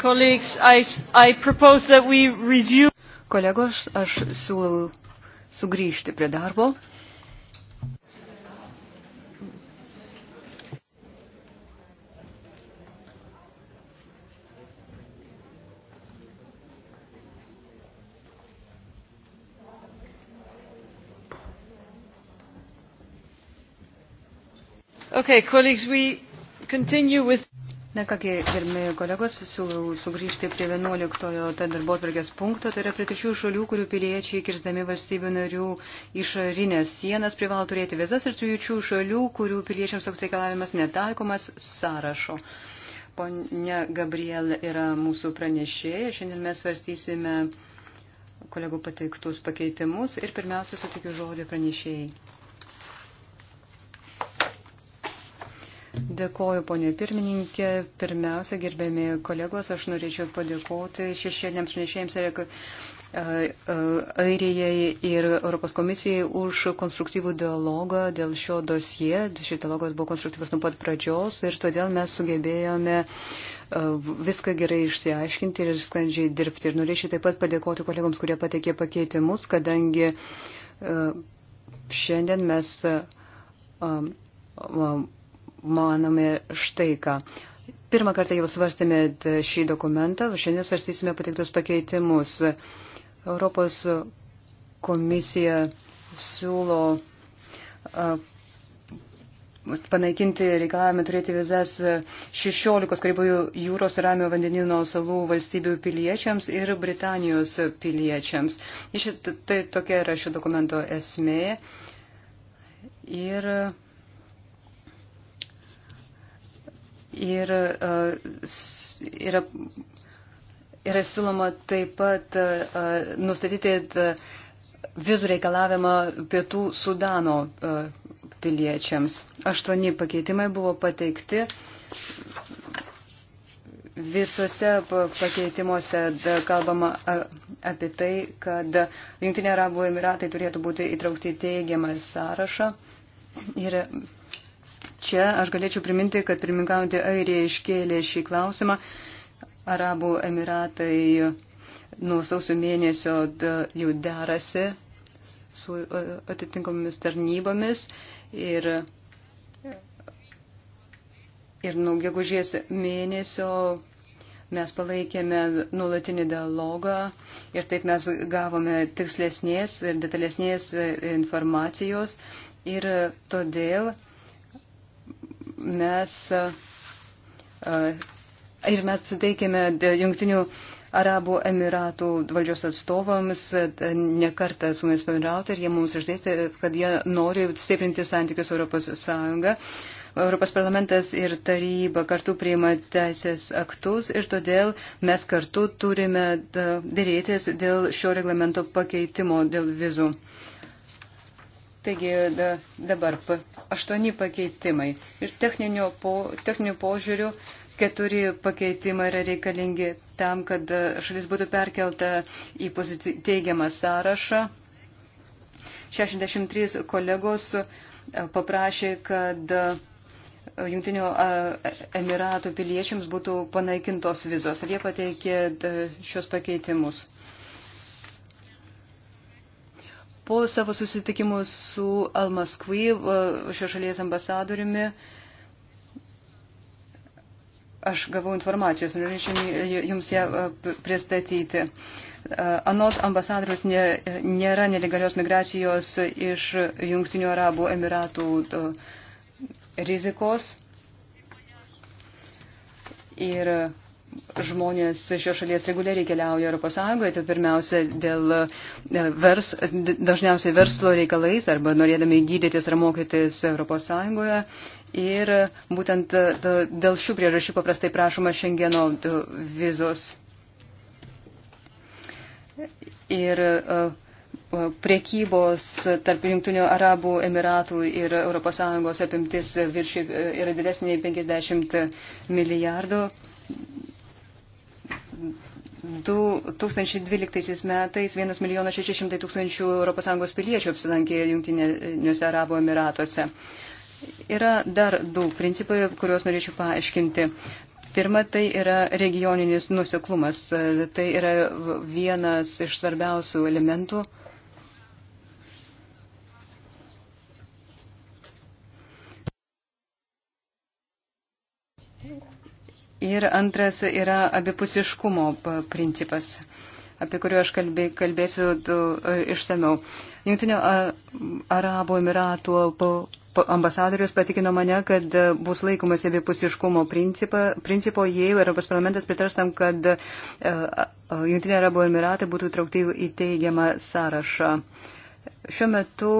Colleagues, I, I propose that we resume. Kolegos, aš siūlau sugrįžti prie darbo. Okay, colleagues, we continue with Na kągi, gerbėjai kolegos, siūlau sugrįžti prie 11-ojo darbo atvarkės punkto, tai yra prie trečių šalių, kurių piliečiai, kirstami valstybių narių išorinės sienas, privalo turėti vizas ir trijų šalių, kurių piliečiams toks reikalavimas netaikomas sąrašo. Pone Gabriel yra mūsų pranešėja, šiandien mes svarstysime kolegų pateiktus pakeitimus ir pirmiausia sutikiu žodį pranešėjai. Dėkoju, ponė pirmininkė. Pirmiausia, gerbėmi kolegos, aš norėčiau padėkoti šešėliams nešėjams Airijai ir Europos komisijai už konstruktyvų dialogą dėl šio dosie. Šis dialogas buvo konstruktyvus nuo pat pradžios ir todėl mes sugebėjome viską gerai išsiaiškinti ir sklandžiai dirbti. Ir norėčiau taip pat padėkoti kolegoms, kurie pateikė pakeitimus, kadangi šiandien mes manome štai ką. Pirmą kartą jau svarstėme šį dokumentą, šiandien svarstysime patiktus pakeitimus. Europos komisija siūlo panaikinti reikalavimą turėti vizas 16 Karibų jūros ir Ramio vandenino salų valstybių piliečiams ir Britanijos piliečiams. Tai, tai tokia yra šio dokumento esmė. Ir Ir e, yra, yra siūloma taip pat e, nustatyti e, vizų reikalavimą pietų Sudano piliečiams. Aštuoni pakeitimai buvo pateikti. Visose pakeitimuose kalbama apie tai, kad Junktinė Arabų Emiratai turėtų būti įtraukti į teigiamą sąrašą. Ir čia aš galėčiau priminti, kad pirmininkauti Airija iškėlė šį klausimą. Arabų Emiratai nuo sausio mėnesio jau derasi su e, atitinkomis tarnybomis ir, ir nuo gegužės mėnesio mes palaikėme nuolatinį dialogą ir taip mes gavome tikslesnės ir detalesnės informacijos ir todėl mes, ir mes suteikėme jungtinių Arabų Emiratų valdžios atstovams nekartą su mumis pabendrauti ir jie mums išdėstė, kad jie nori stiprinti santykius Europos Sąjungą. Europos parlamentas ir taryba kartu priima teisės aktus ir todėl mes kartu turime dėrėtis dėl šio reglamento pakeitimo, dėl vizų. Uh, Taigi da, dabar aštuoni pakeitimai. Ir techninio po, techninių požiūrių keturi pakeitimai yra reikalingi tam, kad šalis būtų perkelta į teigiamą sąrašą. 63 kolegos paprašė, kad Jungtinių Emiratų piliečiams būtų panaikintos vizos. Ir jie pateikė šios pakeitimus. Po savo susitikimų su Almaskvy, e, šios šalies ambasadoriumi, aš gavau informacijos, norėčiau jums ją e, pristatyti. E, anot ambasadorius nė, nėra nelegalios migracijos iš Jungtinių Arabų Emiratų rizikos. Ir žmonės iš šios šalies reguliariai keliauja Europos Sąjungoje, tai pirmiausia dėl e, vers, dažniausiai verslo reikalais arba norėdami gydytis ar mokytis Europos Sąjungoje. Ir būtent e, dėl šių priežasčių paprastai prašoma šengeno vizos. Ir e, priekybos tarp Junktinių Arabų Emiratų ir ES apimtis virš yra didesnė nei 50 milijardų 2012 metais 1 milijonas 600 tūkstančių ES piliečių apsilankė Junktinėse Arabų Emiratuose. Yra dar du principai, kuriuos norėčiau paaiškinti. Pirma, tai yra regioninis nuseklumas. Tai yra vienas iš svarbiausių elementų Ir antras yra abipusiškumo principas, apie kuriuo aš kalbė, kalbėsiu e, išsameu. Jungtinio Arabų Emiratų ambasadorius patikino mane, kad bus laikomas abipusiškumo principo, jei Europos parlamentas pritars tam, kad e, Jungtinio Arabų Emiratai būtų traukti į teigiamą sąrašą. Uh, Šiuo metu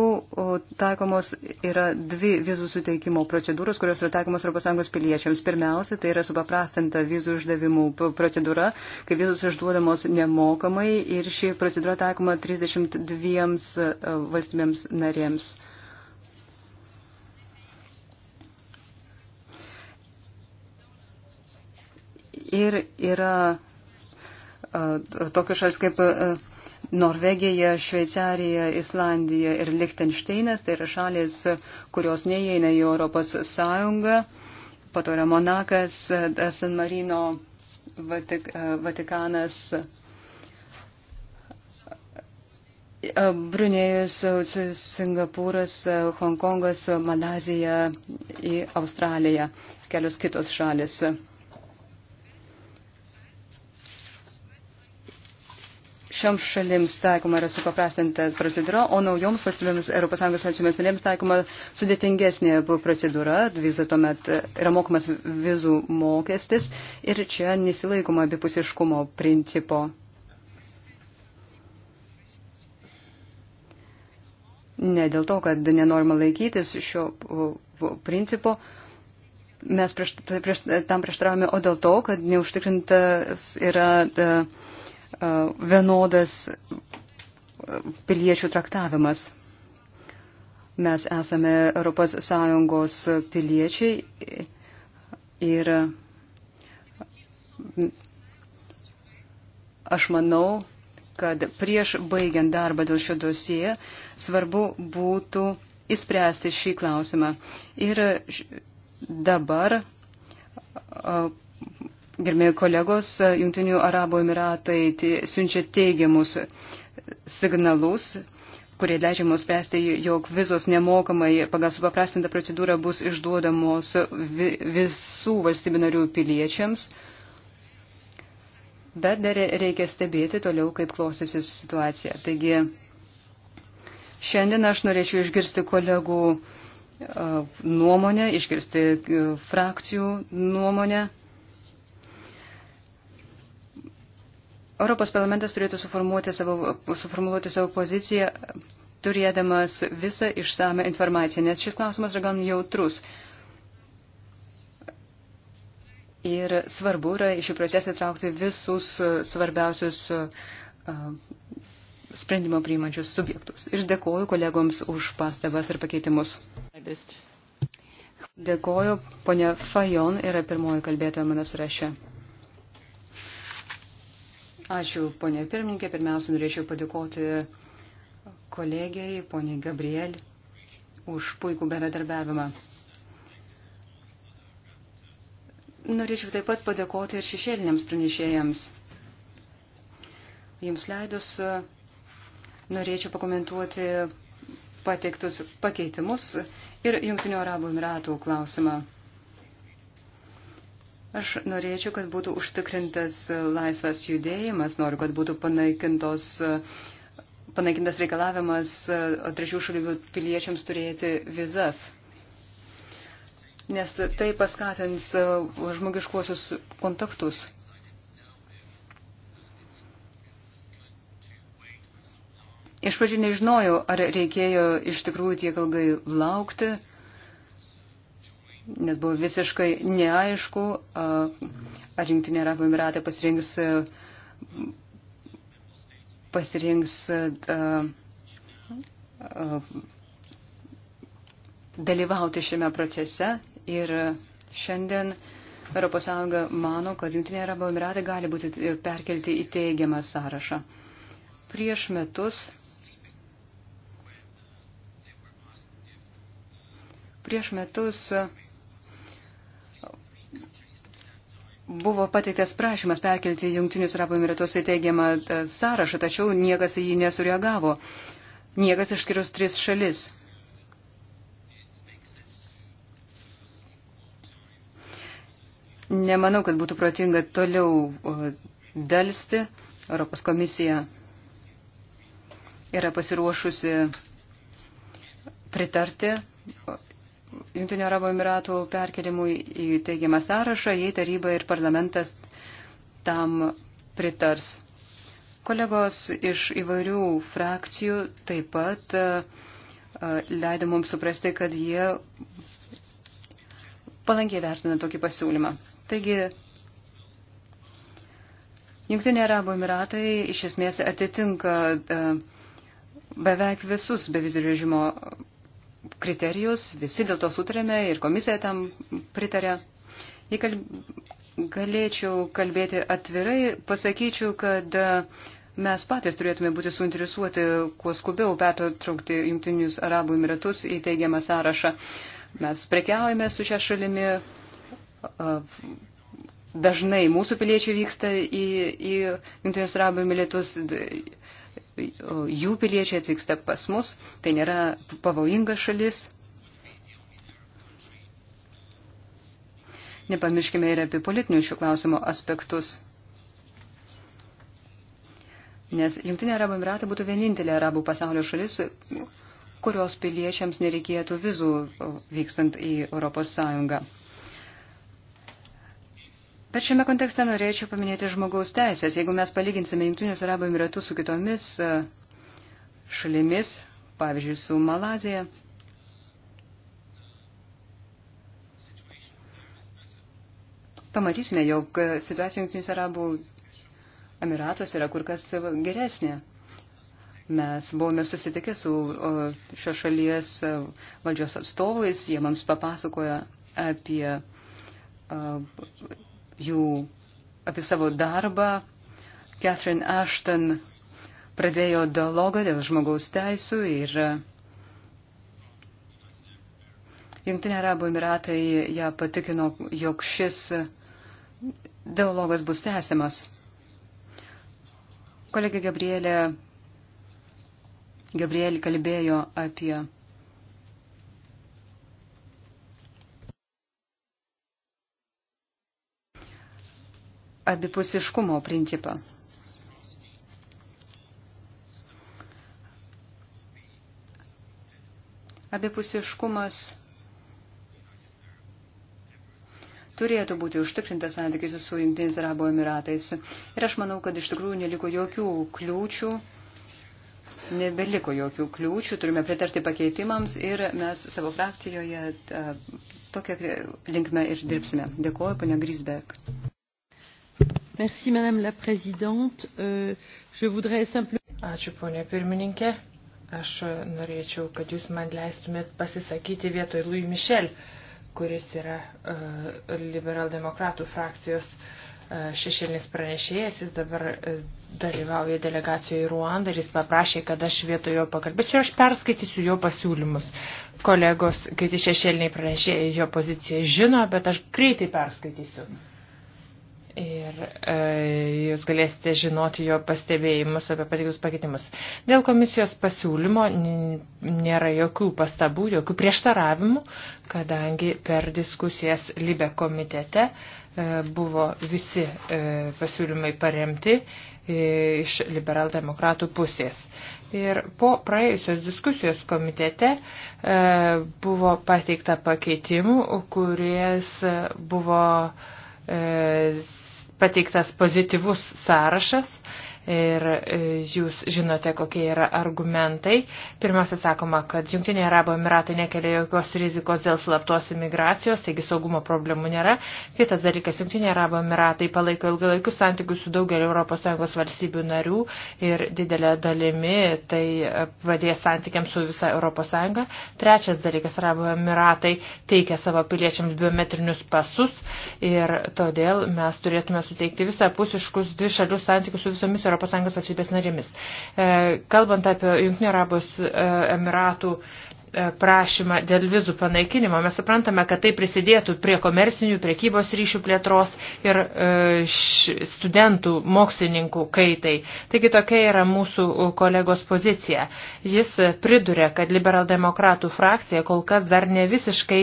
taikomos yra dvi vizų suteikimo procedūros, kurios yra taikomos ES piliečiams. Pirmiausia, tai yra supaprastinta vizų išdavimų procedūra, kai vizos išduodamos nemokamai ir ši procedūra taikoma 32 e, valstybėms narėms. Ir yra e, tokios šalis kaip. A, e, Norvegija, Šveicarija, Islandija ir Lichtensteinas, tai yra šalis, kurios neįeina į Europos Sąjungą, po to yra Monakas, San Marino, Vatik, Vatikanas, Brunėjus, Singapūras, Hongkongas, Malazija į Australiją, kelios kitos šalis. šioms šalims taikoma yra supaprastinta procedūra, o naujoms valstybėms, ES valstybėms narėms taikoma sudėtingesnė procedūra, vizą tuomet e, yra mokamas vizų mokestis ir čia nesilaikoma abipusiškumo principo. Ne dėl to, kad nenorima laikytis šio principo, mes prieš, prieš, tam prieštaravome, o dėl to, kad neužtikrintas yra. Uh, vienodas piliečių traktavimas. Mes esame ES piliečiai ir aš manau, kad prieš baigiant darbą dėl šio dosie svarbu būtų įspręsti šį klausimą. Ir dabar Gerbėjai kolegos, Junktinių Arabų Emiratai siunčia teigiamus signalus kurie leidžia mums spręsti, jog vizos nemokamai pagal supaprastintą procedūrą bus išduodamos vi visų valstybių narių piliečiams. Bet dar reikia stebėti toliau, kaip klostėsi situacija. Taigi, šiandien aš norėčiau išgirsti kolegų nuomonę, išgirsti frakcijų nuomonę. Europos parlamentas turėtų suformuoti savo, suformuoluoti savo poziciją, turėdamas visą išsame informaciją, nes šis klausimas yra gan jautrus. Ir svarbu yra iš šį procesą įtraukti visus svarbiausius sprendimo priimančius subjektus. Ir dėkoju kolegoms už pastabas ir pakeitimus. Dėkoju, ponia Fajon yra pirmoji kalbėtoja mano sąraše. Ačiū, ponė pirmininkė. Pirmiausia, norėčiau padėkoti kolegijai, poniai Gabriel, už puikų bendradarbiavimą. Norėčiau taip pat padėkoti ir šešėliniams pranešėjams. Jums leidus norėčiau pakomentuoti pateiktus pakeitimus ir Jungtinio Arabų Emiratų klausimą. Aš norėčiau, kad būtų užtikrintas laisvas judėjimas, noriu, kad būtų panaikintos, panaikintas reikalavimas e, trečių šalių piliečiams turėti vizas. Nes tai paskatins e, žmogiškuosius kontaktus Iš pradžių nežinojau, ar reikėjo iš tikrųjų tiek ilgai laukti, nes buvo visiškai neaišku, ar Junktinė Arabų Emiratai pasirinks, pasirinks dalyvauti šiame procese ir šiandien ES mano, kad Junktinė Arabų Emiratai gali būti perkelti į teigiamą sąrašą. Prieš metus, prieš metus buvo pateiktas prašymas perkelti Junktinius Arabų Emiratus į teigiamą e, sąrašą, tačiau niekas į jį nesureagavo. Niekas išskirius tris šalis. Nemanau, kad būtų protinga toliau e, dalsti. Europos komisija yra pasiruošusi pritarti Junktinio Arabo Emiratų perkelimui į teigiamą sąrašą, jei taryba ir parlamentas tam pritars. Kolegos iš įvairių frakcijų taip pat e, e, leido mums suprasti, kad jie palankiai vertina tokį pasiūlymą. Taigi, Junktinė Arabo Emiratai iš esmės atitinka e, beveik visus bevizio režimo kriterijus, visi dėl to sutarėme ir komisija tam pritarė. Jei kalb... galėčiau kalbėti atvirai, pasakyčiau, kad e, mes patys turėtume būti suinteresuoti kuo skubiau pertraukti Junktinius Arabų Emiratus į teigiamą sąrašą. Mes prekiaujame su šia šalimi, e, dažnai mūsų piliečiai vyksta į, į Junktinius Arabų Emiratus jų piliečiai atvyksta pas mus, tai nėra pavojinga šalis. Nepamirškime ir apie politinių šių klausimų aspektus. Nes Junktinė Arabų Emiratai būtų vienintelė Arabų pasaulio šalis, kurios piliečiams nereikėtų vizų vykstant į Europos Sąjungą. Bet šiame kontekste norėčiau paminėti žmogaus teisės. Jeigu mes palyginsime Junktinius Arabų Emiratus su kitomis e, šalimis, pavyzdžiui, su Malazija, pamatysime, jog e, situacija Junktinius Arabų Emiratos yra kur kas geresnė. Mes buvome susitikę su šios šalies e, valdžios atstovais, jie mums papasakojo apie jų, apie savo darbą. Catherine Ashton pradėjo dialogą dėl žmogaus teisų ir uh, Junktinė Arabų Emiratai ją patikino, jog šis dialogas bus tęsiamas. Kolegė Gabrielė, Gabrielė kalbėjo apie abipusiškumo principą. Abipusiškumas turėtų būti užtikrintas santykius su Junktinės Arabo Emiratais. Ir aš manau, kad iš tikrųjų neliko jokių kliūčių, nebeliko jokių kliūčių, turime pritarti pakeitimams ir mes savo frakcijoje tokią linkmę ir dirbsime. Dėkuoju, ponia Grisberg. Merci, Madame la Présidente. Euh, je voudrais simplement. Ačiū, ponė pirmininkė. Aš norėčiau, kad jūs man leistumėt pasisakyti vietoj Louis Michel, kuris yra uh, liberaldemokratų frakcijos uh, šešėlinis pranešėjas. Jis dabar uh, dalyvauja delegacijoje į Ruandą ir jis paprašė, kad aš vietoj jo pakalbėčiau. Aš perskaitysiu jo pasiūlymus. Kolegos, kiti šešėliniai pranešėjai jo poziciją žino, bet aš greitai perskaitysiu. Uh, Ir e, jūs galėsite žinoti jo pastebėjimus apie patiktus pakeitimus. Dėl komisijos pasiūlymo nėra jokių pastabų, jokių prieštaravimų, kadangi per diskusijas Libe komitete e, buvo visi e, pasiūlymai paremti e, iš liberaldemokratų pusės. Ir po praėjusios diskusijos komitete e, buvo pateikta pakeitimų, kuries buvo e, pateiktas pozityvus sąrašas ir e, jūs žinote, kokie yra argumentai. Pirmiausia sakoma, kad Junktiniai Arabo Emiratai nekelia jokios rizikos dėl slaptos imigracijos, taigi saugumo problemų nėra. Kitas dalykas, Junktiniai Arabo Emiratai palaiko ilgalaikius santykius su daugeliu ES valstybių narių ir didelė dalimi tai vadės e, santykiams su visa ES. Trečias dalykas, Arabo Emiratai teikia savo piliečiams biometrinius pasus ir todėl mes turėtume suteikti visapusiškus dvi šalių santykius su visomis ES ES valstybės narėmis. E, kalbant apie Junktinio Arabos e, Emiratų e, prašymą dėl vizų panaikinimo, mes suprantame, kad tai prisidėtų prie komersinių, priekybos ryšių plėtros ir studentų, mokslininkų kaitai. Taigi tokia yra mūsų kolegos pozicija. Jis priduria, kad liberaldemokratų frakcija kol kas dar ne visiškai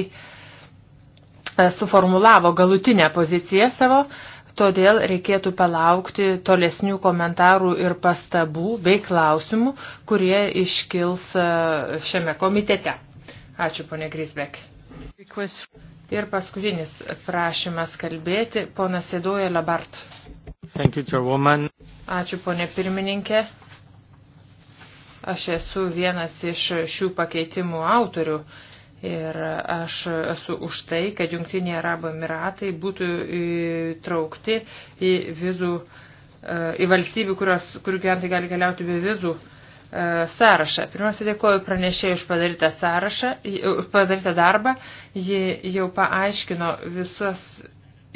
suformulavo galutinę poziciją savo, uh, Todėl reikėtų palaukti tolesnių komentarų ir pastabų bei klausimų, kurie iškils e, šiame komitete. Ačiū, ponė Grisbek. Ir paskutinis prašymas kalbėti, ponas Sėdoja Labart. Ačiū, ponė pirmininkė. Aš esu vienas iš šių pakeitimų autorių Ir aš esu už tai, kad Junktiniai Arabų Emiratai būtų įtraukti į vizų, e, į valstybių, kurios, kurių gyventojai gali keliauti be vizų e, sąrašą. Pirmiausia, dėkoju pranešėjai už padarytą sąrašą, padarytą darbą. Ji jau paaiškino visus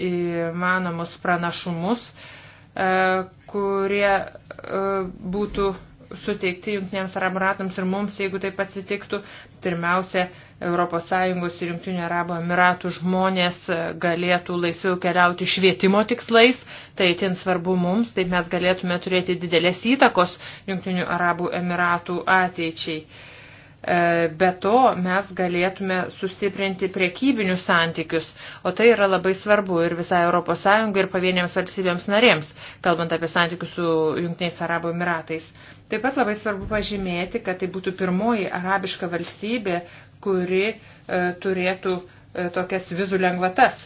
įmanomus pranašumus, e, kurie būtų suteikti Junktinėms Arabų Ratams ir mums, jeigu taip atsitiktų. Pirmiausia, ES ir Junktinių Arabų Emiratų žmonės galėtų laisviau keliauti švietimo tikslais, tai itin svarbu mums, taip mes galėtume turėti didelės įtakos Junktinių Arabų Emiratų ateičiai. E, be to mes galėtume sustiprinti priekybinius santykius, o tai yra labai svarbu ir visai ES ir pavieniams valstybėms narėms, kalbant apie santykius su Junktiniais Arabų Emiratais. Taip pat labai svarbu pažymėti, kad tai būtų pirmoji arabiška valstybė, kuri e, turėtų e, tokias vizų lengvatas.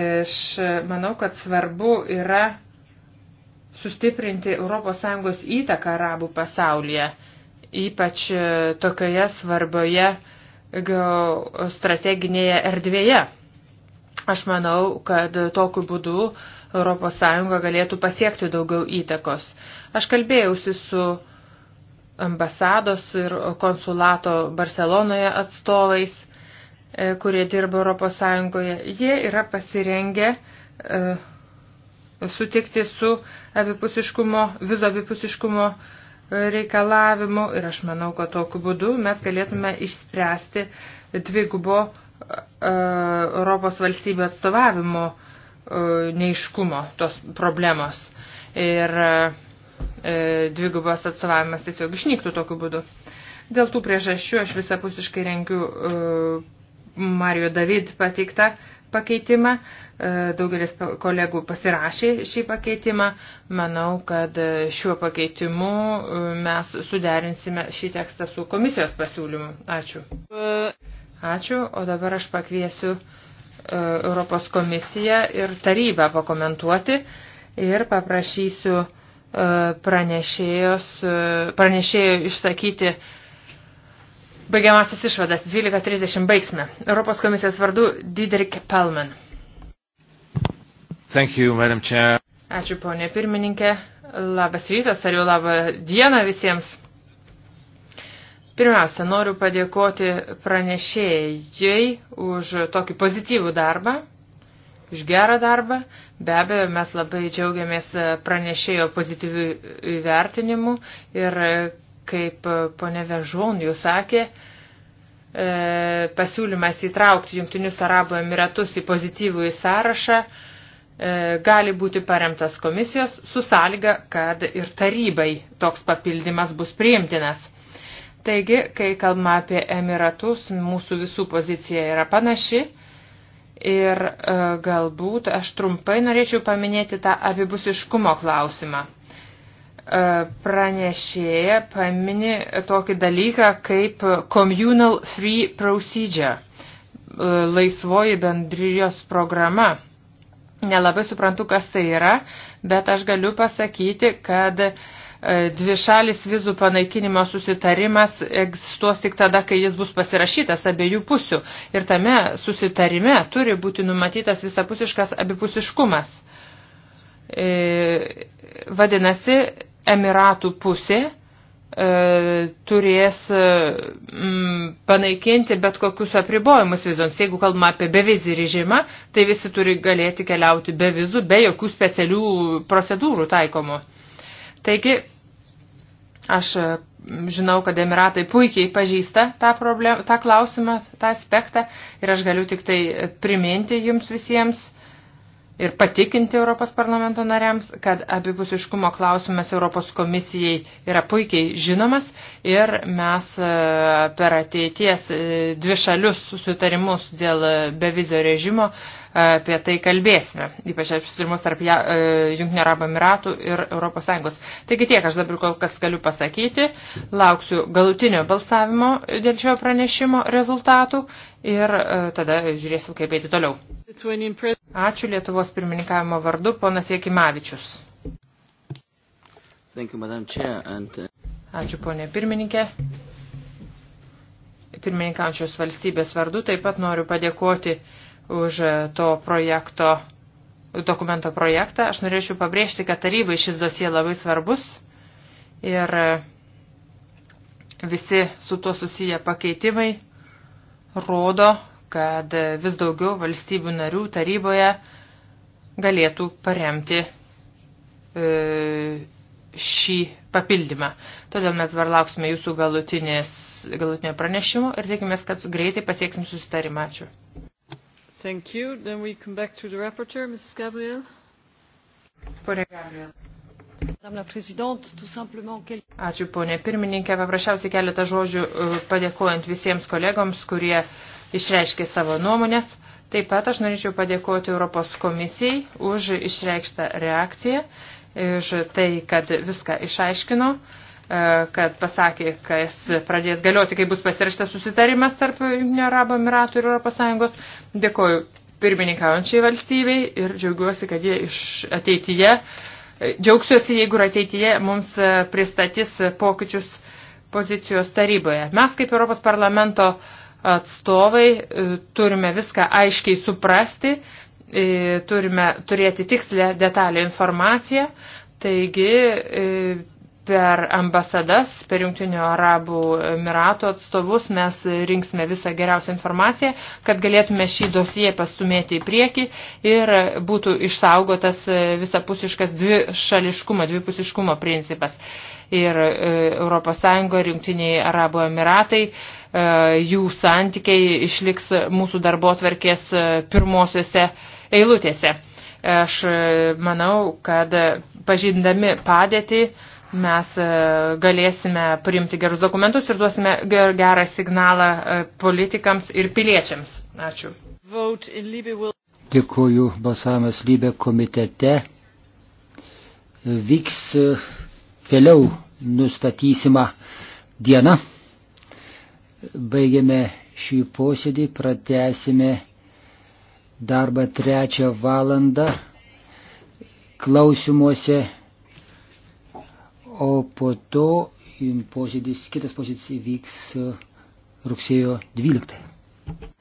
Aš e, manau, kad svarbu yra sustiprinti ES įtaką arabų pasaulyje, ypač e, tokioje svarbioje strateginėje erdvėje. Aš manau, kad tokiu būdu ES galėtų pasiekti daugiau įtakos. Aš kalbėjausi su ambasados ir konsulato Barcelonoje atstovais, e, kurie dirba Europos Sąjungoje. Jie yra pasirengę e, sutikti su abipusiškumo, vizo abipusiškumo e, reikalavimu ir aš manau, kad tokiu būdu mes galėtume išspręsti dvigubo Europos valstybių atstovavimo neiškumo tos problemos. Ir uh, E, dvigubas atstovavimas tiesiog išnyktų tokiu būdu. Dėl tų priežasčių aš visapusiškai rengiu e, Mario David pateiktą pakeitimą. E, daugelis kolegų pasirašė šį pakeitimą. Manau, kad šiuo pakeitimu mes suderinsime šį tekstą su komisijos pasiūlymu. Ačiū. Ačiū, o dabar aš pakviesiu Europos komisiją ir tarybą pakomentuoti ir paprašysiu E, e, pranešėjo išsakyti baigiamasis išvadas. 12.30 baigsime. Europos komisijos vardu Diderik Pelman. Thank you, Madam Chair. Ačiū, ponė pirmininkė. Labas rytas, ar jau labą dieną visiems. Pirmiausia, noriu padėkoti pranešėjai už tokį pozityvų darbą, už gerą darbą. Be abejo, mes labai džiaugiamės pranešėjo pozityvių įvertinimų ir e, kaip e, ponė Vežon jūs sakė, e, pasiūlymas įtraukti Junktinius Arabų Emiratus į pozityvų į sąrašą gali būti paremtas komisijos su sąlyga, kad ir tarybai toks papildymas bus priimtinas. Taigi, kai kalbame apie Emiratus, mūsų visų pozicija yra panaši Ir e, galbūt aš trumpai norėčiau paminėti tą abipusiškumo klausimą. E, pranešėja pamini tokį dalyką kaip communal free procedure, e, laisvoji bendrijos programa. Nelabai suprantu, kas tai yra, bet aš galiu pasakyti, kad e, E, dvi šalis vizų panaikinimo susitarimas egzistuos tik tada, kai jis bus pasirašytas abiejų pusių. Ir tame susitarime turi būti numatytas visapusiškas abipusiškumas. E, vadinasi, Emiratų pusė e, turės panaikinti bet kokius apribojimus vizoms. Jeigu kalbama apie bevizį režimą, tai visi turi galėti keliauti be vizų, be jokių specialių procedūrų taikomų. Taigi, aš e, žinau, kad Emiratai puikiai pažįsta tą, problem, tą klausimą, tą aspektą ir aš galiu tik tai priminti jums visiems ir patikinti Europos parlamento nariams, kad abipusiškumo klausimas Europos komisijai yra puikiai žinomas ir mes e, per ateities e, dvi šalius susitarimus dėl bevizio režimo apie tai kalbėsime, ypač apie sutarimus tarp ja, e, Junktinio Arabų Emiratų ir ES. Taigi tiek, aš dabar kol kas galiu pasakyti, lauksiu galutinio balsavimo dėl šio pranešimo rezultatų ir e, tada žiūrėsim, kaip eiti toliau. Ačiū Lietuvos pirmininkavimo vardu, ponas Jekimavičius. Uh, Ačiū ponė pirmininkė pirmininkančios valstybės vardu taip pat noriu padėkoti už e, to projekto, dokumento projektą. Aš norėčiau pabrėžti, kad tarybai šis dosie labai svarbus ir e, visi su tuo susiję pakeitimai rodo, kad e, vis daugiau valstybių narių taryboje galėtų paremti šį papildymą. Todėl mes dar lauksime jūsų galutinio pranešimo ir tikimės, kad greitai pasieksim susitarimą. Ačiū. Thank you. Then we come back to the rapporteur, Mrs. Gabriel. Pone Gabriel. Ačiū, ponė pirmininkė. Paprasčiausiai keletą žodžių e, padėkojant visiems kolegoms, kurie išreiškė savo nuomonės. Taip pat aš norėčiau padėkoti Europos komisijai už išreikštą reakciją, e, už tai, kad viską išaiškino. E, kad pasakė, kas pradės galioti, kai bus pasirašytas susitarimas tarp Junio Arabo Emiratų ir ES. Dėkoju pirmininkaujančiai valstybei ir džiaugiuosi, kad jie iš ateityje, e, džiaugsiuosi, jeigu ir ateityje mums e, pristatys pokyčius pozicijos taryboje. Mes kaip Europos parlamento atstovai turime viską aiškiai suprasti, turime turėti tikslę detalę informaciją, taigi per ambasadas, per Junktinių Arabų Emiratų atstovus mes rinksime visą geriausią informaciją, kad galėtume šį dosiją pastumėti į priekį ir būtų išsaugotas visapusiškas dvi šališkumo, dvipusiškumo principas. Ir ES ir Junktiniai Arabų Emiratai, e, jų santykiai išliks mūsų darbo tvarkės e, pirmosiose eilutėse. Aš e, manau, kad pažindami padėtį, mes e, galėsime priimti gerus dokumentus ir duosime gerą signalą e, politikams ir piliečiams. Ačiū. Dėkuoju, balsavimas lybė komitete vyks e, vėliau nustatysima diena. Baigėme šį posėdį, pratesime darbą trečią valandą klausimuose o po to posėdis, kitas posėdis įvyks uh, rugsėjo 12.